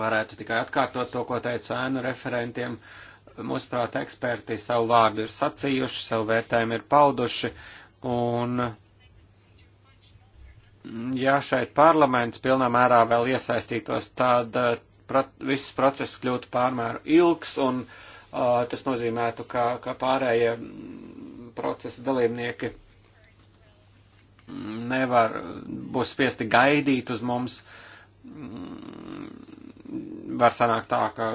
Varētu tikai atkārtot to, ko teicu ēnu referentiem. Mūsuprāt, eksperti savu vārdu ir sacījuši, savu vērtējumu ir pauduši, un mm, ja šeit parlaments pilnā mērā vēl iesaistītos, tad prat, viss process kļūtu pārmēru ilgs un uh, tas nozīmētu, ka, ka pārējie mm, procesa dalībnieki mm, nevar, būs spiesti gaidīt uz mums. Mm, var sanākt tā, ka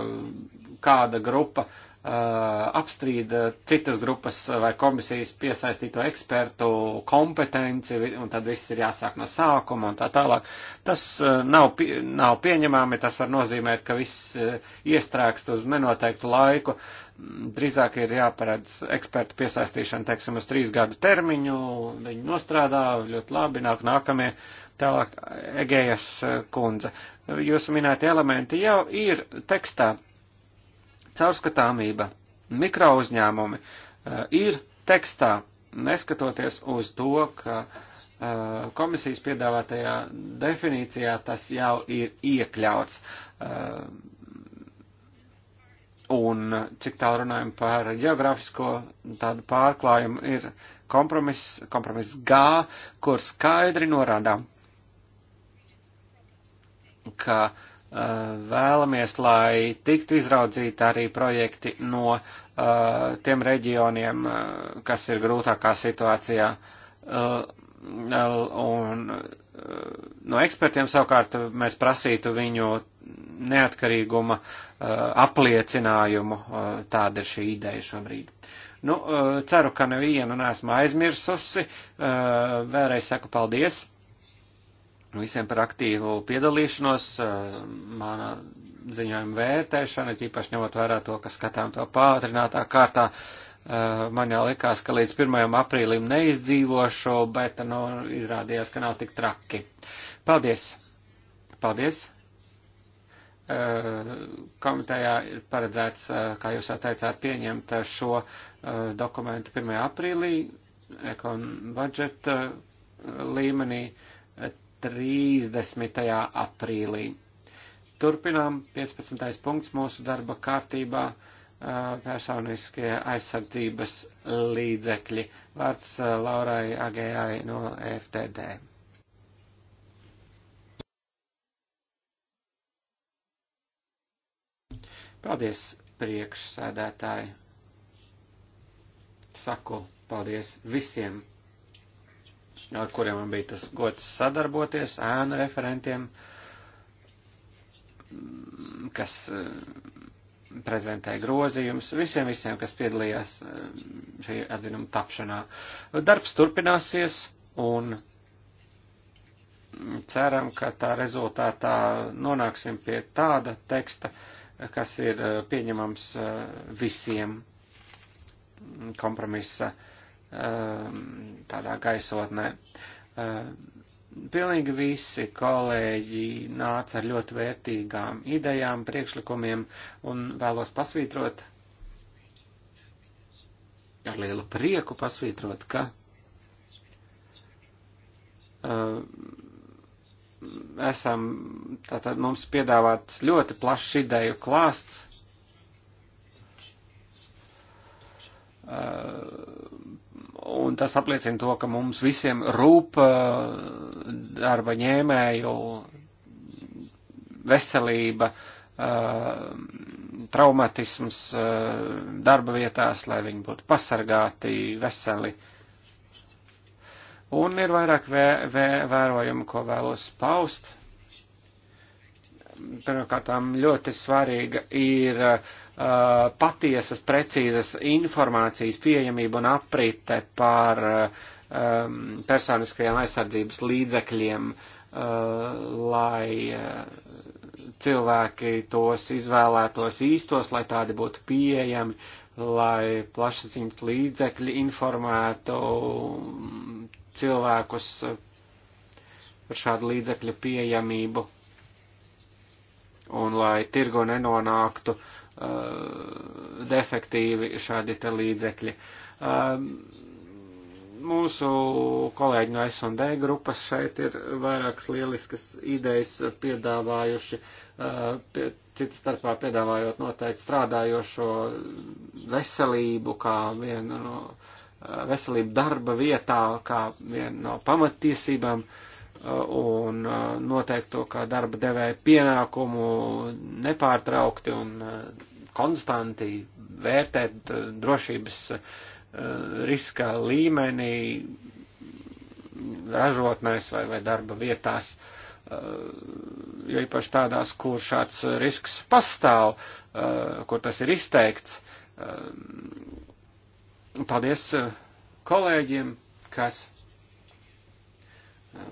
kāda grupa uh, Uh, apstrīda uh, citas grupas vai komisijas piesaistīto ekspertu kompetenci, un tad viss ir jāsāk no sākuma un tā tālāk. Tas uh, nav, nav pieņemami, tas var nozīmēt, ka viss iestrēgst uz nenoteiktu laiku. Drīzāk ir jāparedz ekspertu piesaistīšana, teiksim, uz trīs gadu termiņu, viņi nostrādā ļoti labi, nāk nākamie. Tālāk, Egejas kundze, jūsu minētie elementi jau ir tekstā Caurskatāmība, mikrouzņēmumi eh, ir tekstā, neskatoties uz to, ka eh, komisijas piedāvātajā definīcijā tas jau ir iekļauts. Eh, un cik tālu runājam par geogrāfisko tādu pārklājumu, ir kompromiss, kompromiss G, kur skaidri norādām, ka uh, Eh, vēlamies, lai tiktu izraudzīti arī projekti no eh, tiem reģioniem, eh, kas ir grūtākā situācijā. Un no ekspertiem savukārt mēs prasītu viņu neatkarīguma apliecinājumu. Tāda ir šī ideja šobrīd. Nu, ceru, ka nevienu neesmu aizmirsusi. Vēlreiz saku paldies Nu, visiem par aktīvu piedalīšanos, eh, mana ziņojuma vērtēšana, tīpaši ņemot vērā to, ka skatām to pātrinātā kārtā. Eh, man jau likās, ka līdz 1. aprīlim neizdzīvošu, bet nu, izrādījās, ka nav tik traki. Paldies! Paldies! Eh, komitejā ir paredzēts, kā jūs jau teicāt, pieņemt šo dokumentu 1. aprīlī, ekon budžeta līmenī. 30. aprīlī. Turpinām 15. punkts mūsu darba kārtībā personiskie aizsardzības līdzekļi. Vārds Laurai Agējai no FTD. Paldies, priekšsēdētāji. Saku paldies visiem ar kuriem man bija tas gods sadarboties, ēnu referentiem, kas eh, prezentēja grozījumus, visiem, visiem, kas piedalījās eh, šī atzinuma tapšanā. Darbs turpināsies un ceram, ka tā rezultātā nonāksim pie tāda teksta, kas ir eh, pieņemams visiem kompromisa uh, Um, tādā gaisotnē. Um, pilnīgi visi kolēģi nāca ar ļoti vērtīgām idejām, priekšlikumiem un vēlos pasvītrot, ar lielu prieku pasvītrot, ka uh, esam, tātad mums piedāvāts ļoti plašs ideju klāsts, uh, Un tas apliecina to, ka mums visiem rūp uh, darba ņēmēju veselība, uh, traumatisms uh, darba vietās, lai viņi būtu pasargāti, veseli. Un ir vairāk vē, vē, vērojumu, ko vēlos paust. Pirmkārt, ļoti svarīga ir uh, Uh, patiesas, precīzas informācijas pieejamība un aprite par uh, um, personiskajām aizsardzības līdzekļiem, uh, lai uh, cilvēki tos izvēlētos īstos, lai tādi būtu pieejami, lai plašsaziņas līdzekļi informētu cilvēkus par šādu līdzekļu pieejamību un lai tirgo nenonāktu uh, Uh, defektīvi šādi te līdzekļi. Um, mūsu kolēģi no S&D grupas šeit ir vairākas lieliskas idejas piedāvājuši, uh, cita starpā piedāvājot noteikti strādājošo veselību kā vienu no uh, veselību darba vietā, kā vienu no pamattiesībām. Uh, un uh, noteikti to kā darba devēja pienākumu nepārtraukti un uh, konstanti vērtēt uh, drošības riska līmenī ražotnēs vai, vai darba vietās, jo īpaši tādās, kur šāds risks pastāv, kur tas ir izteikts. Um, paldies kolēģiem, kas um,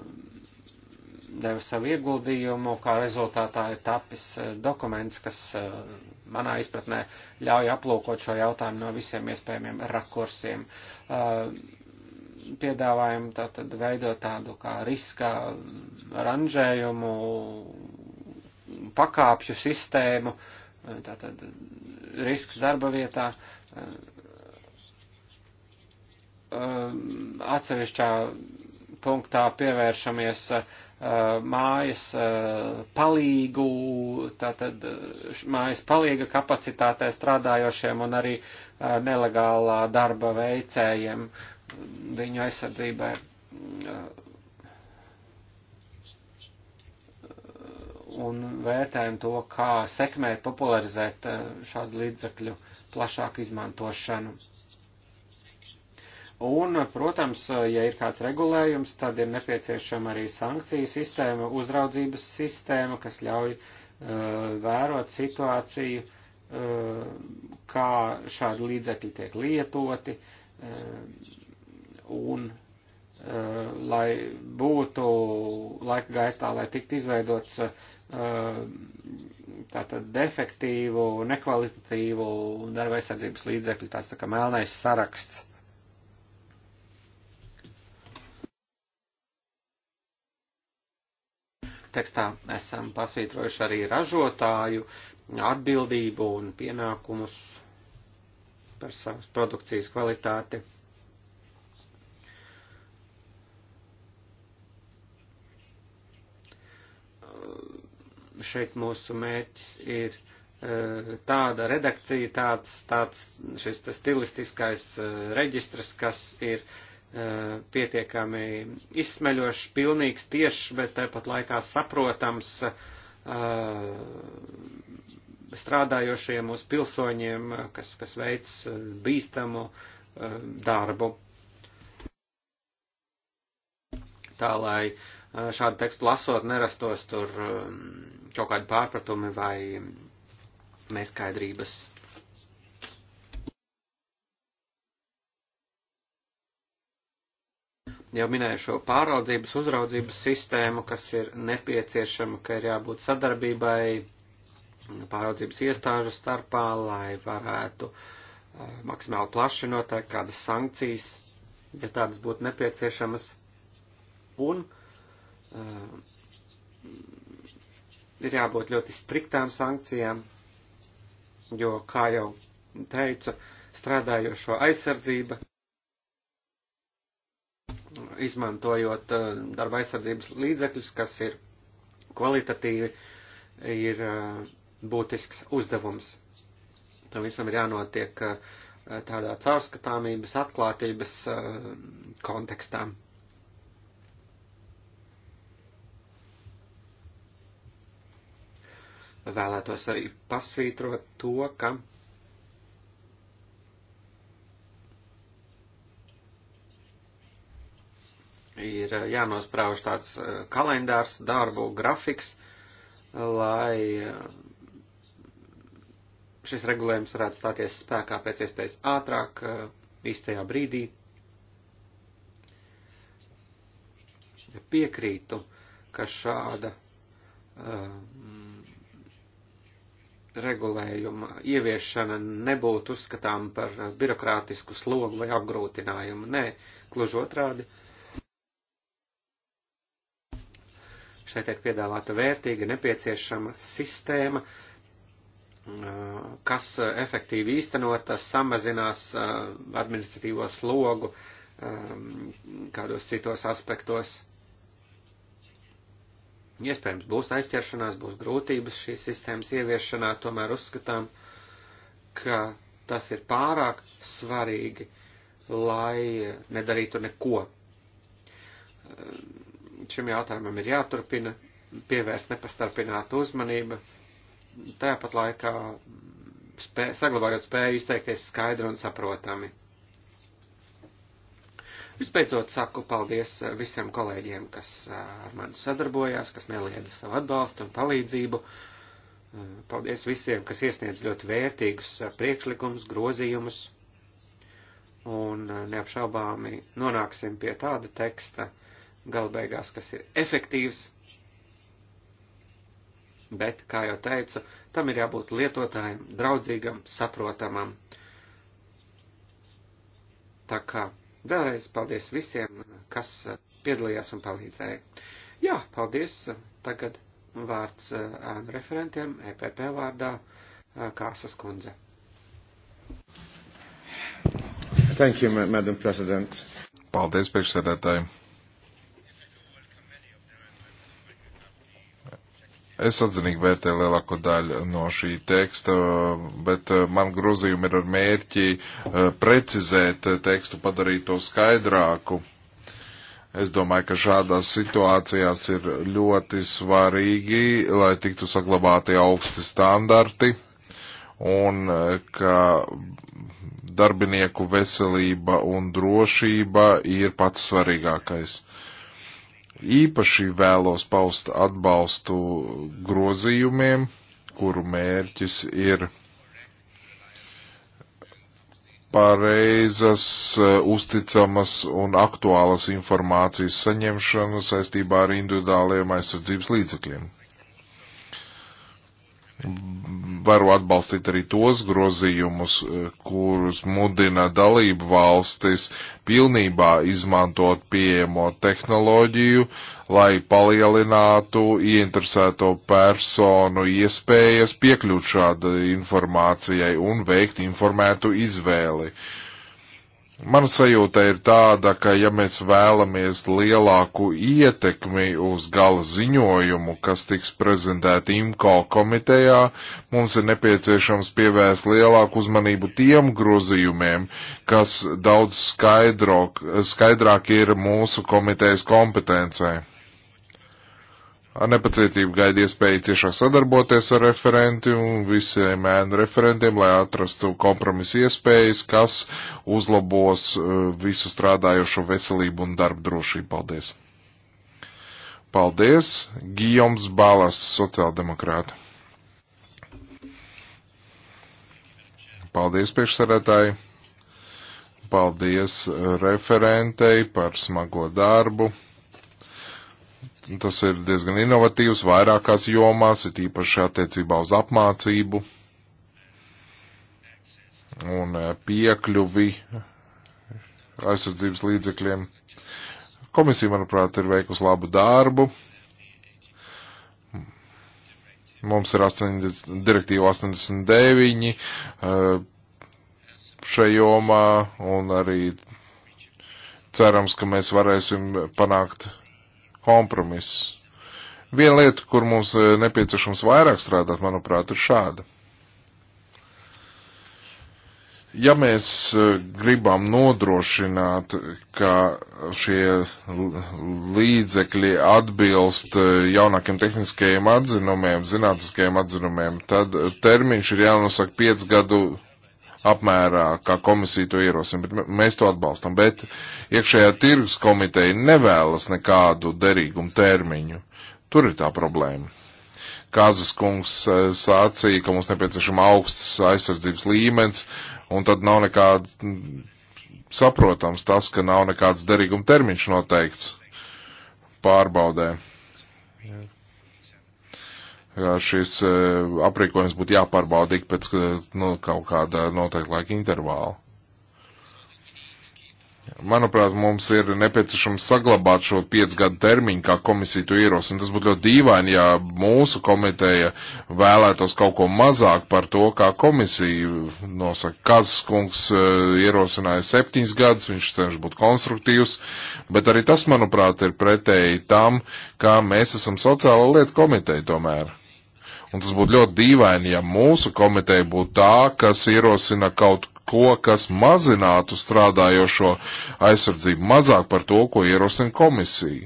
deva savu ieguldījumu, kā rezultātā ir tapis eh, dokuments, kas eh, manā izpratnē ļauj aplūkot šo jautājumu no visiem iespējamiem rakursiem. Eh, piedāvājumu tātad veidot tādu kā riska ranžējumu, pakāpju sistēmu, tātad risks darba vietā, atsevišķā punktā pievēršamies Eh, mājas eh, palīgu, tātad eh, mājas palīga kapacitātē strādājošiem un arī nelegālā darba veicējiem viņu aizsardzībai. Un vērtējam to, kā sekmēt, popularizēt šādu līdzekļu plašāku izmantošanu Un, protams, ja ir kāds regulējums, tad ir nepieciešama arī sankciju sistēma, uzraudzības sistēma, kas ļauj uh, vērot situāciju, uh, kā šādi līdzekļi tiek lietoti, uh, un uh, lai būtu laika gaitā, lai tiktu izveidots uh, tātad defektīvu, nekvalitatīvu darba aizsardzības līdzekļu, tāds tā kā melnais saraksts. Tekstā esam pasvītrojuši arī ražotāju atbildību un pienākumus par savas produkcijas kvalitāti. Šeit mūsu mērķis ir eh, tāda redakcija, tāds, tāds šis stilistiskais eh, reģistrs, kas ir uh, pietiekami izsmeļošs, pilnīgs, tiešs, bet tāpat laikā saprotams eh, strādājošiem uz pilsoņiem, kas, kas veic eh, bīstamu eh, darbu. Tā lai šādu tekstu lasot nerastos tur kaut kādi pārpratumi vai neskaidrības. jau minēju šo pāraudzības uzraudzības sistēmu, kas ir nepieciešama, ka ir jābūt sadarbībai pāraudzības iestāžu starpā, lai varētu eh, maksimāli plaši noteikt kādas sankcijas, ja tādas būtu nepieciešamas. Un uh, ir jābūt ļoti striktām sankcijām, jo, kā jau teicu, strādājošo aizsardzība izmantojot eh, darba aizsardzības līdzekļus, kas ir kvalitatīvi, ir eh, būtisks uzdevums. Tam visam ir jānotiek eh, tādā caurskatāmības, atklātības kontekstā. Vēlētos arī pasvītrot to, ka ir eh, jānosprauž tāds eh, kalendārs, darbu grafiks, lai eh, šis regulējums varētu stāties spēkā pēc iespējas ātrāk, īstajā brīdī. Piekrītu, ka šāda uh, regulējuma ieviešana nebūtu uzskatām par birokrātisku slogu vai apgrūtinājumu. Nē, kluž otrādi. Uh, Šeit tiek piedāvāta vērtīga, nepieciešama sistēma, kas efektīvi īstenota samazinās administratīvo slogu kādos citos aspektos. Iespējams, būs aizķeršanās, būs grūtības šīs sistēmas ieviešanā, tomēr uzskatām, ka tas ir pārāk svarīgi, lai nedarītu neko šim jautājumam ir jāturpina pievērst nepastarpinātu uzmanību, tāpat laikā spē, saglabājot spēju izteikties skaidri un saprotami. Vispēcot saku paldies visiem kolēģiem, kas ar mani sadarbojās, kas neliedza savu atbalstu un palīdzību. Paldies visiem, kas iesniedz ļoti vērtīgus priekšlikumus, grozījumus. Un neapšaubāmi nonāksim pie tāda teksta, uh, galbeigās, kas ir efektīvs, bet, kā jau teicu, tam ir jābūt lietotājiem draudzīgam, saprotamam. Tā kā vēlreiz paldies visiem, kas eh, piedalījās un palīdzēja. Jā, paldies. Tagad vārds eh, ēnu referentiem, EPP vārdā, eh, Kāsas kundze. Thank you, Madam President. Paldies, priekšsēdētāji. Es atzinīgi vērtēju lielāko daļu no šī teksta, bet eh, man grozījumi ir ar mērķi eh, precizēt eh, tekstu, padarīt to skaidrāku. Es domāju, ka šādās situācijās ir ļoti svarīgi, lai tiktu saglabāti augsti standarti un ka darbinieku veselība un drošība ir pats svarīgākais īpaši vēlos paust atbalstu grozījumiem, kuru mērķis ir pareizas, uzticamas un aktuālas informācijas saņemšanu saistībā ar individuāliem aizsardzības līdzekļiem varu atbalstīt arī tos grozījumus, e, kurus mudina dalību valstis pilnībā izmantot pieejamo tehnoloģiju, lai palielinātu ieinteresēto personu iespējas piekļūt šādai informācijai un veikt informētu izvēli. Uh, Mana sajūta ir tāda, ka ja mēs vēlamies lielāku ietekmi uz gala ziņojumu, kas tiks prezentēta IMCO komitejā, mums ir nepieciešams pievērst lielāku uzmanību tiem grozījumiem, kas daudz skaidro, skaidrāk ir mūsu komitejas kompetencē. Ar nepacietību gaidu iespēju ciešāk sadarboties ar referenti un visiem ēnu referentiem, lai atrastu kompromisu iespējas, kas uzlabos uh, visu strādājošo veselību un darba drošību. Paldies! Paldies! Gijoms Balas, sociāldemokrāta. Paldies, priekšsarētāji! Paldies referentei par smago darbu! Tas ir diezgan inovatīvs vairākās jomās, ir īpaši attiecībā uz apmācību un e, piekļuvi aizsardzības līdzekļiem. Komisija, manuprāt, ir veikusi labu darbu. Mums ir 80, direktīva 89 e, šajomā un arī cerams, ka mēs varēsim panākt kompromiss. Viena lieta, kur mums e, nepieciešams vairāk strādāt, manuprāt, ir šāda. Ja mēs e, gribam nodrošināt, ka šie līdzekļi atbilst e, jaunākiem tehniskajiem atzinumiem, zinātniskajiem atzinumiem, tad termiņš ir jānosaka 5 gadu apmērā, kā komisija to ierosina, bet mēs to atbalstam. Bet iekšējā tirgus komiteja nevēlas nekādu derīgumu termiņu. Tur ir tā problēma. Kazas kungs e, sācīja, ka mums nepieciešama augsts aizsardzības līmenis, un tad nav nekāds saprotams tas, ka nav nekāds derīguma termiņš noteikts pārbaudē šis e, aprīkojums būtu jāpārbauda ik pēc e, nu, kaut kāda noteikta laika intervāla. Manuprāt, mums ir nepieciešams saglabāt šo piecgadu termiņu, kā komisija to ierosina. Tas būtu ļoti dīvaini, ja mūsu komiteja vēlētos kaut ko mazāk par to, kā komisija nosaka. Kazas kungs e, ierosināja septiņas gadus, viņš cenšas būt konstruktīvs, bet arī tas, manuprāt, ir pretēji tam, kā mēs esam sociāla lieta komiteja tomēr. Un tas būtu ļoti dīvaini, ja mūsu komiteja būtu tā, kas ierosina kaut ko, kas mazinātu strādājošo aizsardzību mazāk par to, ko ierosina komisija.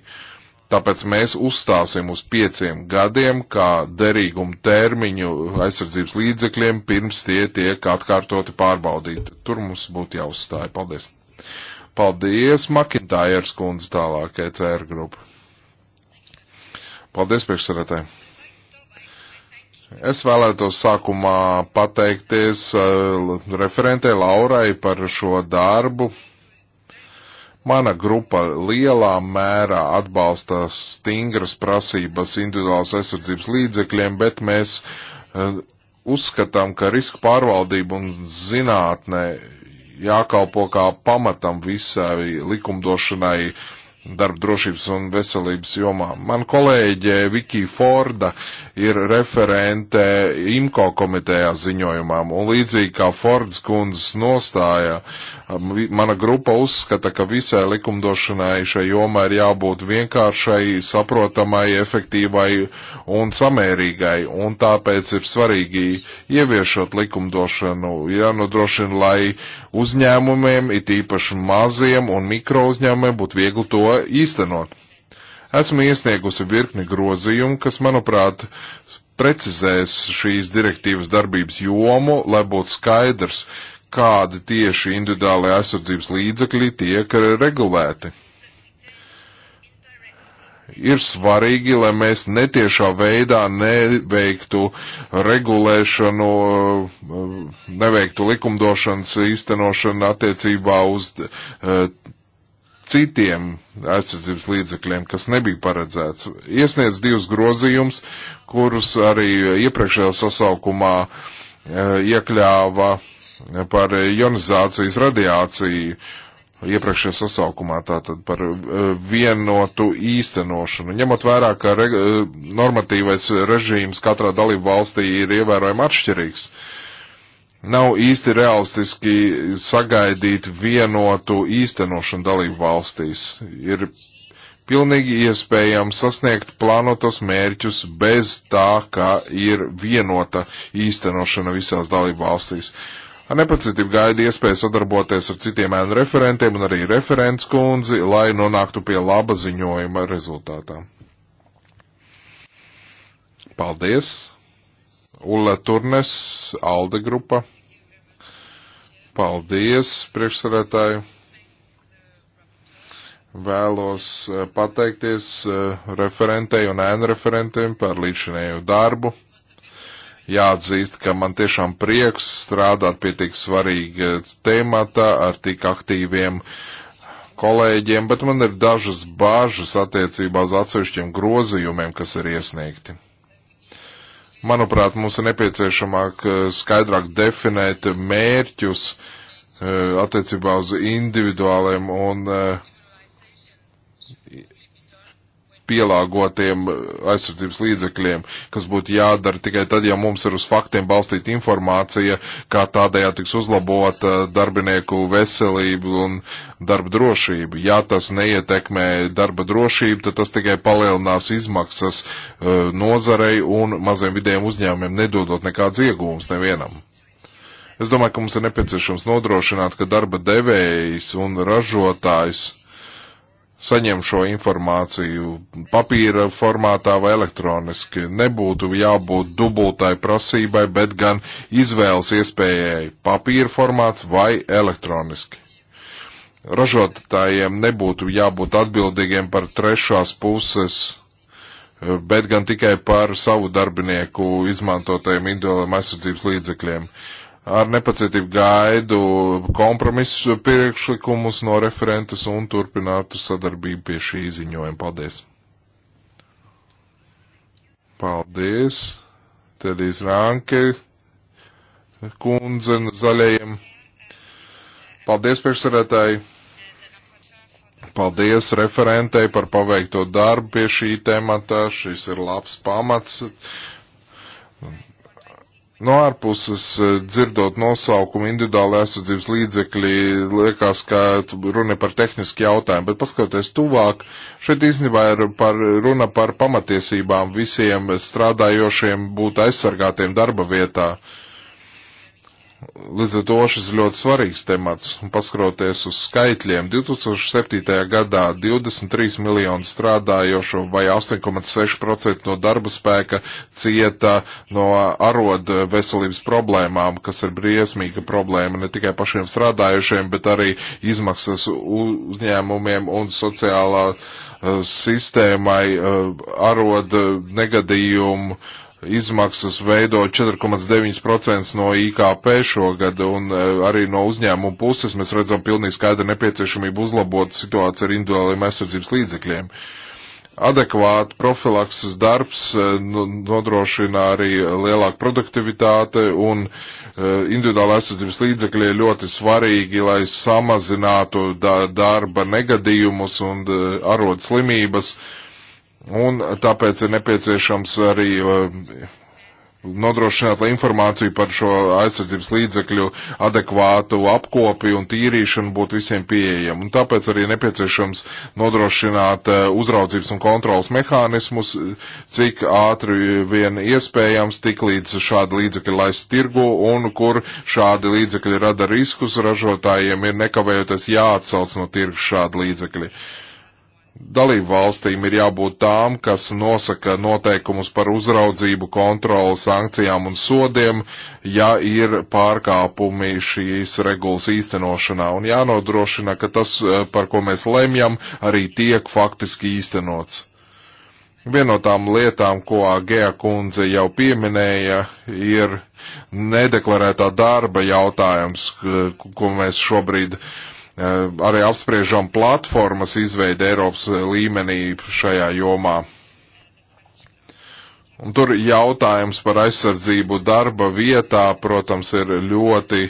Tāpēc mēs uzstāsim uz pieciem gadiem kā derīgumu termiņu aizsardzības līdzekļiem, pirms tie tiek atkārtoti pārbaudīti. Tur mums būtu jāuzstāja. Paldies! Paldies, Makintājers kundze tālāk, ECR grupa. Paldies, priekšsarētāji! Es vēlētos sākumā pateikties eh, referentē Laurai par šo darbu. Mana grupa lielā mērā atbalsta stingras prasības individuālas aizsardzības līdzekļiem, bet mēs eh, uzskatām, ka riska pārvaldība un zinātne jākalpo kā pamatam visai likumdošanai darba drošības un veselības jomā. Man kolēģe Viki Forda uh, ir referente IMCO komitejā ziņojumam, un līdzīgi kā Fords kundzes nostāja, mana grupa uzskata, ka visai likumdošanai šai jomai ir jābūt vienkāršai, saprotamai, efektīvai un samērīgai, un tāpēc ir svarīgi ieviešot likumdošanu, jānodrošina, lai uzņēmumiem, it īpaši maziem un mikro uzņēmumiem, būtu viegli to īstenot. Esmu iesniegusi virkni grozījumu, kas, manuprāt, precizēs šīs direktīvas darbības jomu, lai būtu skaidrs, kādi tieši individuālajā aizsardzības līdzekļi tiek regulēti. Ir svarīgi, lai mēs netiešā veidā neveiktu regulēšanu, neveiktu likumdošanas īstenošanu attiecībā uz eh, citiem aizsardzības līdzekļiem, kas nebija paredzēts. Iesniedz divus grozījumus, kurus arī iepriekšējā sasaukumā e, iekļāva par ionizācijas radiāciju iepriekšējā sasaukumā, tātad par e, vienotu īstenošanu. Ņemot vērā, ka re, e, normatīvais režīms katrā dalību valstī ir ievērojami atšķirīgs. Uh, nav īsti realistiski sagaidīt vienotu īstenošanu dalību valstīs. Ir pilnīgi iespējams sasniegt plānotos mērķus bez tā, ka ir vienota īstenošana visās dalību valstīs. Ar nepacitību gaidu iespēju sadarboties ar citiem ēnu referentiem un arī referents kundzi, lai nonāktu pie laba ziņojuma rezultātā. Paldies! Ulla Turnes, Alde grupa. Paldies, priekšsarētāju. Vēlos eh, pateikties eh, referentei un ēnu referentiem par līdzinēju darbu. Jāatzīst, ka man tiešām prieks strādāt pie tik svarīga temata ar tik aktīviem kolēģiem, bet man ir dažas bāžas attiecībā uz atsevišķiem grozījumiem, kas ir iesniegti. Manuprāt, mums ir nepieciešamāk eh, skaidrāk definēt mērķus eh, attiecībā uz individuāliem un uh, pielāgotiem eh, aizsardzības līdzekļiem, kas būtu jādara tikai tad, ja mums ir uz faktiem balstīta informācija, kā tādējā tiks uzlabot eh, darbinieku veselību un darba drošību. Ja tas neietekmē darba drošību, tad tas tikai palielinās izmaksas eh, nozarei un maziem vidējiem uzņēmumiem, nedodot nekāds iegūms nevienam. Es domāju, ka mums ir nepieciešams nodrošināt, ka darba devējs un ražotājs uh, saņem šo informāciju papīra formātā vai elektroniski. Nebūtu jābūt dubultai prasībai, bet gan izvēles iespējai papīra formāts vai elektroniski. Ražotājiem nebūtu jābūt atbildīgiem par trešās puses, bet gan tikai par savu darbinieku izmantotajiem individuāliem aizsardzības līdzekļiem. Uh, ar nepacietību gaidu kompromisu priekšlikumus no referentes un turpinātu sadarbību pie šī ziņojuma. Paldies! Paldies! Tedijs Ranke, kundze zaļajiem. Paldies, priekšsarētāji! Paldies referentei par paveikto darbu pie šī temata. Šis ir labs pamats No ārpuses eh, dzirdot nosaukumu individuāla aizsardzības līdzekļi, liekas, ka runa par tehniski jautājumu, bet paskatoties tuvāk, šeit īstenībā ir par, runa par pamatiesībām visiem strādājošiem būt aizsargātiem darba vietā. Uh, Līdz ar to šis ļoti svarīgs temats, un paskroties uz skaitļiem, 2007. gadā 23 miljoni strādājošo vai 8,6% no darba spēka cieta no aroda veselības problēmām, kas ir briesmīga problēma ne tikai pašiem strādājušiem, bet arī izmaksas uzņēmumiem un sociālā uh, sistēmai uh, aroda negadījumu uh, izmaksas veido 4,9% no IKP šogad, un e, arī no uzņēmuma puses mēs redzam pilnīgi skaidru nepieciešamību uzlabot situāciju ar individuāliem aizsardzības līdzekļiem. Adekvāti profilakses darbs e, nu, nodrošina arī lielāku produktivitāte, un e, individuāla aizsardzības līdzekļi ir ļoti svarīgi, lai samazinātu darba negadījumus un arot slimības Un tāpēc ir nepieciešams arī uh, nodrošināt, lai informācija par šo aizsardzības līdzekļu adekvātu apkopi un tīrīšanu būtu visiem pieejama. Un tāpēc arī nepieciešams nodrošināt uh, uzraudzības un kontrolas mehānismus, cik ātri vien iespējams tik līdz šādi līdzekļi laist tirgu un kur šādi līdzekļi rada riskus ražotājiem ir nekavējoties jāatsauc no tirgus šādi līdzekļi. Uh, Dalību valstīm ir jābūt tām, kas nosaka noteikumus par uzraudzību, kontroli, sankcijām un sodiem, ja ir pārkāpumi šīs regulas īstenošanā, un jānodrošina, ka tas, eh, par ko mēs lemjam, arī tiek faktiski īstenots. Viena no tām lietām, ko Gēja kundze jau pieminēja, ir nedeklarētā darba jautājums, ko mēs šobrīd uh, Eh, arī apspriežam platformas izveidu Eiropas līmenī šajā jomā. Un tur jautājums par aizsardzību darba vietā, protams, ir ļoti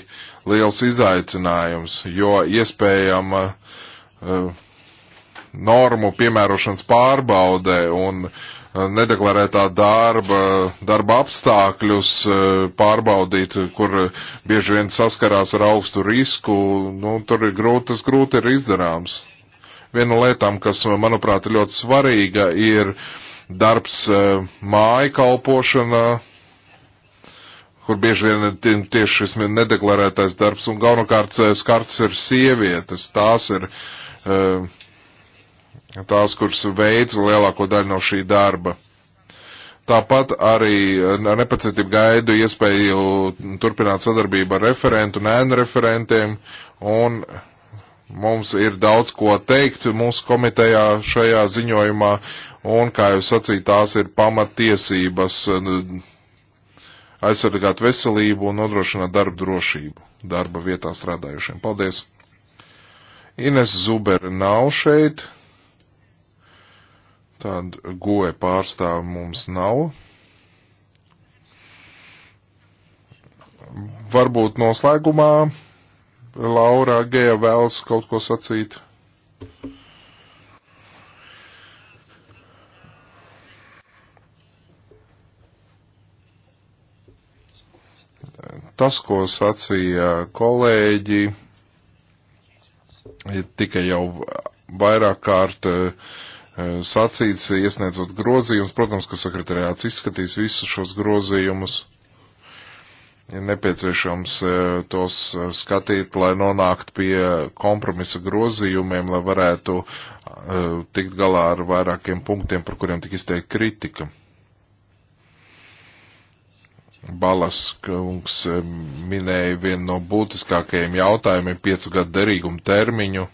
liels izaicinājums, jo iespējama uh, normu piemērošanas pārbaudē un uh, nedeklarētā darba, darba apstākļus, e, pārbaudīt, kur bieži vien saskarās ar augstu risku, nu, tur ir grūti, tas grūti ir izdarāms. Viena no lietām, kas, manuprāt, ir ļoti svarīga, ir darbs e, māja kalpošana, kur bieži vien tieši šis nedeklarētais darbs, un galvenokārt e, skarts ir sievietes, tās ir uh, tās, kuras veids lielāko daļu no šī darba. Tāpat arī ar nepacietību gaidu iespēju turpināt sadarbību ar referentu un ēnu referentiem, un mums ir daudz ko teikt mūsu komitejā šajā ziņojumā, un, kā jau sacīju, tās ir pamatiesības aizsargāt veselību un nodrošināt darba drošību darba vietā strādājušiem. Paldies! Ines Zuber nav šeit. Tad goja pārstāv mums nav. Varbūt noslēgumā Laura Geja vēlas kaut ko sacīt. Tas, ko sacīja kolēģi, tika jau vairāk kārt uh, sacīts, iesniedzot grozījumus. Protams, ka sekretariāts izskatīs visus šos grozījumus. Ir nepieciešams tos skatīt, lai nonāktu pie kompromisa grozījumiem, lai varētu tikt galā ar vairākiem punktiem, par kuriem tik izteikti kritika. Balas kungs minēja vienu no būtiskākajiem jautājumiem - piecu gadu derīgumu termiņu.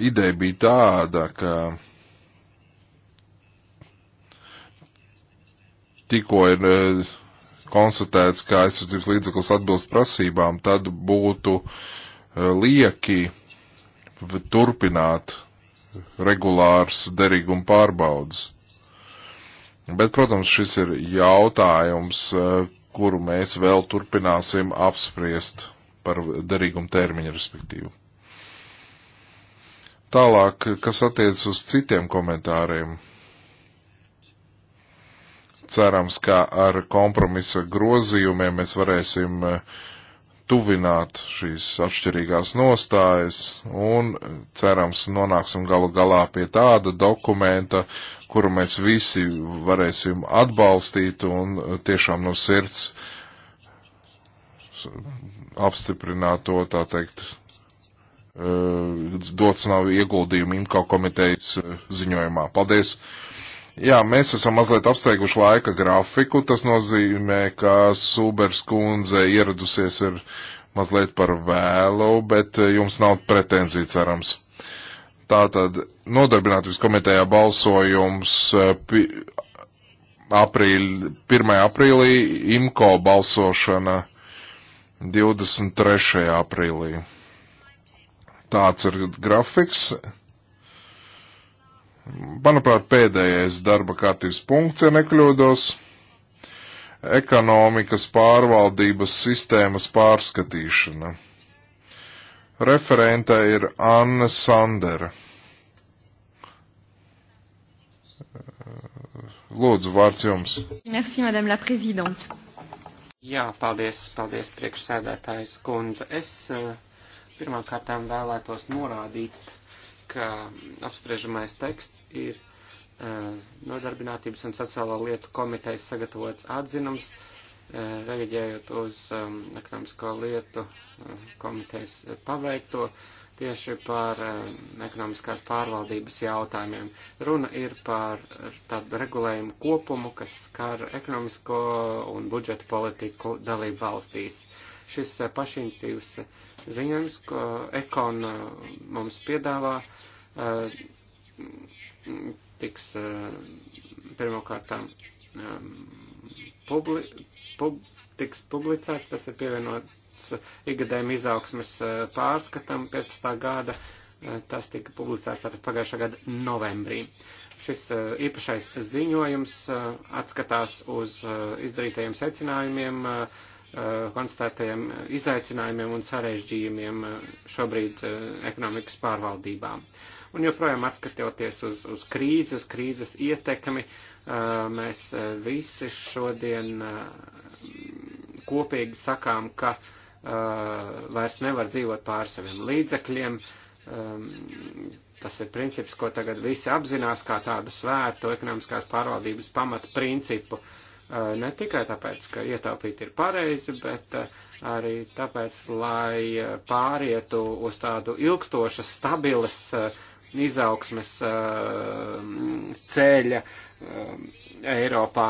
ideja bija tāda, ka tikko ir eh, konstatēts, ka aizsardzības līdzeklis atbilst prasībām, tad būtu eh, lieki turpināt regulārs derīguma pārbaudas. Bet, protams, šis ir jautājums, eh, kuru mēs vēl turpināsim apspriest par derīguma termiņu, respektīvi. Tālāk, kas attiecas uz citiem komentāriem. Cerams, ka ar kompromisa grozījumiem mēs varēsim eh, tuvināt šīs atšķirīgās nostājas un eh, cerams nonāksim galu galā pie tāda dokumenta, kuru mēs visi varēsim atbalstīt un eh, tiešām no sirds apstiprināt to, tā teikt, Uh, dots nav ieguldījumi IMKO komitejas uh, ziņojumā. Paldies! Jā, mēs esam mazliet apsteiguši laika grafiku. Tas nozīmē, ka Sūbers kundze ieradusies ir mazliet par vēlu, bet uh, jums nav pretenzija cerams. Tātad nodarbinātības komitejā balsojums aprīļ, 1. aprīlī, IMKO balsošana 23. aprīlī. Tāds ir grafiks. Manuprāt, pēdējais darba kārtības punkts, ja nekļūdos, ekonomikas pārvaldības sistēmas pārskatīšana. Referente ir Anna Sandera. Lūdzu, vārds jums. Merci, madame la prezidente. Jā, paldies, paldies, priekšsēdētājs kundze. Es uh, Pirmām kārtām vēlētos norādīt, ka apspriežamais teksts ir uh, Nodarbinātības un sociālo lietu komitejas sagatavots atzinums, uh, reaģējot uz um, ekonomisko lietu uh, komitejas paveikto tieši par ekonomiskās pārvaldības jautājumiem. Runa ir par tādu regulējumu kopumu, kas skar ekonomisko un budžeta politiku dalību valstīs. Šis pašinstīvs uh, ziņojums, ko Ekon uh, mums piedāvā, uh, tiks uh, pirmkārtām um, publi, pub, tiks publicēts, tas ir pievienots ikgadējiem izaugsmes pārskatam 15. gada, tas tika publicēts tātad pagājušā gada novembrī. Šis īpašais ziņojums atskatās uz izdarītajiem secinājumiem, Eh, konstatējam izaicinājumiem un sarežģījumiem eh, šobrīd eh, ekonomikas pārvaldībām. Un joprojām atskatoties uz, uz krīzi, uz krīzes ietekmi, mēs visi šodien kopīgi sakām, ka vairs nevar dzīvot pār saviem līdzekļiem. Tas ir princips, ko tagad visi apzinās kā tādu svētu ekonomiskās pārvaldības pamata principu. Uh, Eh, ne tikai tāpēc, ka ietaupīt ir pareizi, bet eh, arī tāpēc, lai eh, pārietu uz tādu ilgstošas, stabilas izaugsmes ceļa Eiropā,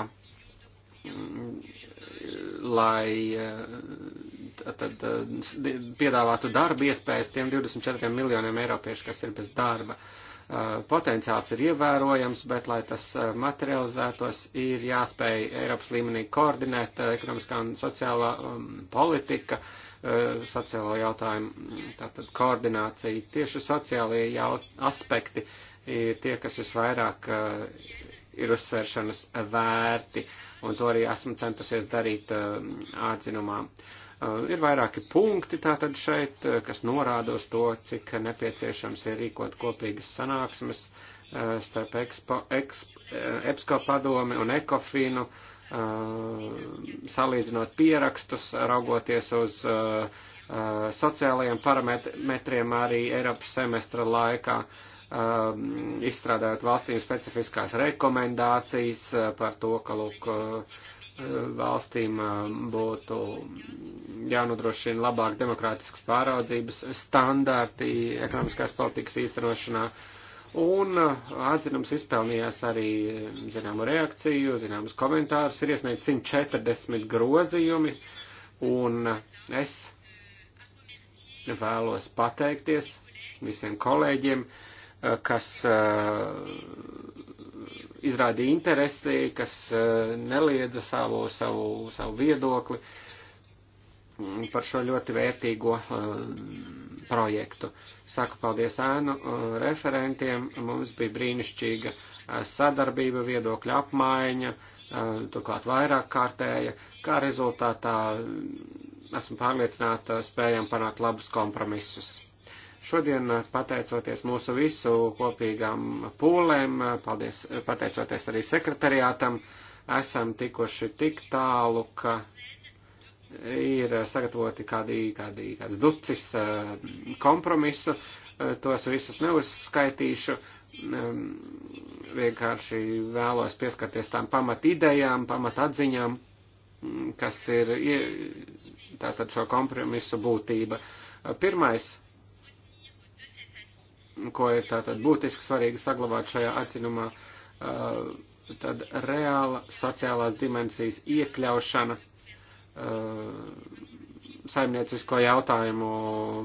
mm, lai tad piedāvātu darba iespējas tiem 24 miljoniem eiropiešu, kas ir bez darba. Uh, Eh, potenciāls ir ievērojams, bet, lai tas eh, materializētos, ir jāspēj Eiropas līmenī koordinēt eh, ekonomiskā un sociālā um, politika, sociālo jautājumu, mm, tātad koordinācija. Tieši sociālie jaut aspekti ir tie, kas visvairāk ir uzsvēršanas vērti, un to arī esmu centusies darīt atzinumā. Uh, Eh, ir vairāki punkti tātad šeit, eh, kas norāda uz to, cik nepieciešams ir rīkot kopīgas sanāksmes eh, starp Expo, Exp, EPSCO padomi un ECOFINu, salīdzinot pierakstus, raugoties uz sociālajiem parametriem arī Eiropas semestra laikā izstrādājot valstīm specifiskās rekomendācijas par to, ka, lūk, valstīm būtu jānodrošina labāk demokrātiskas pāraudzības standārti ekonomiskās politikas īstenošanā. Un atzinums izpelnījās arī zināmu reakciju, zināmus komentārus, ir iesniegts 140 grozījumi, un es vēlos pateikties visiem kolēģiem, kas uh, izrādīja interesi, kas eh, neliedza savu, savu, savu viedokli par šo ļoti vērtīgo eh, projektu. Saku paldies ēnu eh, referentiem, mums bija brīnišķīga sadarbība, viedokļa apmaiņa, turklāt vairāk kārtēja, kā rezultātā esmu pārliecināta spējam panākt labus kompromisus. Šodien, eh, pateicoties mūsu visu kopīgām pūlēm, eh, paldies, eh, pateicoties arī sekretariātam, esam tikuši tik tālu, ka ir sagatavoti kādi, kādi, kāds ducis kompromisu, tos visus neuzskaitīšu, vienkārši vēlos pieskarties tām pamat idejām, pamat atziņām, kas ir tātad šo kompromisu būtība. Pirmais ko ir tātad būtiski svarīgi saglabāt šajā atzinumā, tad reāla sociālās dimensijas iekļaušana saimniecisko jautājumu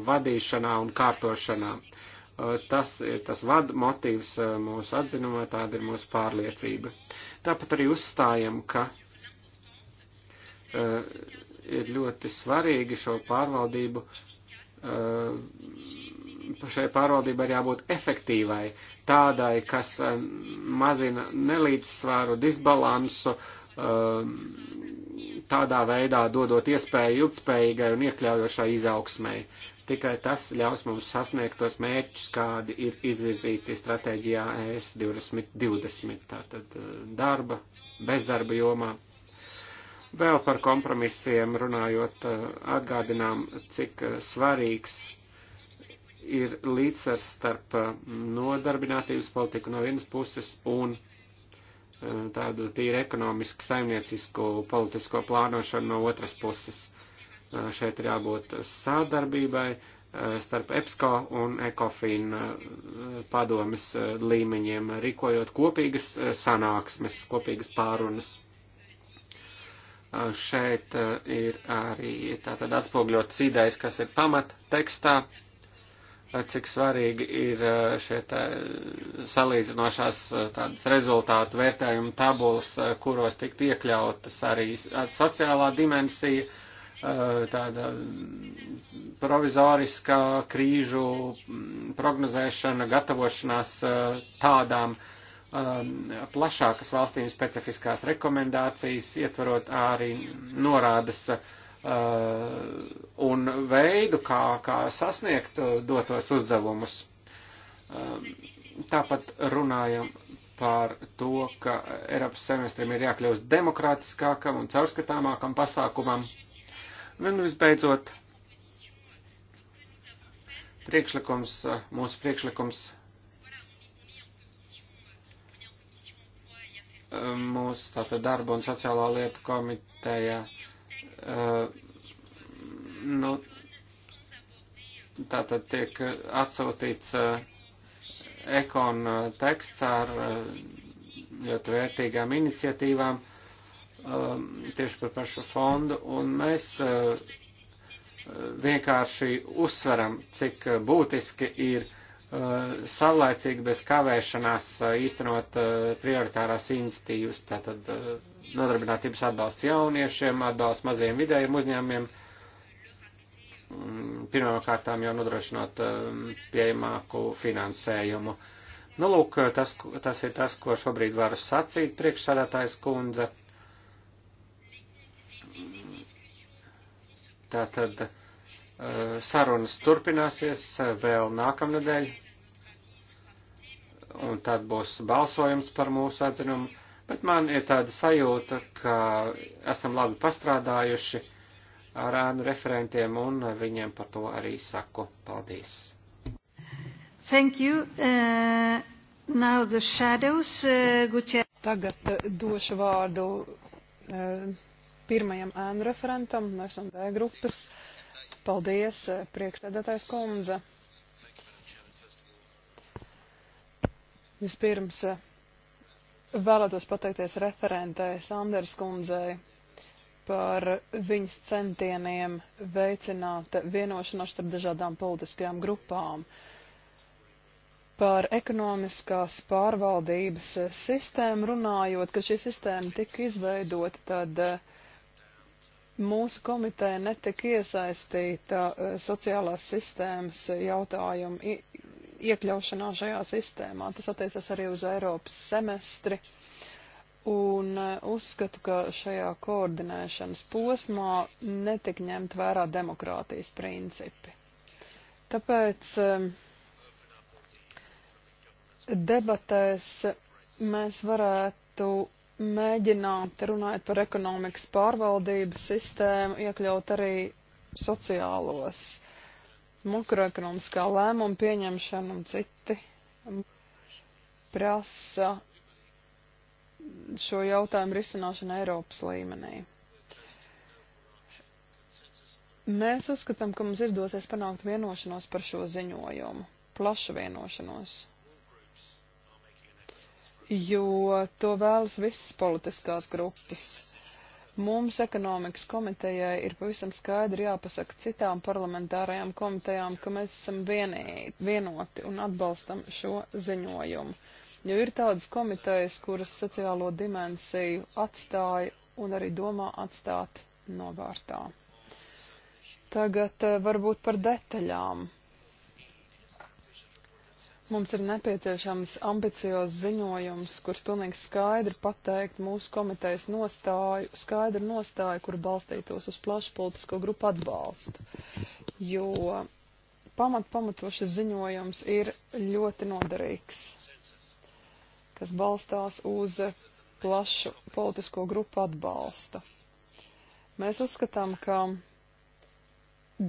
vadīšanā un kārtošanā. Tas ir tas vad motīvs mūsu atzinumā, tāda ir mūsu pārliecība. Tāpat arī uzstājam, ka ir ļoti svarīgi šo pārvaldību šai pārvaldībai ir jābūt efektīvai, tādai, kas eh, mazina nelīdzsvaru, disbalansu, eh, tādā veidā dodot iespēju ilgspējīgai un iekļaujošai izaugsmai. Tikai tas ļaus mums sasniegt tos mērķus, kādi ir izvirzīti stratēģijā e ES 2020, tātad eh, darba, bezdarba jomā. Vēl par kompromisiem runājot, atgādinām, cik svarīgs ir līdzsvars starp uh, nodarbinātības politiku no vienas puses un uh, tādu tīri ekonomisku, saimniecisku, politisko plānošanu no otras puses. Uh, šeit ir jābūt sādarbībai starp EPSCO un ECOFIN padomes līmeņiem, rīkojot kopīgas sanāksmes, kopīgas pārunas. Šeit ir arī tātad atspogļotas idejas, kas ir pamat tekstā, cik svarīgi ir eh, šie tā, salīdzinošās eh, tādas rezultātu vērtējumu tabulas, eh, kuros tikt iekļautas arī sociālā dimensija, tāda provizoriskā krīžu mm, prognozēšana, gatavošanās tādām plašākas valstīm specifiskās rekomendācijas, ietvarot arī norādes, uh, Uh, un veidu, kā, kā sasniegt uh, dotos uzdevumus. Um, tāpat runājam par to, ka Eiropas semestrim ir jākļūst demokrātiskākam un caurskatāmākam pasākumam. Nu, un visbeidzot, priekšlikums, uh, mūsu priekšlikums mūsu tātad darba un sociālā lietu komiteja uh, Uh, nu, tātad tiek atsūtīts uh, ekon eh, teksts ar uh, ļoti vērtīgām iniciatīvām tieši par pašu fondu, un mēs vienkārši uzsveram, cik būtiski ir uh, Eh, saulēcīgi bez kavēšanās eh, īstenot eh, prioritārās iniciatīvas, tātad nodarbinātības atbalsts jauniešiem, atbalsts mazajiem vidējiem uzņēmumiem, mm, pirmkārtām jau nodrošinot pieejamāku finansējumu. Nu, lūk, tas, tas ir tas, ko šobrīd varu sacīt, priekšsādātājs kundze. Tātad sarunas turpināsies vēl nākamnedēļ un tad būs balsojums par mūsu atzinumu, bet man ir tāda sajūta, ka esam labi pastrādājuši ar ēnu referentiem un viņiem par to arī saku paldies. Thank you. Uh, now the shadows, uh, Gutierrez. Tagad uh, došu vārdu uh, pirmajam ēnu referentam no SMD grupas. Paldies, uh, priekšstādātais kundze. Vispirms eh, vēlētos pateikties referentei Sanders kundzei par viņas centieniem veicināt vienošanos starp dažādām politiskajām grupām, par ekonomiskās pārvaldības eh, sistēmu runājot, ka šī sistēma tika izveidota, tad eh, mūsu komiteja netika iesaistīta sociālās sistēmas jautājumu iekļaušanā šajā sistēmā. Tas attiecas arī uz Eiropas semestri. Un e, uzskatu, ka šajā koordinēšanas posmā netik ņemt vērā demokrātijas principi. Tāpēc e, debatēs mēs varētu mēģināt runāt par ekonomikas pārvaldības sistēmu, iekļaut arī sociālos makroekonomiskā lēmuma pieņemšana un citi prasa šo jautājumu risināšanu Eiropas līmenī. Mēs uzskatām, ka mums izdosies panākt vienošanos par šo ziņojumu, plašu vienošanos, jo to vēlas visas politiskās grupas Mums ekonomikas komitejai ir pavisam skaidri jāpasaka citām parlamentārajām komitejām, ka mēs esam vienī, vienoti un atbalstam šo ziņojumu. Jo ir tādas komitejas, kuras sociālo dimensiju atstāja un arī domā atstāt novārtā. Tagad eh, varbūt par detaļām. Mums ir nepieciešams ambiciozs ziņojums, kurš pilnīgi skaidri pateikt mūsu komitejas nostāju, skaidru nostāju, kur balstītos uz plašu politisko grupu atbalstu. Jo pamat pamatošas ziņojums ir ļoti noderīgs, kas balstās uz plašu politisko grupu atbalsta. Mēs uzskatām, ka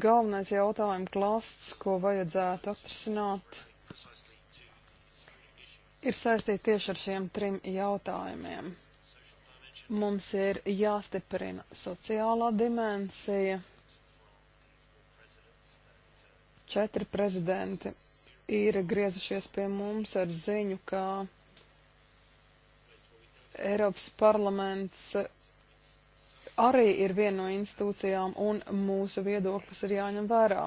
galvenais jautājuma klasts, ko vajadzētu atrisināt, ir saistīti tieši ar šiem trim jautājumiem. Mums ir jāstiprina sociālā dimensija. Četri prezidenti ir griezušies pie mums ar ziņu, ka Eiropas parlaments arī ir viena no institūcijām un mūsu viedoklis ir jāņem vērā.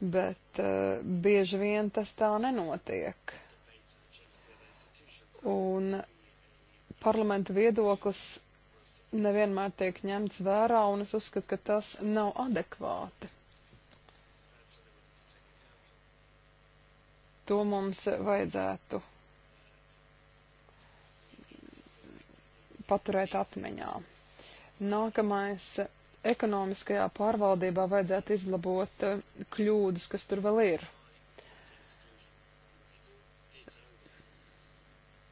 Bet uh, bieži vien tas tā nenotiek un parlamenta viedoklis nevienmēr tiek ņemts vērā, un es uzskatu, ka tas nav adekvāti. To mums vajadzētu paturēt atmiņā. Nākamais ekonomiskajā pārvaldībā vajadzētu izlabot kļūdas, kas tur vēl ir.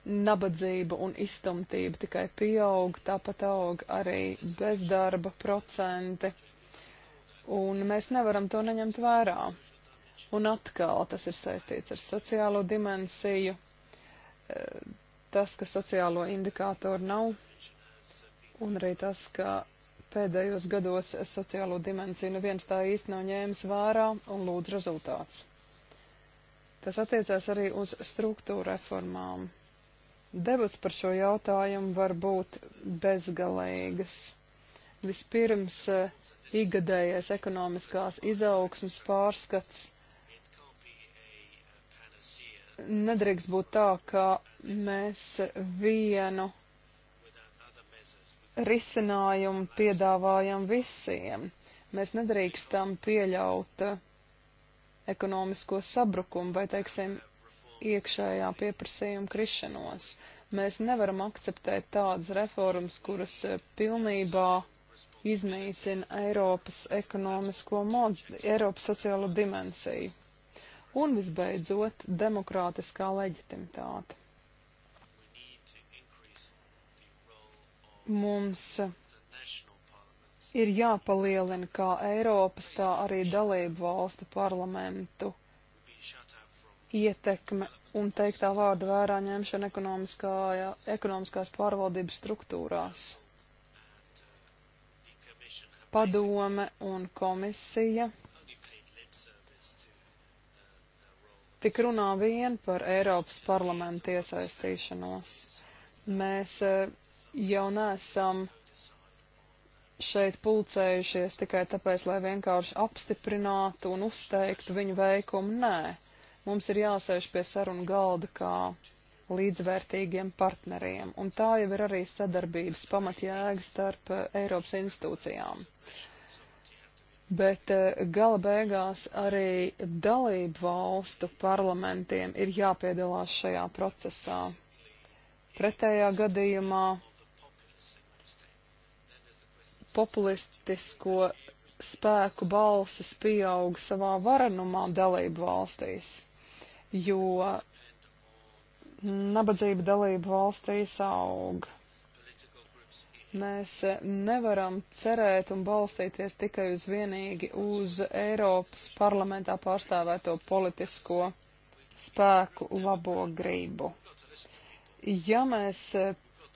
nabadzība un iztumtība tikai pieaug, tāpat aug arī bezdarba procenti, un mēs nevaram to neņemt vērā. Un atkal tas ir saistīts ar sociālo dimensiju, e, tas, ka sociālo indikātoru nav, un arī tas, ka pēdējos gados sociālo dimensiju neviens tā īsti nav ņēmis vērā un lūdz rezultāts. Tas attiecās arī uz struktūra reformām. Debats par šo jautājumu var būt bezgalīgas. Vispirms eh, igadējais ekonomiskās izaugsmas pārskats. Nedrīkst būt tā, ka mēs vienu risinājumu piedāvājam visiem. Mēs nedrīkstam pieļaut eh, ekonomisko sabrukumu vai, teiksim, iekšējā pieprasījuma krišanos. Mēs nevaram akceptēt tādas reformas, kuras eh, pilnībā iznīcina Eiropas ekonomisko modeli, Eiropas sociālo dimensiju. Un visbeidzot, demokrātiskā leģitimitāte. Mums ir jāpalielina kā Eiropas, tā arī dalību valstu parlamentu ietekme un teiktā vārda vērā ņemšana ekonomiskā, jā, ekonomiskās pārvaldības struktūrās. Padome un komisija tik runā vien par Eiropas parlamentu iesaistīšanos. Mēs eh, jau nesam šeit pulcējušies tikai tāpēc, lai vienkārši apstiprinātu un uzteiktu viņu veikumu. Nē, Mums ir jāsēž pie sarunu galda kā līdzvērtīgiem partneriem, un tā jau ir arī sadarbības pamatjēga starp eh, Eiropas institūcijām. Bet eh, gala beigās arī dalību valstu parlamentiem ir jāpiedalās šajā procesā. Pretējā gadījumā populistisko spēku balsis pieaug savā varenumā dalību valstīs jo nabadzība dalību valstīs aug. Mēs nevaram cerēt un balstīties tikai uz vienīgi uz Eiropas parlamentā pārstāvēto politisko spēku labo gribu. Ja mēs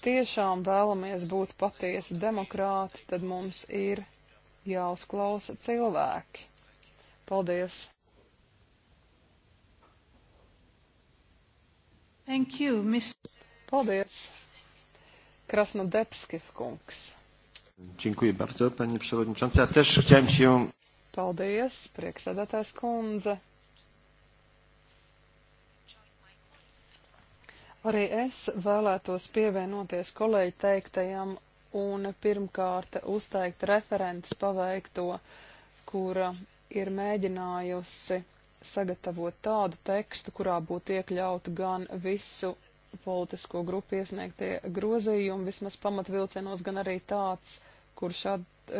tiešām vēlamies būt patiesi demokrāti, tad mums ir jāuzklausa cilvēki. Paldies! Thank you, Miss. Paldies. Krasnodebski kungs. Dziękuję bardzo, pani przewodnicząca. Ja też chciałem się... Paldies, priekšsēdētājs kundze. Arī es vēlētos pievienoties kolēģi teiktajam un pirmkārt uzteikt referents paveikto, kura ir mēģinājusi sagatavot tādu tekstu, kurā būtu iekļauti gan visu politisko grupu iesniegtie grozījumi, vismaz pamatvilcienos, gan arī tāds, kurš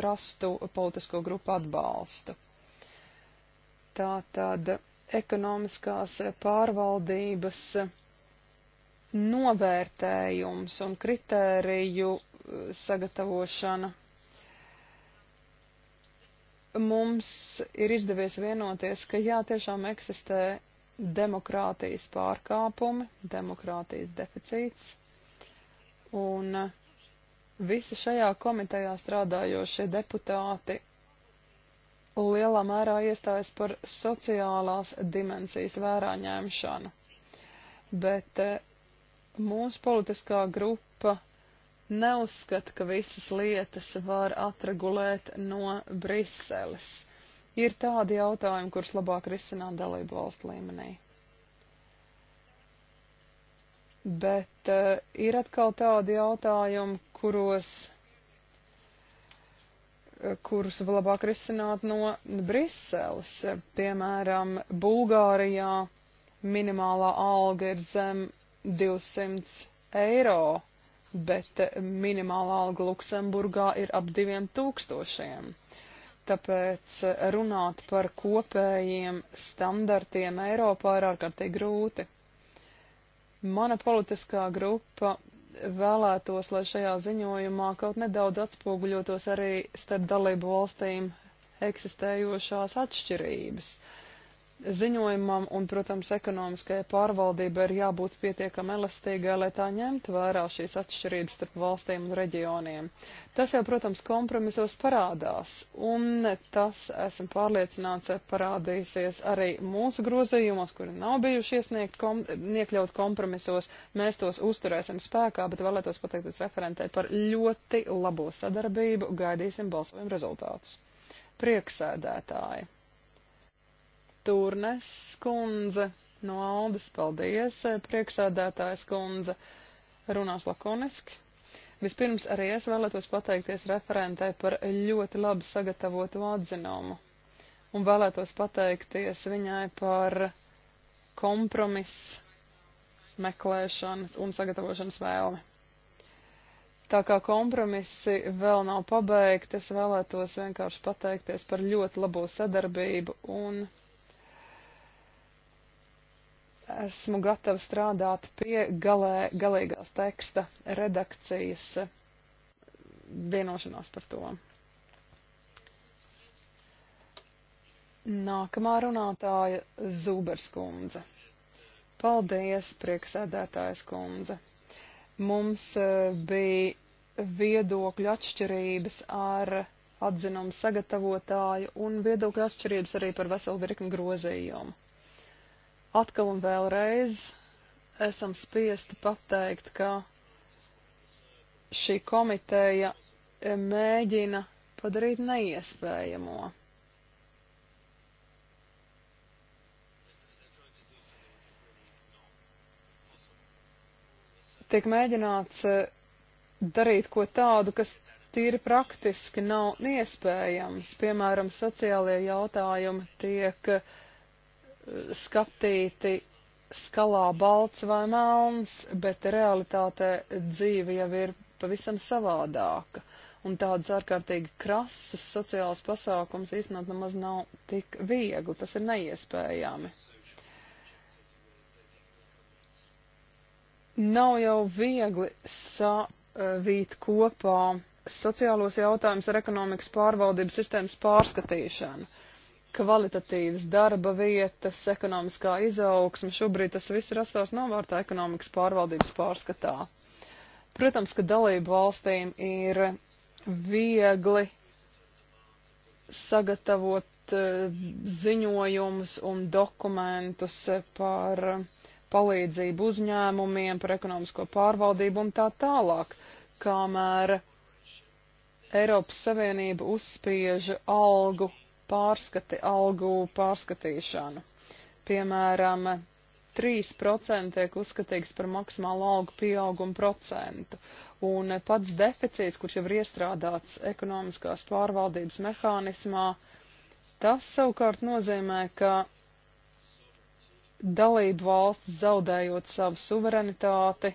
rastu politisko grupu atbalstu. Tā tad ekonomiskās pārvaldības novērtējums un kritēriju sagatavošana mums ir izdevies vienoties, ka jā, tiešām eksistē demokrātijas pārkāpumi, demokrātijas deficīts. Un uh, visi šajā komitejā strādājošie deputāti lielā mērā iestājas par sociālās dimensijas vērā ņemšanu. Bet uh, mūsu politiskā grupa neuzskata, ka visas lietas var atregulēt no Briseles. Ir tādi jautājumi, kurus labāk risināt dalību valstu līmenī. Bet uh, ir atkal tādi jautājumi, kuros, eh, kurus labāk risināt no Briseles. Piemēram, Bulgārijā minimālā alga ir zem 200 eiro bet eh, minimālā alga Luksemburgā ir ap diviem tūkstošiem. Tāpēc eh, runāt par kopējiem standartiem Eiropā ir ārkārtīgi grūti. Mana politiskā grupa vēlētos, lai šajā ziņojumā kaut nedaudz atspoguļotos arī starp dalību valstīm eksistējošās atšķirības. Uh, ziņojumam un, protams, ekonomiskajai pārvaldībai ir jābūt pietiekami elastīgai, lai tā ņemtu vērā šīs atšķirības starp valstīm un reģioniem. Tas jau, protams, kompromisos parādās, un tas, esmu pārliecināts, parādīsies arī mūsu grozījumos, kuri nav bijuši iesniegt kom niekļaut kompromisos. Mēs tos uzturēsim spēkā, bet vēlētos pateikt referentē par ļoti labo sadarbību, gaidīsim balsojumu rezultātus. Prieksēdētāji! Turnes skundze no Aldas. Paldies, eh, priekšsādātājs skundze. Runās lakoniski. Vispirms arī es vēlētos pateikties referentē par ļoti labi sagatavotu atzinumu. Un vēlētos pateikties viņai par kompromisu meklēšanas un sagatavošanas vēlmi. Tā kā kompromisi vēl nav pabeigti, es vēlētos vienkārši pateikties par ļoti labo sadarbību un esmu gatava strādāt pie galē, galīgās teksta redakcijas vienošanās par to. Nākamā runātāja Zūbers kundze. Paldies, prieksēdētājs kundze. Mums e, bija viedokļu atšķirības ar atzinumu sagatavotāju un viedokļu atšķirības arī par veselu virkni grozījumu atkal un vēlreiz esam spiesti pateikt, ka šī komiteja mēģina padarīt neiespējamo. Tiek mēģināts eh, darīt ko tādu, kas tīri praktiski nav iespējams. Piemēram, sociālajie jautājumi tiek uh, skatīti skalā balts vai melns, bet realitātē dzīve jau ir pavisam savādāka. Un tādas ārkārtīgi krasas sociālas pasākums īstenot nemaz nav tik viegli, tas ir neiespējami. Nav jau viegli savīt kopā sociālos jautājumus ar ekonomikas pārvaldības sistēmas pārskatīšanu. Uh, kvalitatīvas darba vietas, ekonomiskā izaugsme. Šobrīd tas viss ir atstās novārtā ekonomikas pārvaldības pārskatā. Protams, ka dalību valstīm ir viegli sagatavot eh, ziņojumus un dokumentus par palīdzību uzņēmumiem, par ekonomisko pārvaldību un tā tālāk, kamēr Eiropas Savienība uzspiež algu pārskati, algu pārskatīšanu. Piemēram, 3% tiek uzskatīts par maksimālu algu pieaugumu procentu, un pats deficīts, kurš jau ir iestrādāts ekonomiskās pārvaldības mehānismā, tas savukārt nozīmē, ka dalību valsts zaudējot savu suverenitāti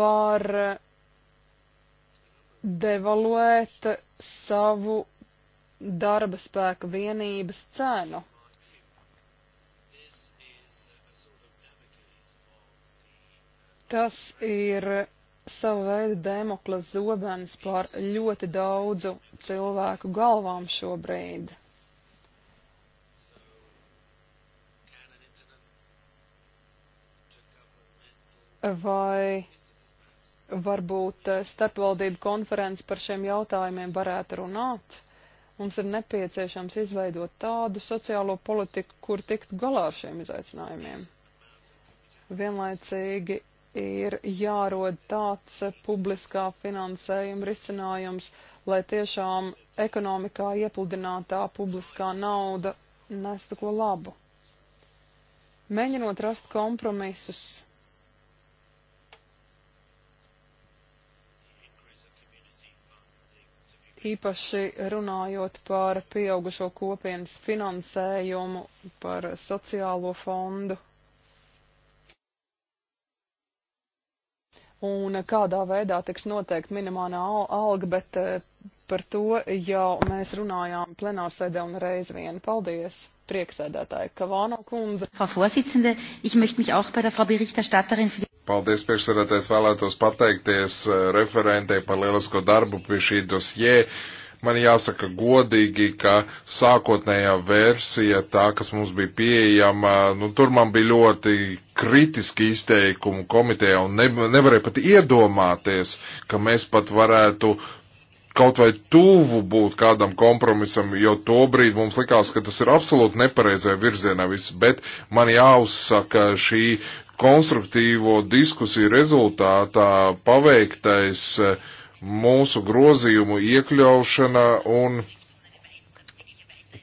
var devaluēt savu darba spēka vienības cenu. Tas ir sava veida demoklas zobens pār ļoti daudzu cilvēku galvām šobrīd. Vai varbūt eh, starpvaldību konferences par šiem jautājumiem varētu runāt. Mums ir nepieciešams izveidot tādu sociālo politiku, kur tikt galā ar šiem izaicinājumiem. Vienlaicīgi ir jārod tāds eh, publiskā finansējuma risinājums, lai tiešām ekonomikā iepludinātā publiskā nauda nestu ko labu. Mēģinot rast kompromisus, īpaši runājot par pieaugušo kopienas finansējumu, par sociālo fondu. Un kādā veidā tiks noteikti minimālā alga, bet eh, par to jau mēs runājām plenārsēdē un reiz vien. Paldies, prieksēdētāji Kavāno kundze. Frau Vorsitzende, ich möchte mich auch bei der Frau Berichterstatterin für die Paldies, priekšsarētājs, vēlētos pateikties eh, referentei par lielisko darbu pie šī dosjē. Man jāsaka godīgi, ka sākotnējā versija, tā, kas mums bija pieejama, nu, tur man bija ļoti kritiski izteikumi komitejā un ne, nevarēja pat iedomāties, ka mēs pat varētu kaut vai tuvu būt kādam kompromisam, jo to brīdi mums likās, ka tas ir absolūti nepareizajā virzienā viss, bet man jāuzsaka šī konstruktīvo diskusiju rezultātā paveiktais e, mūsu grozījumu iekļaušana un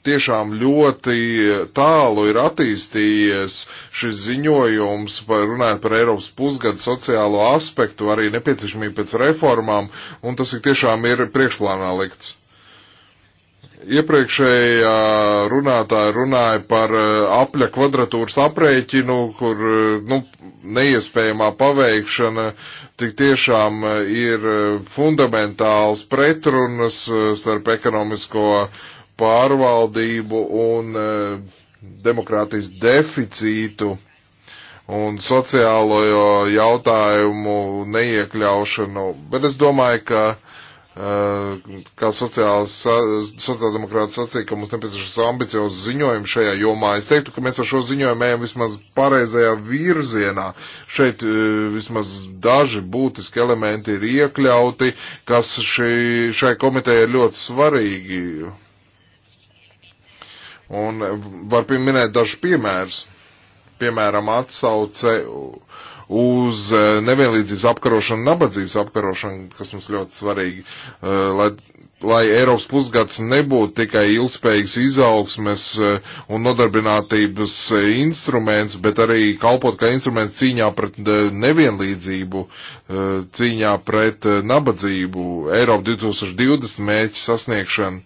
tiešām ļoti tālu ir attīstījies šis ziņojums, par, runājot par Eiropas pusgadu sociālo aspektu, arī nepieciešamību pēc reformām, un tas ir tiešām ir priekšplānā likts. Iepriekšējā runātāja runāja par e, apļa kvadratūras aprēķinu, kur e, nu, neiespējamā paveikšana tik tiešām e, ir fundamentāls pretrunas starp ekonomisko pārvaldību un demokrātijas deficītu un sociālo jautājumu neiekļaušanu. Bet es domāju, ka kā sociāldemokrāti sacīja, ka mums nepieciešams ambiciozs ziņojums šajā jomā. Es teiktu, ka mēs ar šo ziņojumu ejam vismaz pareizajā virzienā. Šeit e, vismaz daži būtiski elementi ir iekļauti, kas šī, šai komitejai ir ļoti svarīgi. Un var pieminēt dažus piemērus. Piemēram, atsauce uz eh, nevienlīdzības apkarošanu, nabadzības apkarošanu, kas mums ļoti svarīgi, eh, lai, lai Eiropas pusgads nebūtu tikai ilgspējīgs izaugsmes eh, un nodarbinātības instruments, bet arī kalpot kā instruments cīņā pret nevienlīdzību, cīņā pret nabadzību, Eiropa 2020 mēķu sasniegšanu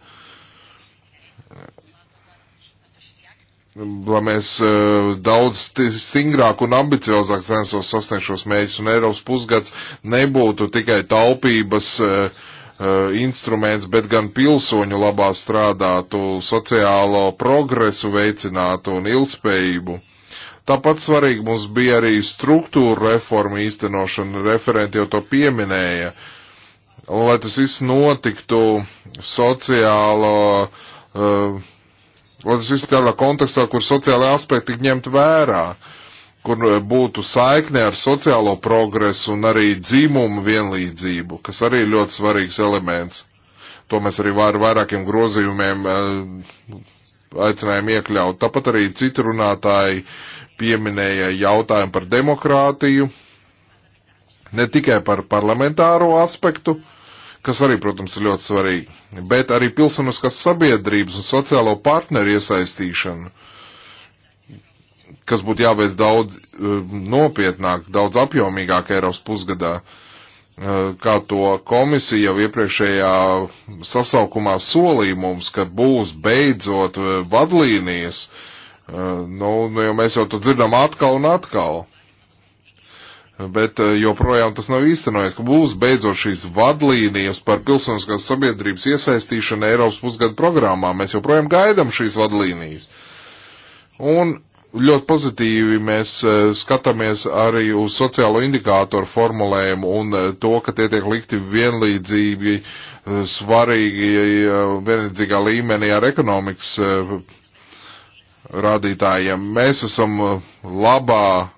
lai mēs eh, daudz stingrāk un ambiciozāk censtos sasniegt šos mērķus, un Eiropas pusgads nebūtu tikai taupības eh, eh, instruments, bet gan pilsoņu labā strādātu, sociālo progresu veicinātu un ilgspējību. Tāpat svarīgi mums bija arī struktūra reforma īstenošana, referenti jau to pieminēja. Un, lai tas viss notiktu, sociālo uh, Lai tas viss tādā kontekstā, kur sociālai aspekti tik ņemt vērā, kur eh, būtu saikne ar sociālo progresu un arī dzīmumu vienlīdzību, kas arī ir ļoti svarīgs elements. To mēs arī ar vairākiem grozījumiem eh, aicinājām iekļaut. Tāpat arī citi runātāji pieminēja jautājumu par demokrātiju, ne tikai par parlamentāro aspektu, kas arī, protams, ir ļoti svarīgi, bet arī pilsoniskās sabiedrības un sociālo partneru iesaistīšanu, kas būtu jāveic daudz eh, nopietnāk, daudz apjomīgāk Eiropas pusgadā, eh, kā to komisija jau iepriekšējā sasaukumā solīja mums, ka būs beidzot eh, vadlīnijas, nu, nu, jo mēs jau to dzirdam atkal un atkal bet eh, joprojām tas nav īstenojies, ka būs beidzot šīs vadlīnijas par pilsoniskās sabiedrības iesaistīšanu Eiropas pusgada programmā. Mēs joprojām gaidam šīs vadlīnijas. Un ļoti pozitīvi mēs eh, skatāmies arī uz sociālo indikātoru formulējumu un eh, to, ka tie tiek likti vienlīdzīgi svarīgi, vienlīdzīgā līmenī ar ekonomikas rādītājiem. Mēs esam labā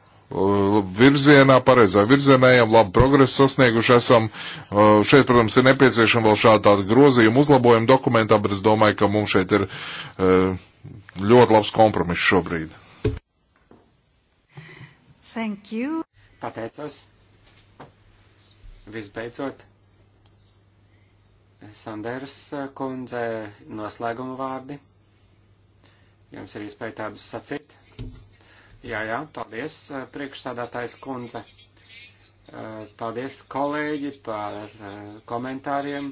virzienā, pareizā virzienā, ejam, labu progresu sasnieguši esam. Uh, šeit, protams, ir nepieciešama vēl šāda tāda grozījuma uzlabojuma dokumentā, bet es domāju, ka mums šeit ir uh, ļoti labs kompromiss šobrīd. Thank you. Pateicos. Visbeidzot, Sanders uh, kundze noslēguma vārdi. Jums ir iespēja tādus sacīt. Jā, jā, paldies, eh, priekšstādātājs kundze. Eh, paldies, kolēģi, par eh, komentāriem.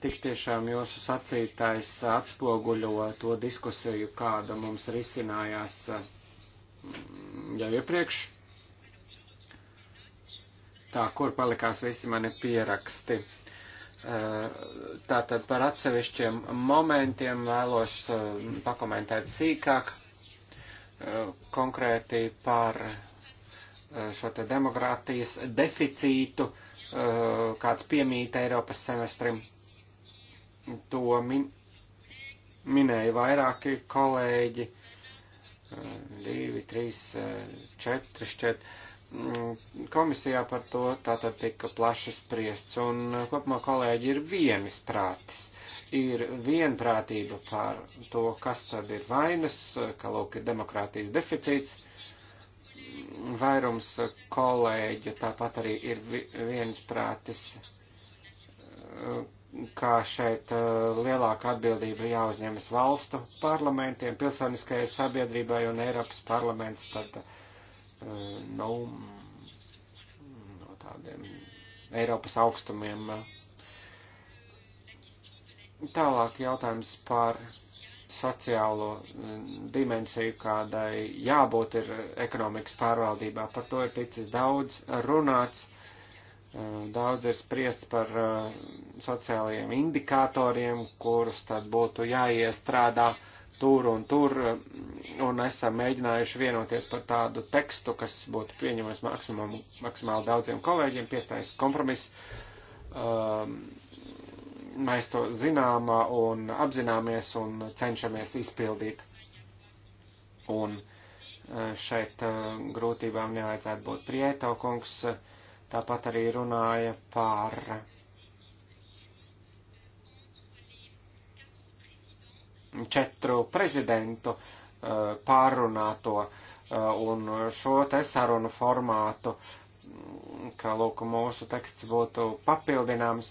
Tik tiešām jūsu sacītājs atspoguļo to diskusiju, kāda mums risinājās mm, jau iepriekš. Tā, kur palikās visi mani pieraksti. Tātad par atsevišķiem momentiem vēlos pakomentēt sīkāk konkrēti par eh, šo te demokrātijas deficītu, eh, kāds piemīt Eiropas semestrim. To min, minēja vairāki kolēģi, eh, divi, trīs, četri, šķiet. Mm, komisijā par to tātad tika plaši spriests, un kopumā kolēģi ir vienis prātis ir vienprātība par to, kas tad ir vainas, ka lūk ir demokrātijas deficīts. Vairums kolēģu tāpat arī ir viensprātis, kā šeit eh, lielāka atbildība jāuzņemas valstu parlamentiem, pilsoniskajai sabiedrībai un Eiropas parlaments tad, eh, nu, no tādiem Eiropas augstumiem eh, Tālāk jautājums par sociālo mm, dimensiju, kādai jābūt ir ekonomikas pārvaldībā. Par to ir ticis daudz runāts, mm, daudz ir spriests par mm, sociālajiem indikatoriem, kurus tad būtu jāiestrādā tur un tur, un esam mēģinājuši vienoties par tādu tekstu, kas būtu pieņemams maksimāli daudziem kolēģiem, piektais kompromiss. Um, mēs to zinām un apzināmies un cenšamies izpildīt. Un e, šeit e, grūtībām nevajadzētu būt Prieto kungs, e, tāpat arī runāja par četru prezidentu pārunāto un šo te sarunu formātu uh, ka, lūk, mūsu teksts būtu papildināms,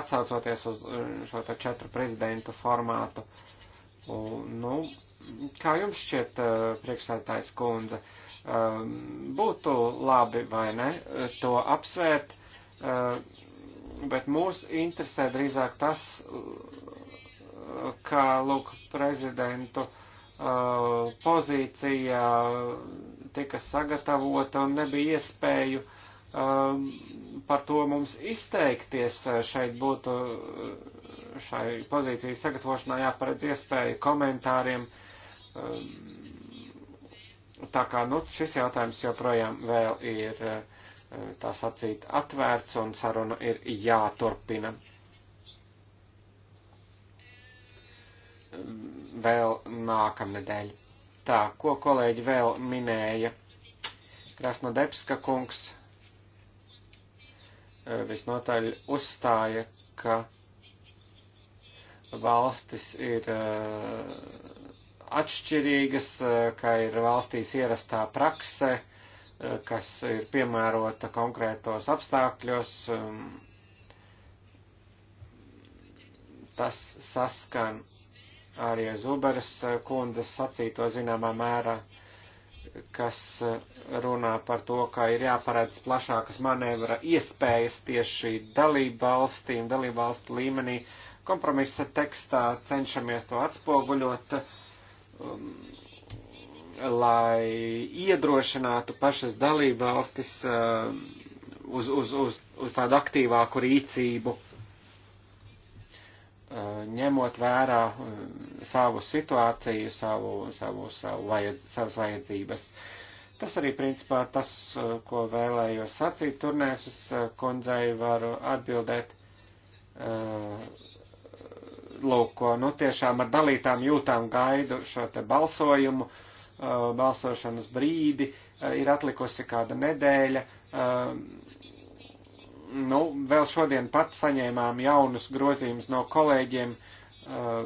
atsaucoties uz uh, šo te četru prezidentu formātu. Un, nu, kā jums šķiet, uh, priekšsētājs kundze, um, būtu labi vai ne to apsvērt, uh, bet mūs interesē drīzāk tas, kā, lūk, prezidentu pozīcija tika sagatavota un nebija iespēju uh, Um, par to mums izteikties. Uh, šeit būtu uh, šai pozīcijas sagatavošanā jāparedz iespēju komentāriem. Um, tā kā nu, šis jautājums joprojām vēl ir, uh, tā sacīt, atvērts un saruna ir jāturpina. Vēl nākamnedēļ. Tā, ko kolēģi vēl minēja? Krasnodebska kungs Eh, visnotaļ uzstāja, ka valstis ir eh, atšķirīgas, eh, ka ir valstīs ierastā prakse, kas ir piemērota konkrētos apstākļos. Um, tas saskan arī Zuberas kundzes sacīto zināmā mērā. Uh, kas eh, runā par to, ka ir jāparedz plašākas manevra iespējas tieši dalību valstīm, dalību valstu līmenī. Kompromisa tekstā cenšamies to atspoguļot, um, lai iedrošinātu pašas dalību valstis um, uz, uz, uz, uz tādu aktīvāku rīcību Uh, ņemot vērā uh, savu situāciju, savu, savu, savu vajadz, savas vajadzības. Tas arī principā tas, uh, ko vēlējos sacīt turnēsas kundzei, varu atbildēt. Lūk, nu tiešām ar dalītām jūtām gaidu šo te balsojumu, balsošanas brīdi, ir atlikusi kāda nedēļa nu, vēl šodien pat saņēmām jaunus grozījumus no kolēģiem, eh,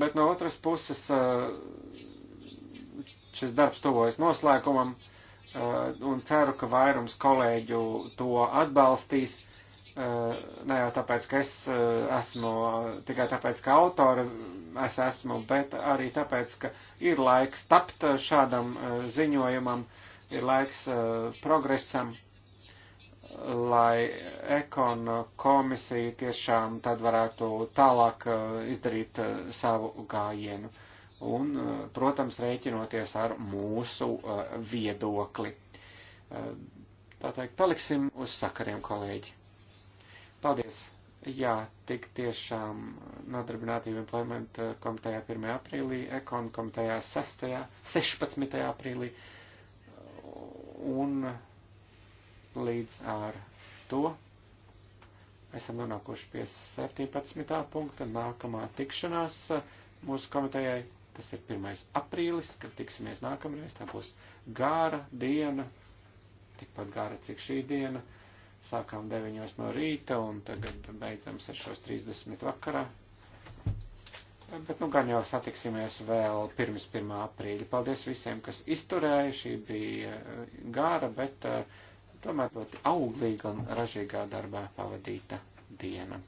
bet no otras puses eh, šis darbs tuvojas noslēgumam eh, un ceru, ka vairums kolēģu to atbalstīs. Ne jau tāpēc, ka es esmu tikai tāpēc, ka autori es esmu, bet arī tāpēc, ka ir laiks tapt šādam ziņojumam, ir laiks progresam lai ekon komisija tiešām tad varētu tālāk uh, izdarīt uh, savu gājienu. Un, uh, protams, rēķinoties ar mūsu viedokli. Tā teikt, paliksim uz sakariem, kolēģi. Paldies! Jā, tik tiešām nodarbinātība implement komitejā 1. aprīlī, ekon komitejā 6. 16. aprīlī. Un līdz ar to esam nonākuši pie 17. punkta nākamā tikšanās uh, mūsu komitejai. Tas ir 1. aprīlis, kad tiksimies nākamreiz. Tā būs gara diena, tikpat gara, cik šī diena. Sākām 9 no rīta un tagad beidzam 6.30 vakarā. Bet nu gan jau satiksimies vēl pirms 1. aprīļa. Paldies visiem, kas izturēja. Šī bija uh, gara, bet. Uh, tomēr ļoti auglīga un ražīgā darbā pavadīta diena.